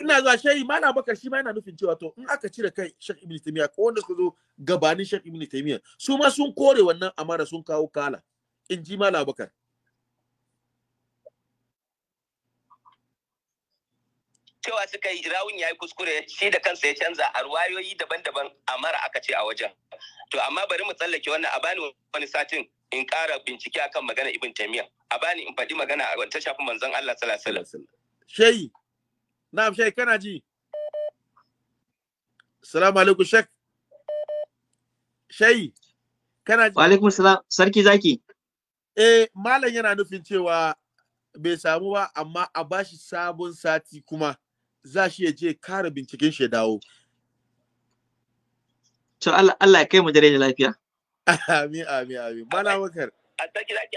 ina zuwa shehi malam bakar shi ma yana nufin cewa to in aka cire kai shek ibn taymiya ko wanda suka zo gabanin shek ibn taymiya su ma sun kore wannan amara sun kawo kala in ji malam bakar cewa suka yi rawun ya yi kuskure shi da kansa ya canza a ruwayoyi daban-daban a mara aka ce a wajen to amma bari mu tsallake wannan a bani wani satin in ƙara bincike akan magana ibn taymiya a bani in faɗi magana a wata shafin manzon Allah sallallahu alaihi wasallam shayi na'am shayi kana ji salamu alaikum shek Shey? kana ji wa alaikum salam sarki zaki eh malam yana nufin cewa bai samu ba amma a bashi sabon sati kuma za shi ya je kare binciken shi dawo to Allah ya kai mu dare da lafiya amin amin amin malam wakar a sarki zaki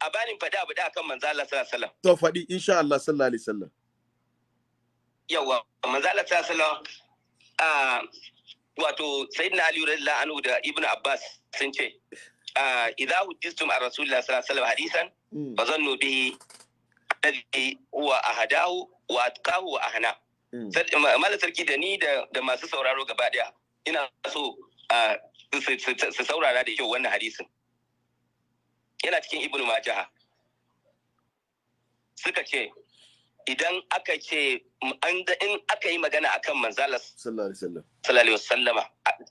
a bani faɗi abu da akan manzo Allah sallallahu alaihi wasallam to faɗi insha Allah sallallahu alaihi wasallam yawa manzo Allah sallallahu alaihi wasallam a wato sayyidina Ali radhiyallahu anhu da Ibn Abbas sun ce idza hujjistum ar rasulillah sallallahu alaihi wasallam hadisan mm. fa zannu bihi alladhi huwa ahadahu wa atqahu wa ahna mm. mala sarki da ni da masu sauraro gaba daya ina so su saurara da kyau wannan hadisin yana cikin ibnu majaha suka ce idan aka ce in aka yi magana akan manzala sallallahu alaihi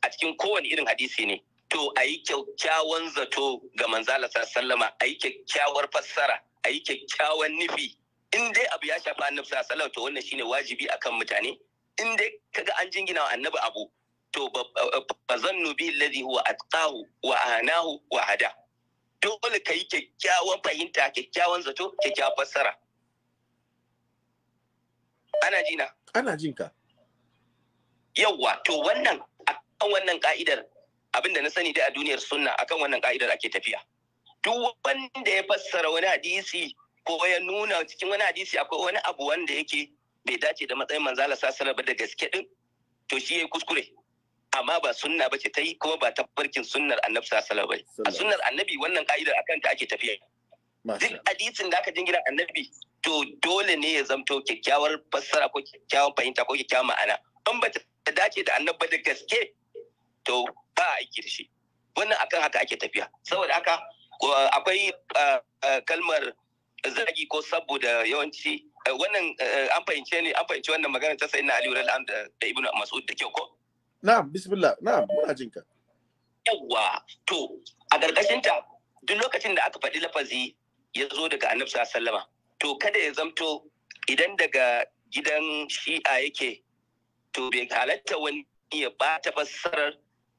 a cikin kowane irin hadisi ne to a yi kyakkyawan zato ga manzala sallama a yi kyakkyawar fassara a yi kyakkyawan nufi in dai abu ya shafa annabi sallallahu to wannan shine wajibi akan mutane in dai kaga an jingina wa annabi abu to fa bi alladhi huwa atqahu wa anahu wa hada dole ka yi kyakkyawan fahimta kyakkyawan zato kyakkyawan fassara ana jina ana jinka yawwa to wannan akan wannan ka'idar abin da na sani dai a duniyar sunna akan wannan ka'idar ake tafiya duk wanda ya fassara wani hadisi ko ya nuna cikin wani hadisi akwai wani abu wanda yake bai dace da matsayin manzala sallallahu alaihi da gaske din to shi yayi kuskure amma ba sunna ba ce ta yi kuma ba ta farkin sunnar annabi sallallahu alaihi wasallam a sunnar annabi wannan ka'idar akan ta ake tafiya duk hadisin da aka jingina annabi to dole ne ya zamto kyakkyawar fassara ko kyakkyawan fahimta ko kyakkyawan ma'ana in ba ta dace da annabi da gaske to ba a aiki da shi wannan akan haka ake tafiya saboda haka akwai kalmar zagi ko saboda yawanci wannan an fahimce ne an fahimci wannan magana ta sayyidina Ali radhiyallahu da Ibn Mas'ud da kyau ko na'am bismillah na'am muna jin ka yawa to a ƙarƙashin ta duk lokacin da aka faɗi lafazi ya zo daga annabi sallama to kada ya zamto idan daga gidan shi'a yake to bai halatta wani ya ba ta fassarar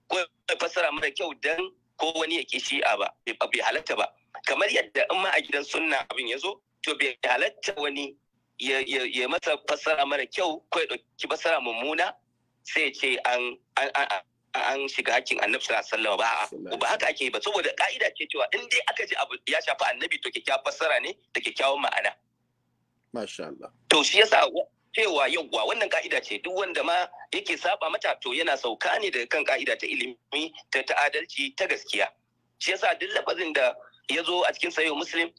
ko fassara mara kyau dan ko wani ya ki shi'a ba bai halatta ba kamar yadda in ma a gidan sunna abin ya zo to bai halatta wani ya masa fassara mara kyau ko ya ɗauki fassara mummuna sai ce an an shiga hakkin annabi sallallahu alaihi wasallam ba haka ake ba saboda ka'ida ce cewa in dai aka ji abu ya shafi annabi to kyakkyawan fassara ne da kyakkyawar ma'ana masha Allah to shi yasa cewa yawwa wannan ka'ida ce duk wanda ma yake saba mata to yana sauka ne daga kan ka'ida ta ilimi ta ta'adalci ta gaskiya shi yasa duk lafazin da ya zo a cikin sayo muslim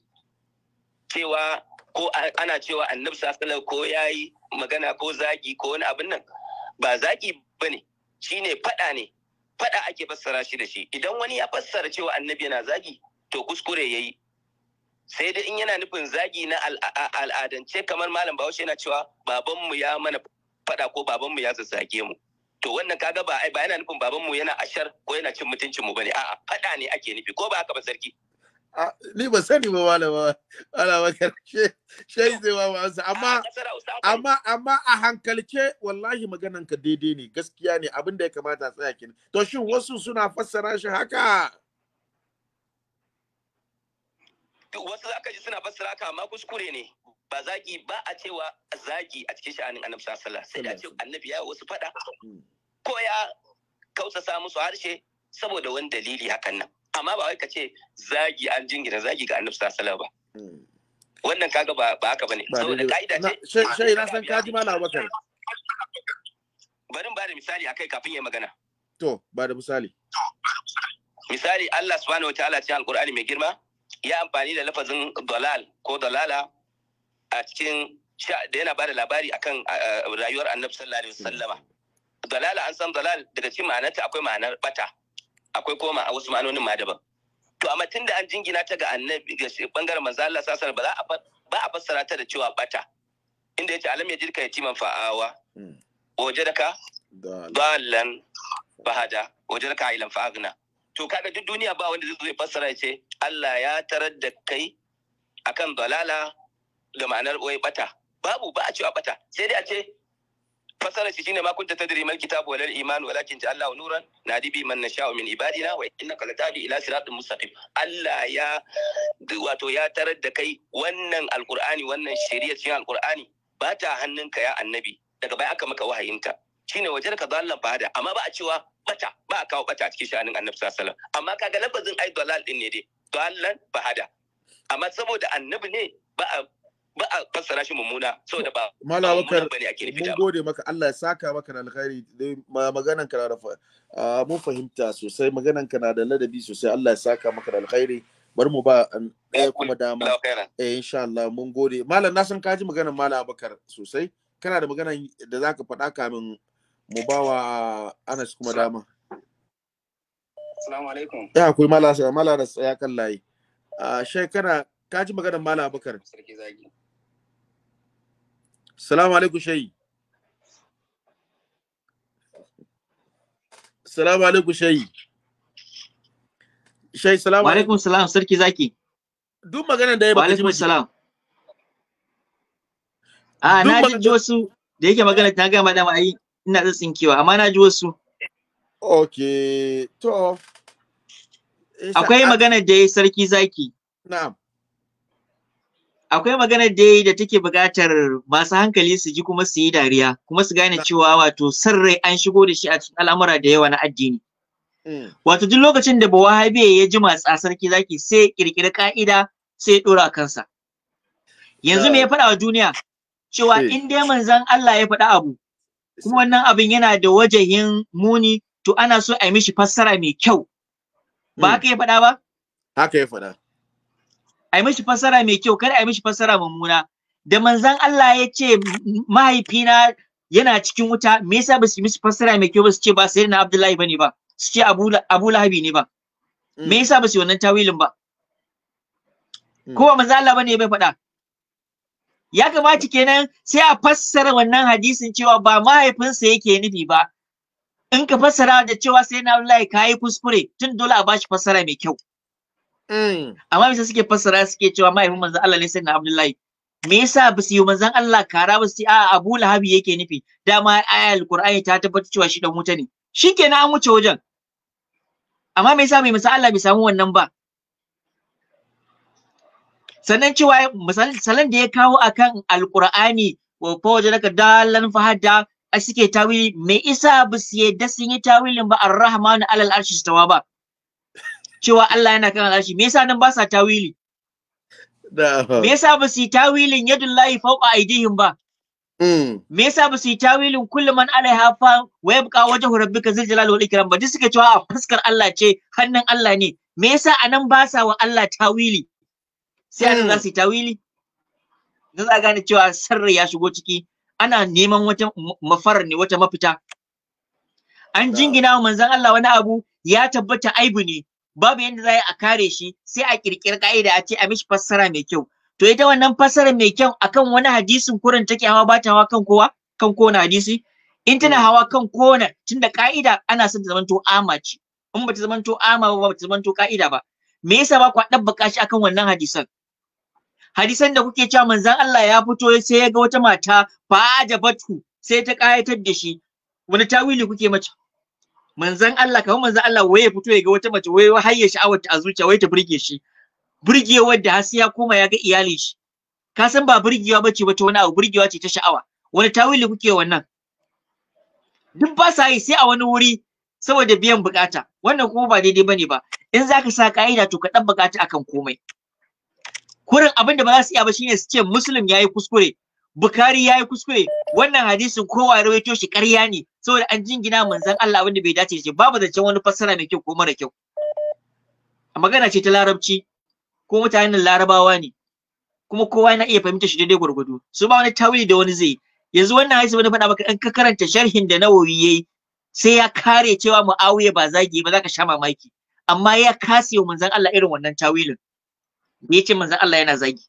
cewa ko ana cewa annabi sallallahu ko yayi magana ko zagi ko wani abin nan ba zaki ba ne fada ne fada ake fassara shi da shi idan wani ya fassara cewa annabi yana zagi to kuskure ya yi sai dai in yana nufin zagi na al'adance kamar malam bahaushe yana cewa babanmu ya mana fada ko babanmu ya zazzage mu to wannan kaga ba a yana nufin babanmu yana ashar ko yana cin mutuncin mu ne a'a faɗa ne ake nufi ko ba haka ba sarki ni ba sani ba malama malama karshe shai zai wa wasu amma amma amma a hankalce wallahi maganan ka daidai ne gaskiya ne abin da ya kamata tsaya kin to shin wasu suna fassara shi haka wasu aka ji suna fassara haka amma kuskure ne ba zaki ba a cewa zaki a cikin sha'anin annabi sallallahu alaihi wasallam sai da ce annabi ya wasu fada hmm. ko ya kausasa musu harshe saboda wani dalili hakan nan amma ba wai ka ce zagi an jingina zagi ga annabi sallallahu ba hmm. wannan kaga ba ba haka bane saboda kaida ce sai na san kaji mala bakar barin ba da misali akai kafin yayi magana to ba da misali misali Allah subhanahu wataala cikin alqur'ani mai girma ya amfani da lafazin dalal ko dalala a cikin da yana ba da labari akan rayuwar annabi sallallahu alaihi wasallama hmm. dalala an san dalal daga cikin ma'anarta akwai ma'anar bata akwai koma a wasu ma'anonin ma daban to amma da an jingina ta ga annabi ga bangaren manzo Allah sa ba za a ba a fassara ta da cewa bata inda yace alam yajidka yatiman fa'awa hmm. wajadaka dalan fahada wajadaka ilan fa'agna to kaga duk duniya ba wanda zai fassara ya ce Allah ya tarar da kai akan dalala da ma'anar wai bata babu ba a cewa bata sai dai a ce fasara shi shine ma kunta tadri mal kitabu wal iman walakin ja'alnahu nuran nadi bi man nasha'u min ibadina wa innaka latadi ila siratin mustaqim Allah ya wato ya tarar da kai wannan alqur'ani wannan shari'a cikin alqur'ani ba ta hannunka ya annabi daga baya aka maka wahayinta shine wajen ka dallan bada amma ba a cewa bata ba a kawo bata a cikin sha'anin annabi sallallahu alaihi wasallam amma kaga lafazin ai dalal din ne dai dallan bahada amma saboda annabi ne ba a ba a fassara shi mummuna saboda ba mala bakar mun gode maka Allah ya saka maka da alkhairi maganan ka da mun fahimta sosai maganan ka na da ladabi sosai Allah ya saka maka da alkhairi bar mu ba ɗaya kuma dama eh insha Allah mun gode malam na san ka ji maganan Malam bakar sosai kana da maganan da zaka faɗa kamin mu ba wa Anas kuma dama Assalamu alaikum ya akwai mala mala da tsaya kan layi shekara ka ji maganar mala bakar sarki zagi Salamu alaikum shayi. Salamu alaikum shayi. Shayi salamu alaikum. salam sarki zaki. Duk maganar da ya baka ji salam. A ah, na ji wasu da yake magana ta gama da ai ina da tsinkewa amma na ji wasu. Okay, to. Eh, Akwai magana da ya sarki zaki. Na'am. akwai maganar dai da take buƙatar masu hankali su ji kuma su yi dariya kuma su gane cewa wato san rai an shigo da shi a cikin al'amura da yawa na addini hmm. wato duk lokacin da bawahabe ya ji masu sarki zaki sai kirkiri ka'ida sai dora kansa yanzu me ya faɗa wa duniya cewa hmm. in dai manzon Allah ya faɗa abu kuma wannan abin yana da wajahin muni to ana so a yi mishi fassara mai kyau ba hmm. haka ya faɗa ba haka ya faɗa ai mishi fasara mai kyau kar ai mishi fasara mummuna da manzon Allah ya ce mahaifina yana cikin wuta me yasa ba su mishi fasara mai kyau ba su ce ba sai na Abdullahi bane ba su ce Abu Abu Lahabi ne ba mm. me yasa ba su wannan tawilin ba mm. ko ba manzon Allah bane bai faɗa ya kamata kenan sai a fassara wannan hadisin cewa ba mahaifinsa yake nufi ba in ka fassara da cewa sai na Abdullahi kai kuskure tun dole a bashi fassara mai kyau Mm. amma bisa suke fassara suke cewa mahaifin manzan Allah ne sai na Abdullahi me yasa ba su yi manzan Allah kara ba su a Abu Lahabi yake nufi dama ayar Qur'ani ta tabbata cewa shi dan wuta ne shikenan an wuce wajen amma me yasa mai masa Allah bai samu wannan ba sannan cewa salan da ya kawo akan alqur'ani wa fawaje daga dalan fahada a suke tawili me isa ba su yadda sun yi tawilin ba ar-rahmanu alal arshi tawa ba cewa Allah yana kan al'ashi, me yasa nan ba sa tawili me yasa ba su yi tawilin yadullahi fawqa aidihim ba mm. me yasa ba su yi tawilin kullum man alaiha fa wa yabqa wajhu rabbika zil jalali wal ikram ba duk suka cewa fuskar Allah ce hannun Allah ne me yasa anan ba sa wa Allah tawili sai an za su yi tawili da za gane cewa sirri ya shigo ciki ana neman wata mafarar ne wata mafita an jingina wa manzan Allah wani abu ya tabbata aibu ne babu yadda za a a kare shi sai a kirkiri ka'ida a ce a mishi fassara mai kyau to ita wannan fassara mai kyau akan wani hadisin kurin take hawa ba ta hawa kan kowa kan kowane hadisi in tana mm. hawa kan kowane tunda ka'ida ana son ta zamanto ama ce in ba ta zamanto ama ba ba ta zamanto ka'ida ba me yasa ba ku dabbaka shi akan wannan hadisan hadisan da kuke cewa manzon Allah ya fito sai ya ga wata mata fa da sai ta ƙayatar da shi wani tawili kuke mace manzan Allah kamar manzan Allah waye fito ya ga wata mace waye har ya sha'awar ta a zuciya waye ta burge shi burgewar da har sai ya koma ya ga iyalin shi ka san ba burgewa bace ba ta wani abu burgewa ce ta sha'awa wani tawili kuke wannan duk ba sa yi sai a wani wuri saboda biyan bukata wannan kuma ba daidai bane ba in zaka sa ka'ida to ka dan bukata akan komai kurin abin da ba za su iya ba shine su ce muslim yayi kuskure bukari yayi kuskure wannan hadisin kowa rawaito shi ƙarya ne saboda an jingina manzan Allah abin da bai dace shi babu zancen wani fassara mai kyau ko mara kyau A magana ce ta larabci ko mutanen larabawa ne kuma kowa yana iya fahimta shi daidai gwargwado su ba wani tawili da wani zai yanzu wannan hadisi wani faɗa maka in ka karanta sharhin da nawawi yayi sai ya kare cewa mu muawiya ba zagi ba zaka sha mamaki amma ya kase wa manzan Allah irin wannan tawilin da ce manzan Allah yana zagi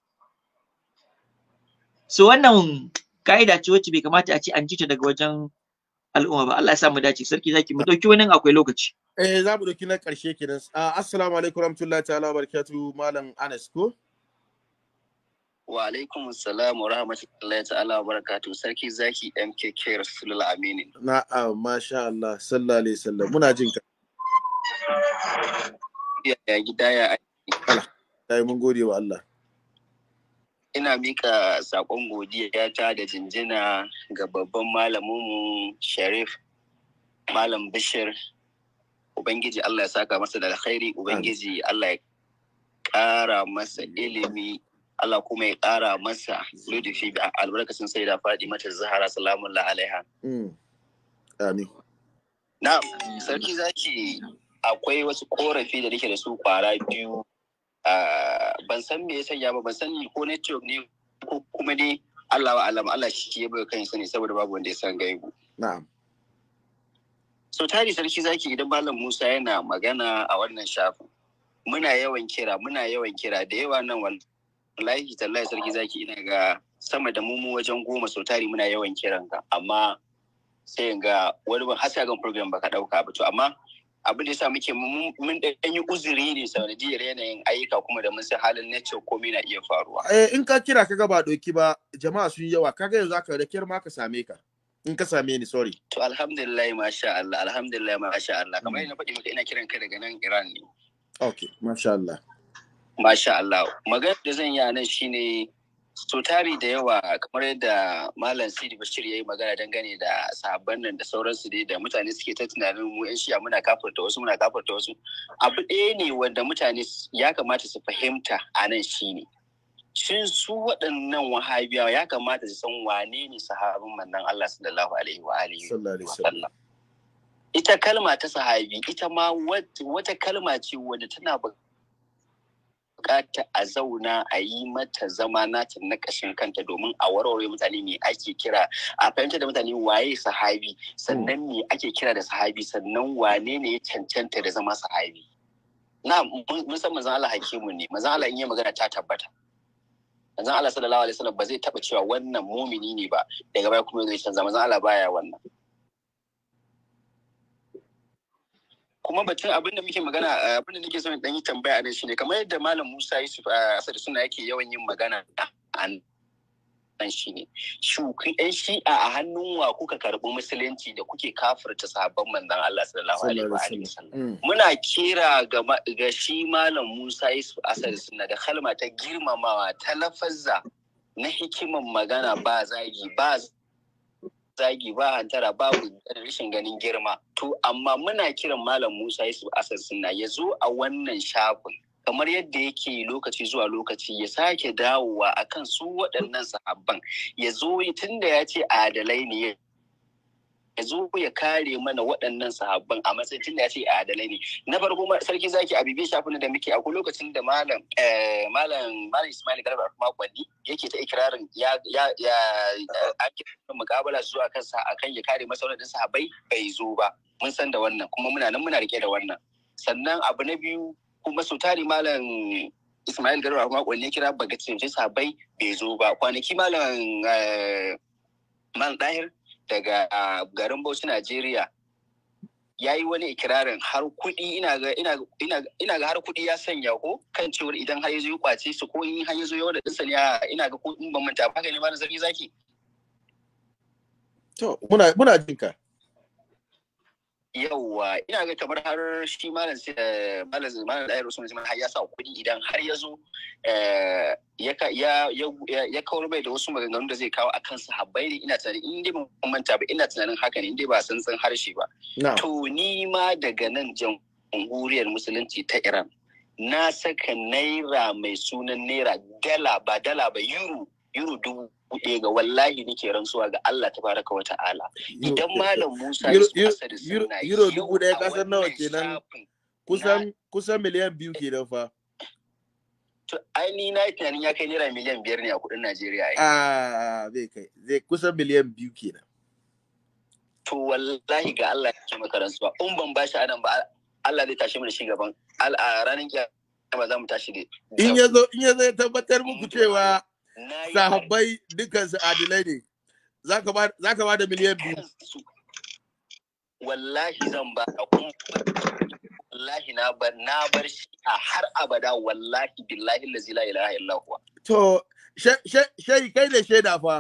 so wannan ka'ida ce wacce bai kamata a ce an jita ta daga wajen al'umma ba Allah ya samu dace sarki zaki mu dauki wani akwai lokaci eh za mu dauki na karshe kenan ah, assalamu alaikum warahmatullahi ta'ala barakatuh malam Anas ko wa alaikum assalam wa rahmatullahi ta'ala wa barakatuh sarki zaki MKK Rasulul Aminin na'am masha Allah sallallahu alaihi wasallam muna jin ka ya gida ya ai mun gode wa Allah ina mika sakon godiya ta da jinjina ga babban malaminmu sharif malam bishir ubangiji allah ya saka masa da alkhairi ubangiji allah ya ƙara masa ilimi allah kuma ya ƙara masa ludifi da albarkacin sai da faɗi mata zahara salamun la'alaiha mm. na sarki zaki akwai wasu korafi da nake da su kwara biyu Ah, ban san me ya sanya ba ban sani ko network ne ko kuma ne Allah wa alam Allah shi ya bai kan sani saboda babu wanda ya san gaibu na'am so tari sarki zaki idan malam Musa yana magana a wannan shafin muna yawan kira muna yawan kira da yawa nan wallahi tallahi sarki zaki ina ga sama da mu wajen goma so tari muna yawan kiran ka amma sai ga wani ban hasa program baka dauka ba to amma abin da sa muke mun ɗan yi uzuri ne sanadiyar yanayin ayyuka kuma da mun san halin ce komai na iya faruwa. Eh in ka kira ka gaba doki ba jama'a sun yawa kaga yanzu aka rakiyar ma ka same ka. In ka same ni sorry. To alhamdulillah masha Allah alhamdulillah masha Allah kamar yadda faɗi maka ina kiran ka daga nan Iran ne. Okay masha Allah. Masha Allah magana da zan yi nan shine so tari da yawa kamar yadda malam sidi bashir ya yi magana dangane da sahabban nan da sauransu dai da mutane suke ta tunanin mu yan shiya muna kafarta wasu muna kafarta wasu abu ɗaya ne wanda mutane ya kamata su fahimta a nan ne. shin su waɗannan wahabiyawa ya kamata su san wane ne sahabin mannan Allah sallallahu alaihi wa alihi ita kalma ta sahabi ita ma wata kalma ce wanda tana bukata a zauna a yi mata zama nata na kashin kanta domin a warware mutane me ake kira a fahimtar da mutane waye sahabi sannan me ake kira da sahabi sannan wane ne ya cancanta da zama sahabi na mun san mazan Allah hakimu ne Mazan Allah in yi magana ta tabbata Mazan Allah sallallahu alaihi wasallam ba zai taba cewa wannan mumini ne ba daga baya kuma zai canza mazan Allah baya wannan kuma batun abin da muke magana eh, abin da nake son dan yi tambaya ne shine kamar yadda malam Musa Yusuf a eh, Asad suna yake yawan yin magana an dan shine shukin ɗan shi'a a hannun wa kuka karɓi musulunci da kuke kafirta sahabban manzon Allah sallallahu alaihi wa sallam mm. muna kira ga shi malam Musa Yusuf Asad suna da kalma ta girmamawa ta lafazza na hikiman magana ba zagi ba zagi ba hantara babu rashin ganin girma to amma muna kiran malam Musa Yusuf asar-suna ya zo a wannan shafin kamar yadda yake lokaci zuwa lokaci ya sake dawowa akan su waɗannan sahabban ya zo tun da ya ce adalai ne ya zo ya kare mana waɗannan sahabban a matsayin tunda ya ce adalai ne na farko sarki zaki a bibiye shafin da muke akwai lokacin da malam eh, malam malam Ismail Garba Makwani yake ta ikirarin ya ya ya eh, ake mukabala zuwa kansa akan ya kare masauran sahabbai bai zo ba mun san da wannan kuma muna nan muna rike da wannan sannan abu na biyu kuma sau tari malam Ismail Garba Makwani ya kira baga cin sahabbai bai zo ba kwanaki malam eh, malam Dahir daga ah, garin Bauchi Najeriya ya yi wani ikirarin har kuɗi ina ga har kuɗi ya sanya ko kan cewar idan har yanzu ya kwace su ko in har yanzu ya da dinsa ne ah, ina ga kuɗin ban manta ba ne ba na zargi zaki to muna muna jinka yauwa ina ga kamar har shi malam malam malam da ayyukan sun har ya sa kuɗi idan har ya zo eh, ya kawar bai da wasu maganganun da zai kawo a kansa sahabbai ne ina tunanin in dai mun manta ba ina tunanin haka ne in dai ba san san harshe ba to ni ma daga nan jamhuriyar musulunci ta Iran na saka naira mai sunan naira dala ba dala ba euro euro dubu buɗe ga wallahi nake rantsuwa ga Allah Ta baraka wa ta'ala idan malam Musa ya euro dubu ɗaya kasar nawa kenan kusan kusan miliyan biyu ke fa to ni na yi tunanin ya kai naira miliyan biyar ne a kuɗin Najeriya ai ah zai kai zai kusan miliyan biyu kenan to wallahi ga Allah ya maka rantsuwa in ban bashi adam ba Allah zai tashi mu da shi gaban ranar kiyama za mu tashi da in ya zo in ya zo ya tabbatar muku cewa sahabbai dukkan su adilai ne za ka ba da miliyan biyu wallahi zan ba a wallahi na bar na bar shi a har abada wallahi billahi lazi la ilaha illa huwa to she kai da shaida fa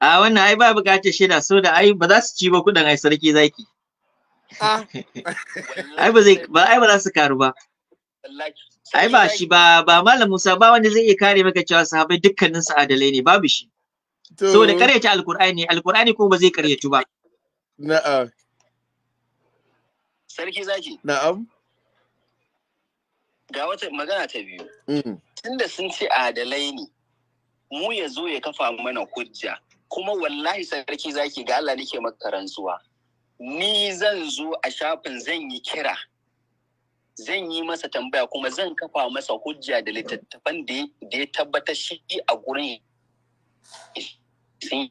a wannan ai ba bukatar shaida so da ai ba za su ci ba kudin ai sarki zaki ah. ai ba zai ba ai ba za su karu ba wallahi ai ba shi ba ba malam Musa ba wanda zai iya kare maka cewa sahabbai dukkanin su adalai ne babu shi da karyata alkur'ani alkur'ani kuma ba zai karyatu ba na'am sarki zaki na'am ga wata magana ta biyu mm. tunda sun ce adalai ne mu ya zo ya kafa mana hujja kuma wallahi sarki zaki ga Allah nake maka rantsuwa ni zan zo a shafin zan yi kira zan yi masa tambaya kuma zan kafa masa hujja da littattafan da ya tabbatar shi a gurin sun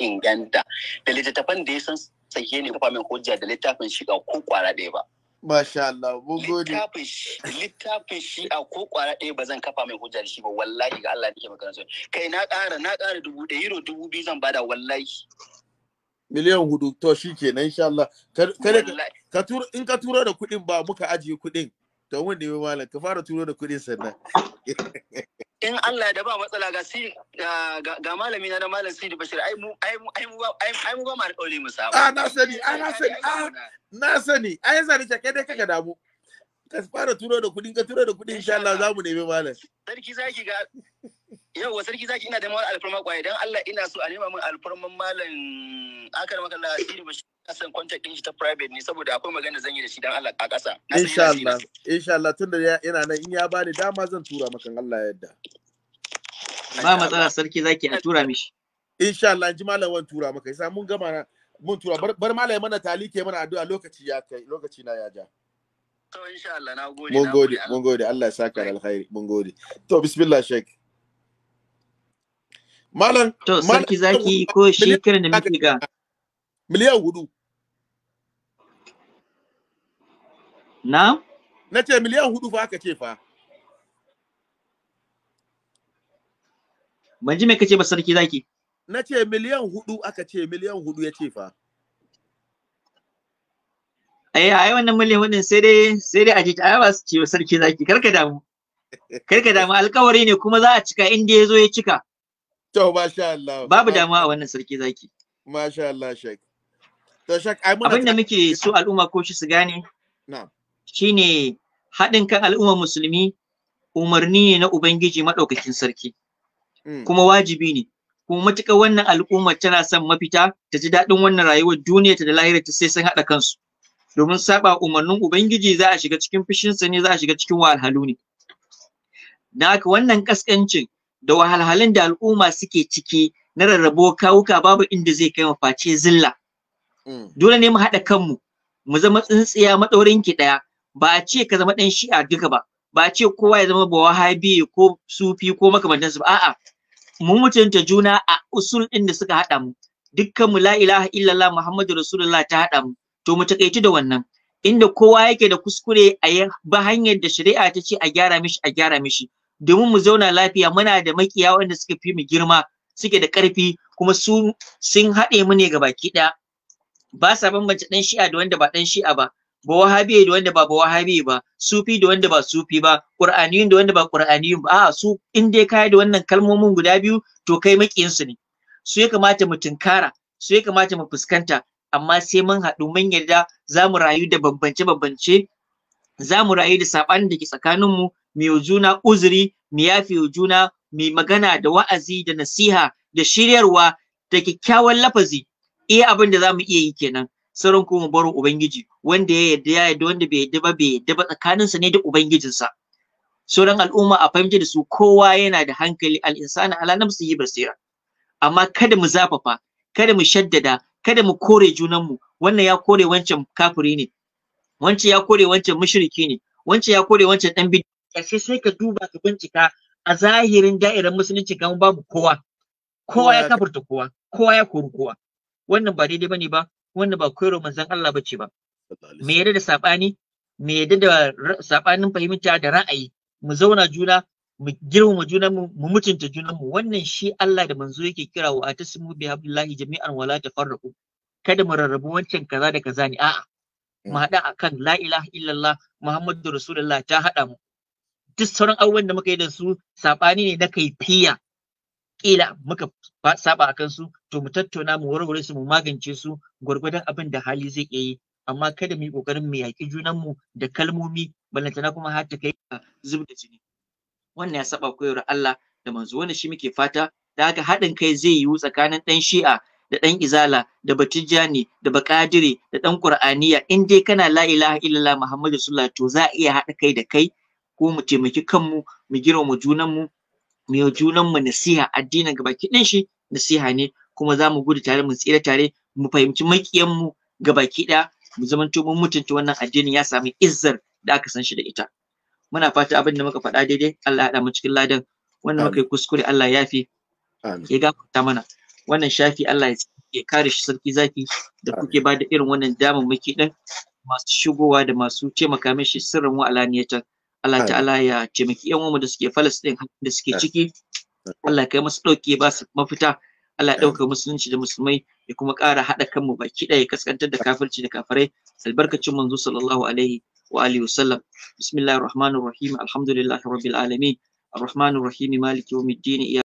inganta da littattafan da ya san sahihe ne kafa min hujja da littafin shi ko kwara ɗaya ba. Masha Allah, mun gode. Littafin shi a ko kwara ɗaya ba zan kafa min hujja da shi ba wallahi ga Allah nake magana so. Kai na ƙara na ƙara dubu ɗaya euro dubu biyu zan bada wallahi. miliyan hudu to shi ke nan insha Allah in ka turo da kuɗin ba muka ajiye kuɗin to mun nemi malam ka fara turo da kuɗin sannan in Allah da ba matsala ga si ga malami na da malam Sidi Bashir ai mu ai mu ai mu ai mu ba ma alƙawari mu saba ah na sani ah na sani ah na sani ai yanzu ne kai dai kaga damu ka fara turo da kuɗin ka turo da kuɗin insha Allah za mu nemi malam sarki zaki ga yau sarki zaki ina da mawar alfarma kwaye don Allah ina so a nema min alfarman malam akar makalla asiri bashir kasan contact din shi ta private ne saboda akwai magana zan yi da shi don Allah a ƙasa insha Allah insha Allah tunda yana nan in ya bani dama zan tura maka Allah ya yarda ba matsala sarki zaki a tura mishi insha Allah in ji wan tura maka Sai mun gama mun tura bar malamin mana talike mana addu'a lokaci ya kai lokaci na ya ja to insha Allah na gode mun gode mun gode Allah ya saka alkhairi mun gode to bismillah sheikh malam to sarki zaki ko shi kiran da muke ga miliyan hudu na na ce miliyan hudu fa aka ce fa ban ji me kace ba sarki zaki na ce miliyan hudu aka ce miliyan hudu ya ce fa ai ai wannan miliyan hudun sai dai sai dai a ji ai ba su ce sarki zaki karka damu karka damu alƙawari ne kuma za a cika inda yazo ya cika To masha Allah. Babu damuwa a wannan sarki zaki. Masha Allah shek. To shek ai muna Abin da muke so al'umma ko shi su gane. Na'am. Shine haɗin kan al'ummar musulmi umarni ne na Ubangiji maɗaukakin sarki. Hmm. Kuma wajibi ne. Kuma matuƙar wannan al'ummar tana son mafita ta ji daɗin wannan rayuwar duniya ta da ta sai sun haɗa kansu. Domin saba umarnin Ubangiji za a shiga cikin fushinsa ne za a shiga cikin wahalhalu ne. Da haka wannan kaskancin da wahalhalun da al'umma suke ciki na rarrabo kawuka babu inda zai kai face zilla mm. dole ne mu haɗa kanmu mu zama tsintsiya maɗaurin ki ɗaya ba a ce ka zama ɗan shi'a duka ba ba a ce kowa ya zama bawahabi ko sufi ko makamantan su a'a mu mutunta juna a usul ɗin da suka haɗa mu dukkan mu la ilaha illallah muhammadu rasulullah ta haɗa mu to mu takaici da wannan inda kowa yake da kuskure a ba hanyar da shari'a ta ce a gyara mishi a gyara mishi domin mu zauna lafiya muna da makiya wanda suka fi mu girma suke da ƙarfi kuma su sun haɗe mu ne gabaki ɗaya ba sa bambance ɗan shi'a da wanda ba ɗan shi'a ba ba wahabi da wanda ba ba wahabi ba sufi da wanda ba sufi ba qur'aniyun da wanda ba qur'aniyun ba a su in dai kai da wannan kalmomin guda biyu to kai makiyin su ne su ya kamata mu tinkara, su ya kamata mu fuskanta amma sai mun haɗu mun yarda za mu rayu da bambance bambance za mu rayu da saɓanin da ke tsakaninmu mu juna uzuri mu yafi juna mu magana da wa'azi da nasiha da shiryarwa da kyakkyawan lafazi iya abin da zamu iya yi kenan sauran kuma baro ubangiji wanda ya yarda ya yarda wanda bai yarda ba bai yarda ba tsakaninsa ne da ubangijinsa sauran al'umma a fahimci da su kowa yana da hankali insana ala yi basira amma kada mu zafafa kada mu shaddada kada mu kore junanmu wannan ya kore wancan kafiri ne wancan ya kore wancan mushriki ne wancan ya kore wancan dan ƙarshe sai ka duba ka bincika a zahirin da'irar musulunci kamar babu kowa kowa ya kafurta kowa kowa ya kori kowa wannan ba daidai bane ba wannan ba koyarwa manzon Allah bace ba me yadda da sabani me yadda da sabanin fahimta da ra'ayi mu zauna juna mu girmama juna mu mutunta juna mu wannan shi Allah da manzo yake kira wa atasmu bi habillahi jami'an wala tafarraqu kada mu rarrabu wancan kaza da kaza ne a'a mu mm. haɗa akan la ilaha illallah muhammadu rasulullah ta hada mu duk sauran abubuwan da muka yi da su saɓani ne na fiya kila, muka saba a su, to mu tattauna mu warware su mu magance su gwargwadon abin da hali zai iya yi amma kada mu yi ƙoƙarin mu yaƙi junanmu da kalmomi na kuma har ta kai zub da jini wannan ya saba koyar Allah da manzo wanda shi muke fata da haka haɗin kai zai yiwu tsakanin ɗan shi'a da ɗan izala da batijani da bakadire da ɗan ƙur'aniya in dai kana la ilaha illallah muhammadu rasulullah to za a iya haɗa kai da kai ko mu taimaki kanmu mu girmama junanmu mu yi junanmu nasiha addinin gabaki ɗin shi nasiha ne kuma za mu gudu tare mu tsira tare mu fahimci maƙiyanmu gabaki ɗaya mu zamanto mun mutunta wannan addinin ya sami izzar da aka san shi da ita muna fata abin da muka faɗa daidai Allah ya haɗa mu cikin ladan wannan muka yi kuskure Allah ya fi ya gafarta mana wannan shafi Allah ya kare shi sarki zaki da kuke ba da irin wannan damammaki ɗin masu shigowa da masu taimaka mishi sirrin wa'alaniyatan Allah ta'ala ya taimaki yan uwanmu da suke Palestine da suke ciki Allah kai masu dauke ba su mafita Allah ya dauka musulunci da musulmai ya kuma ƙara haɗa kanmu baki ɗaya ya kaskantar da kafirci da kafirai albarkacin manzo sallallahu alaihi wa alihi wasallam bismillahir rahmanir rahim alhamdulillahi rabbil alamin الرحمن الرحيم مالك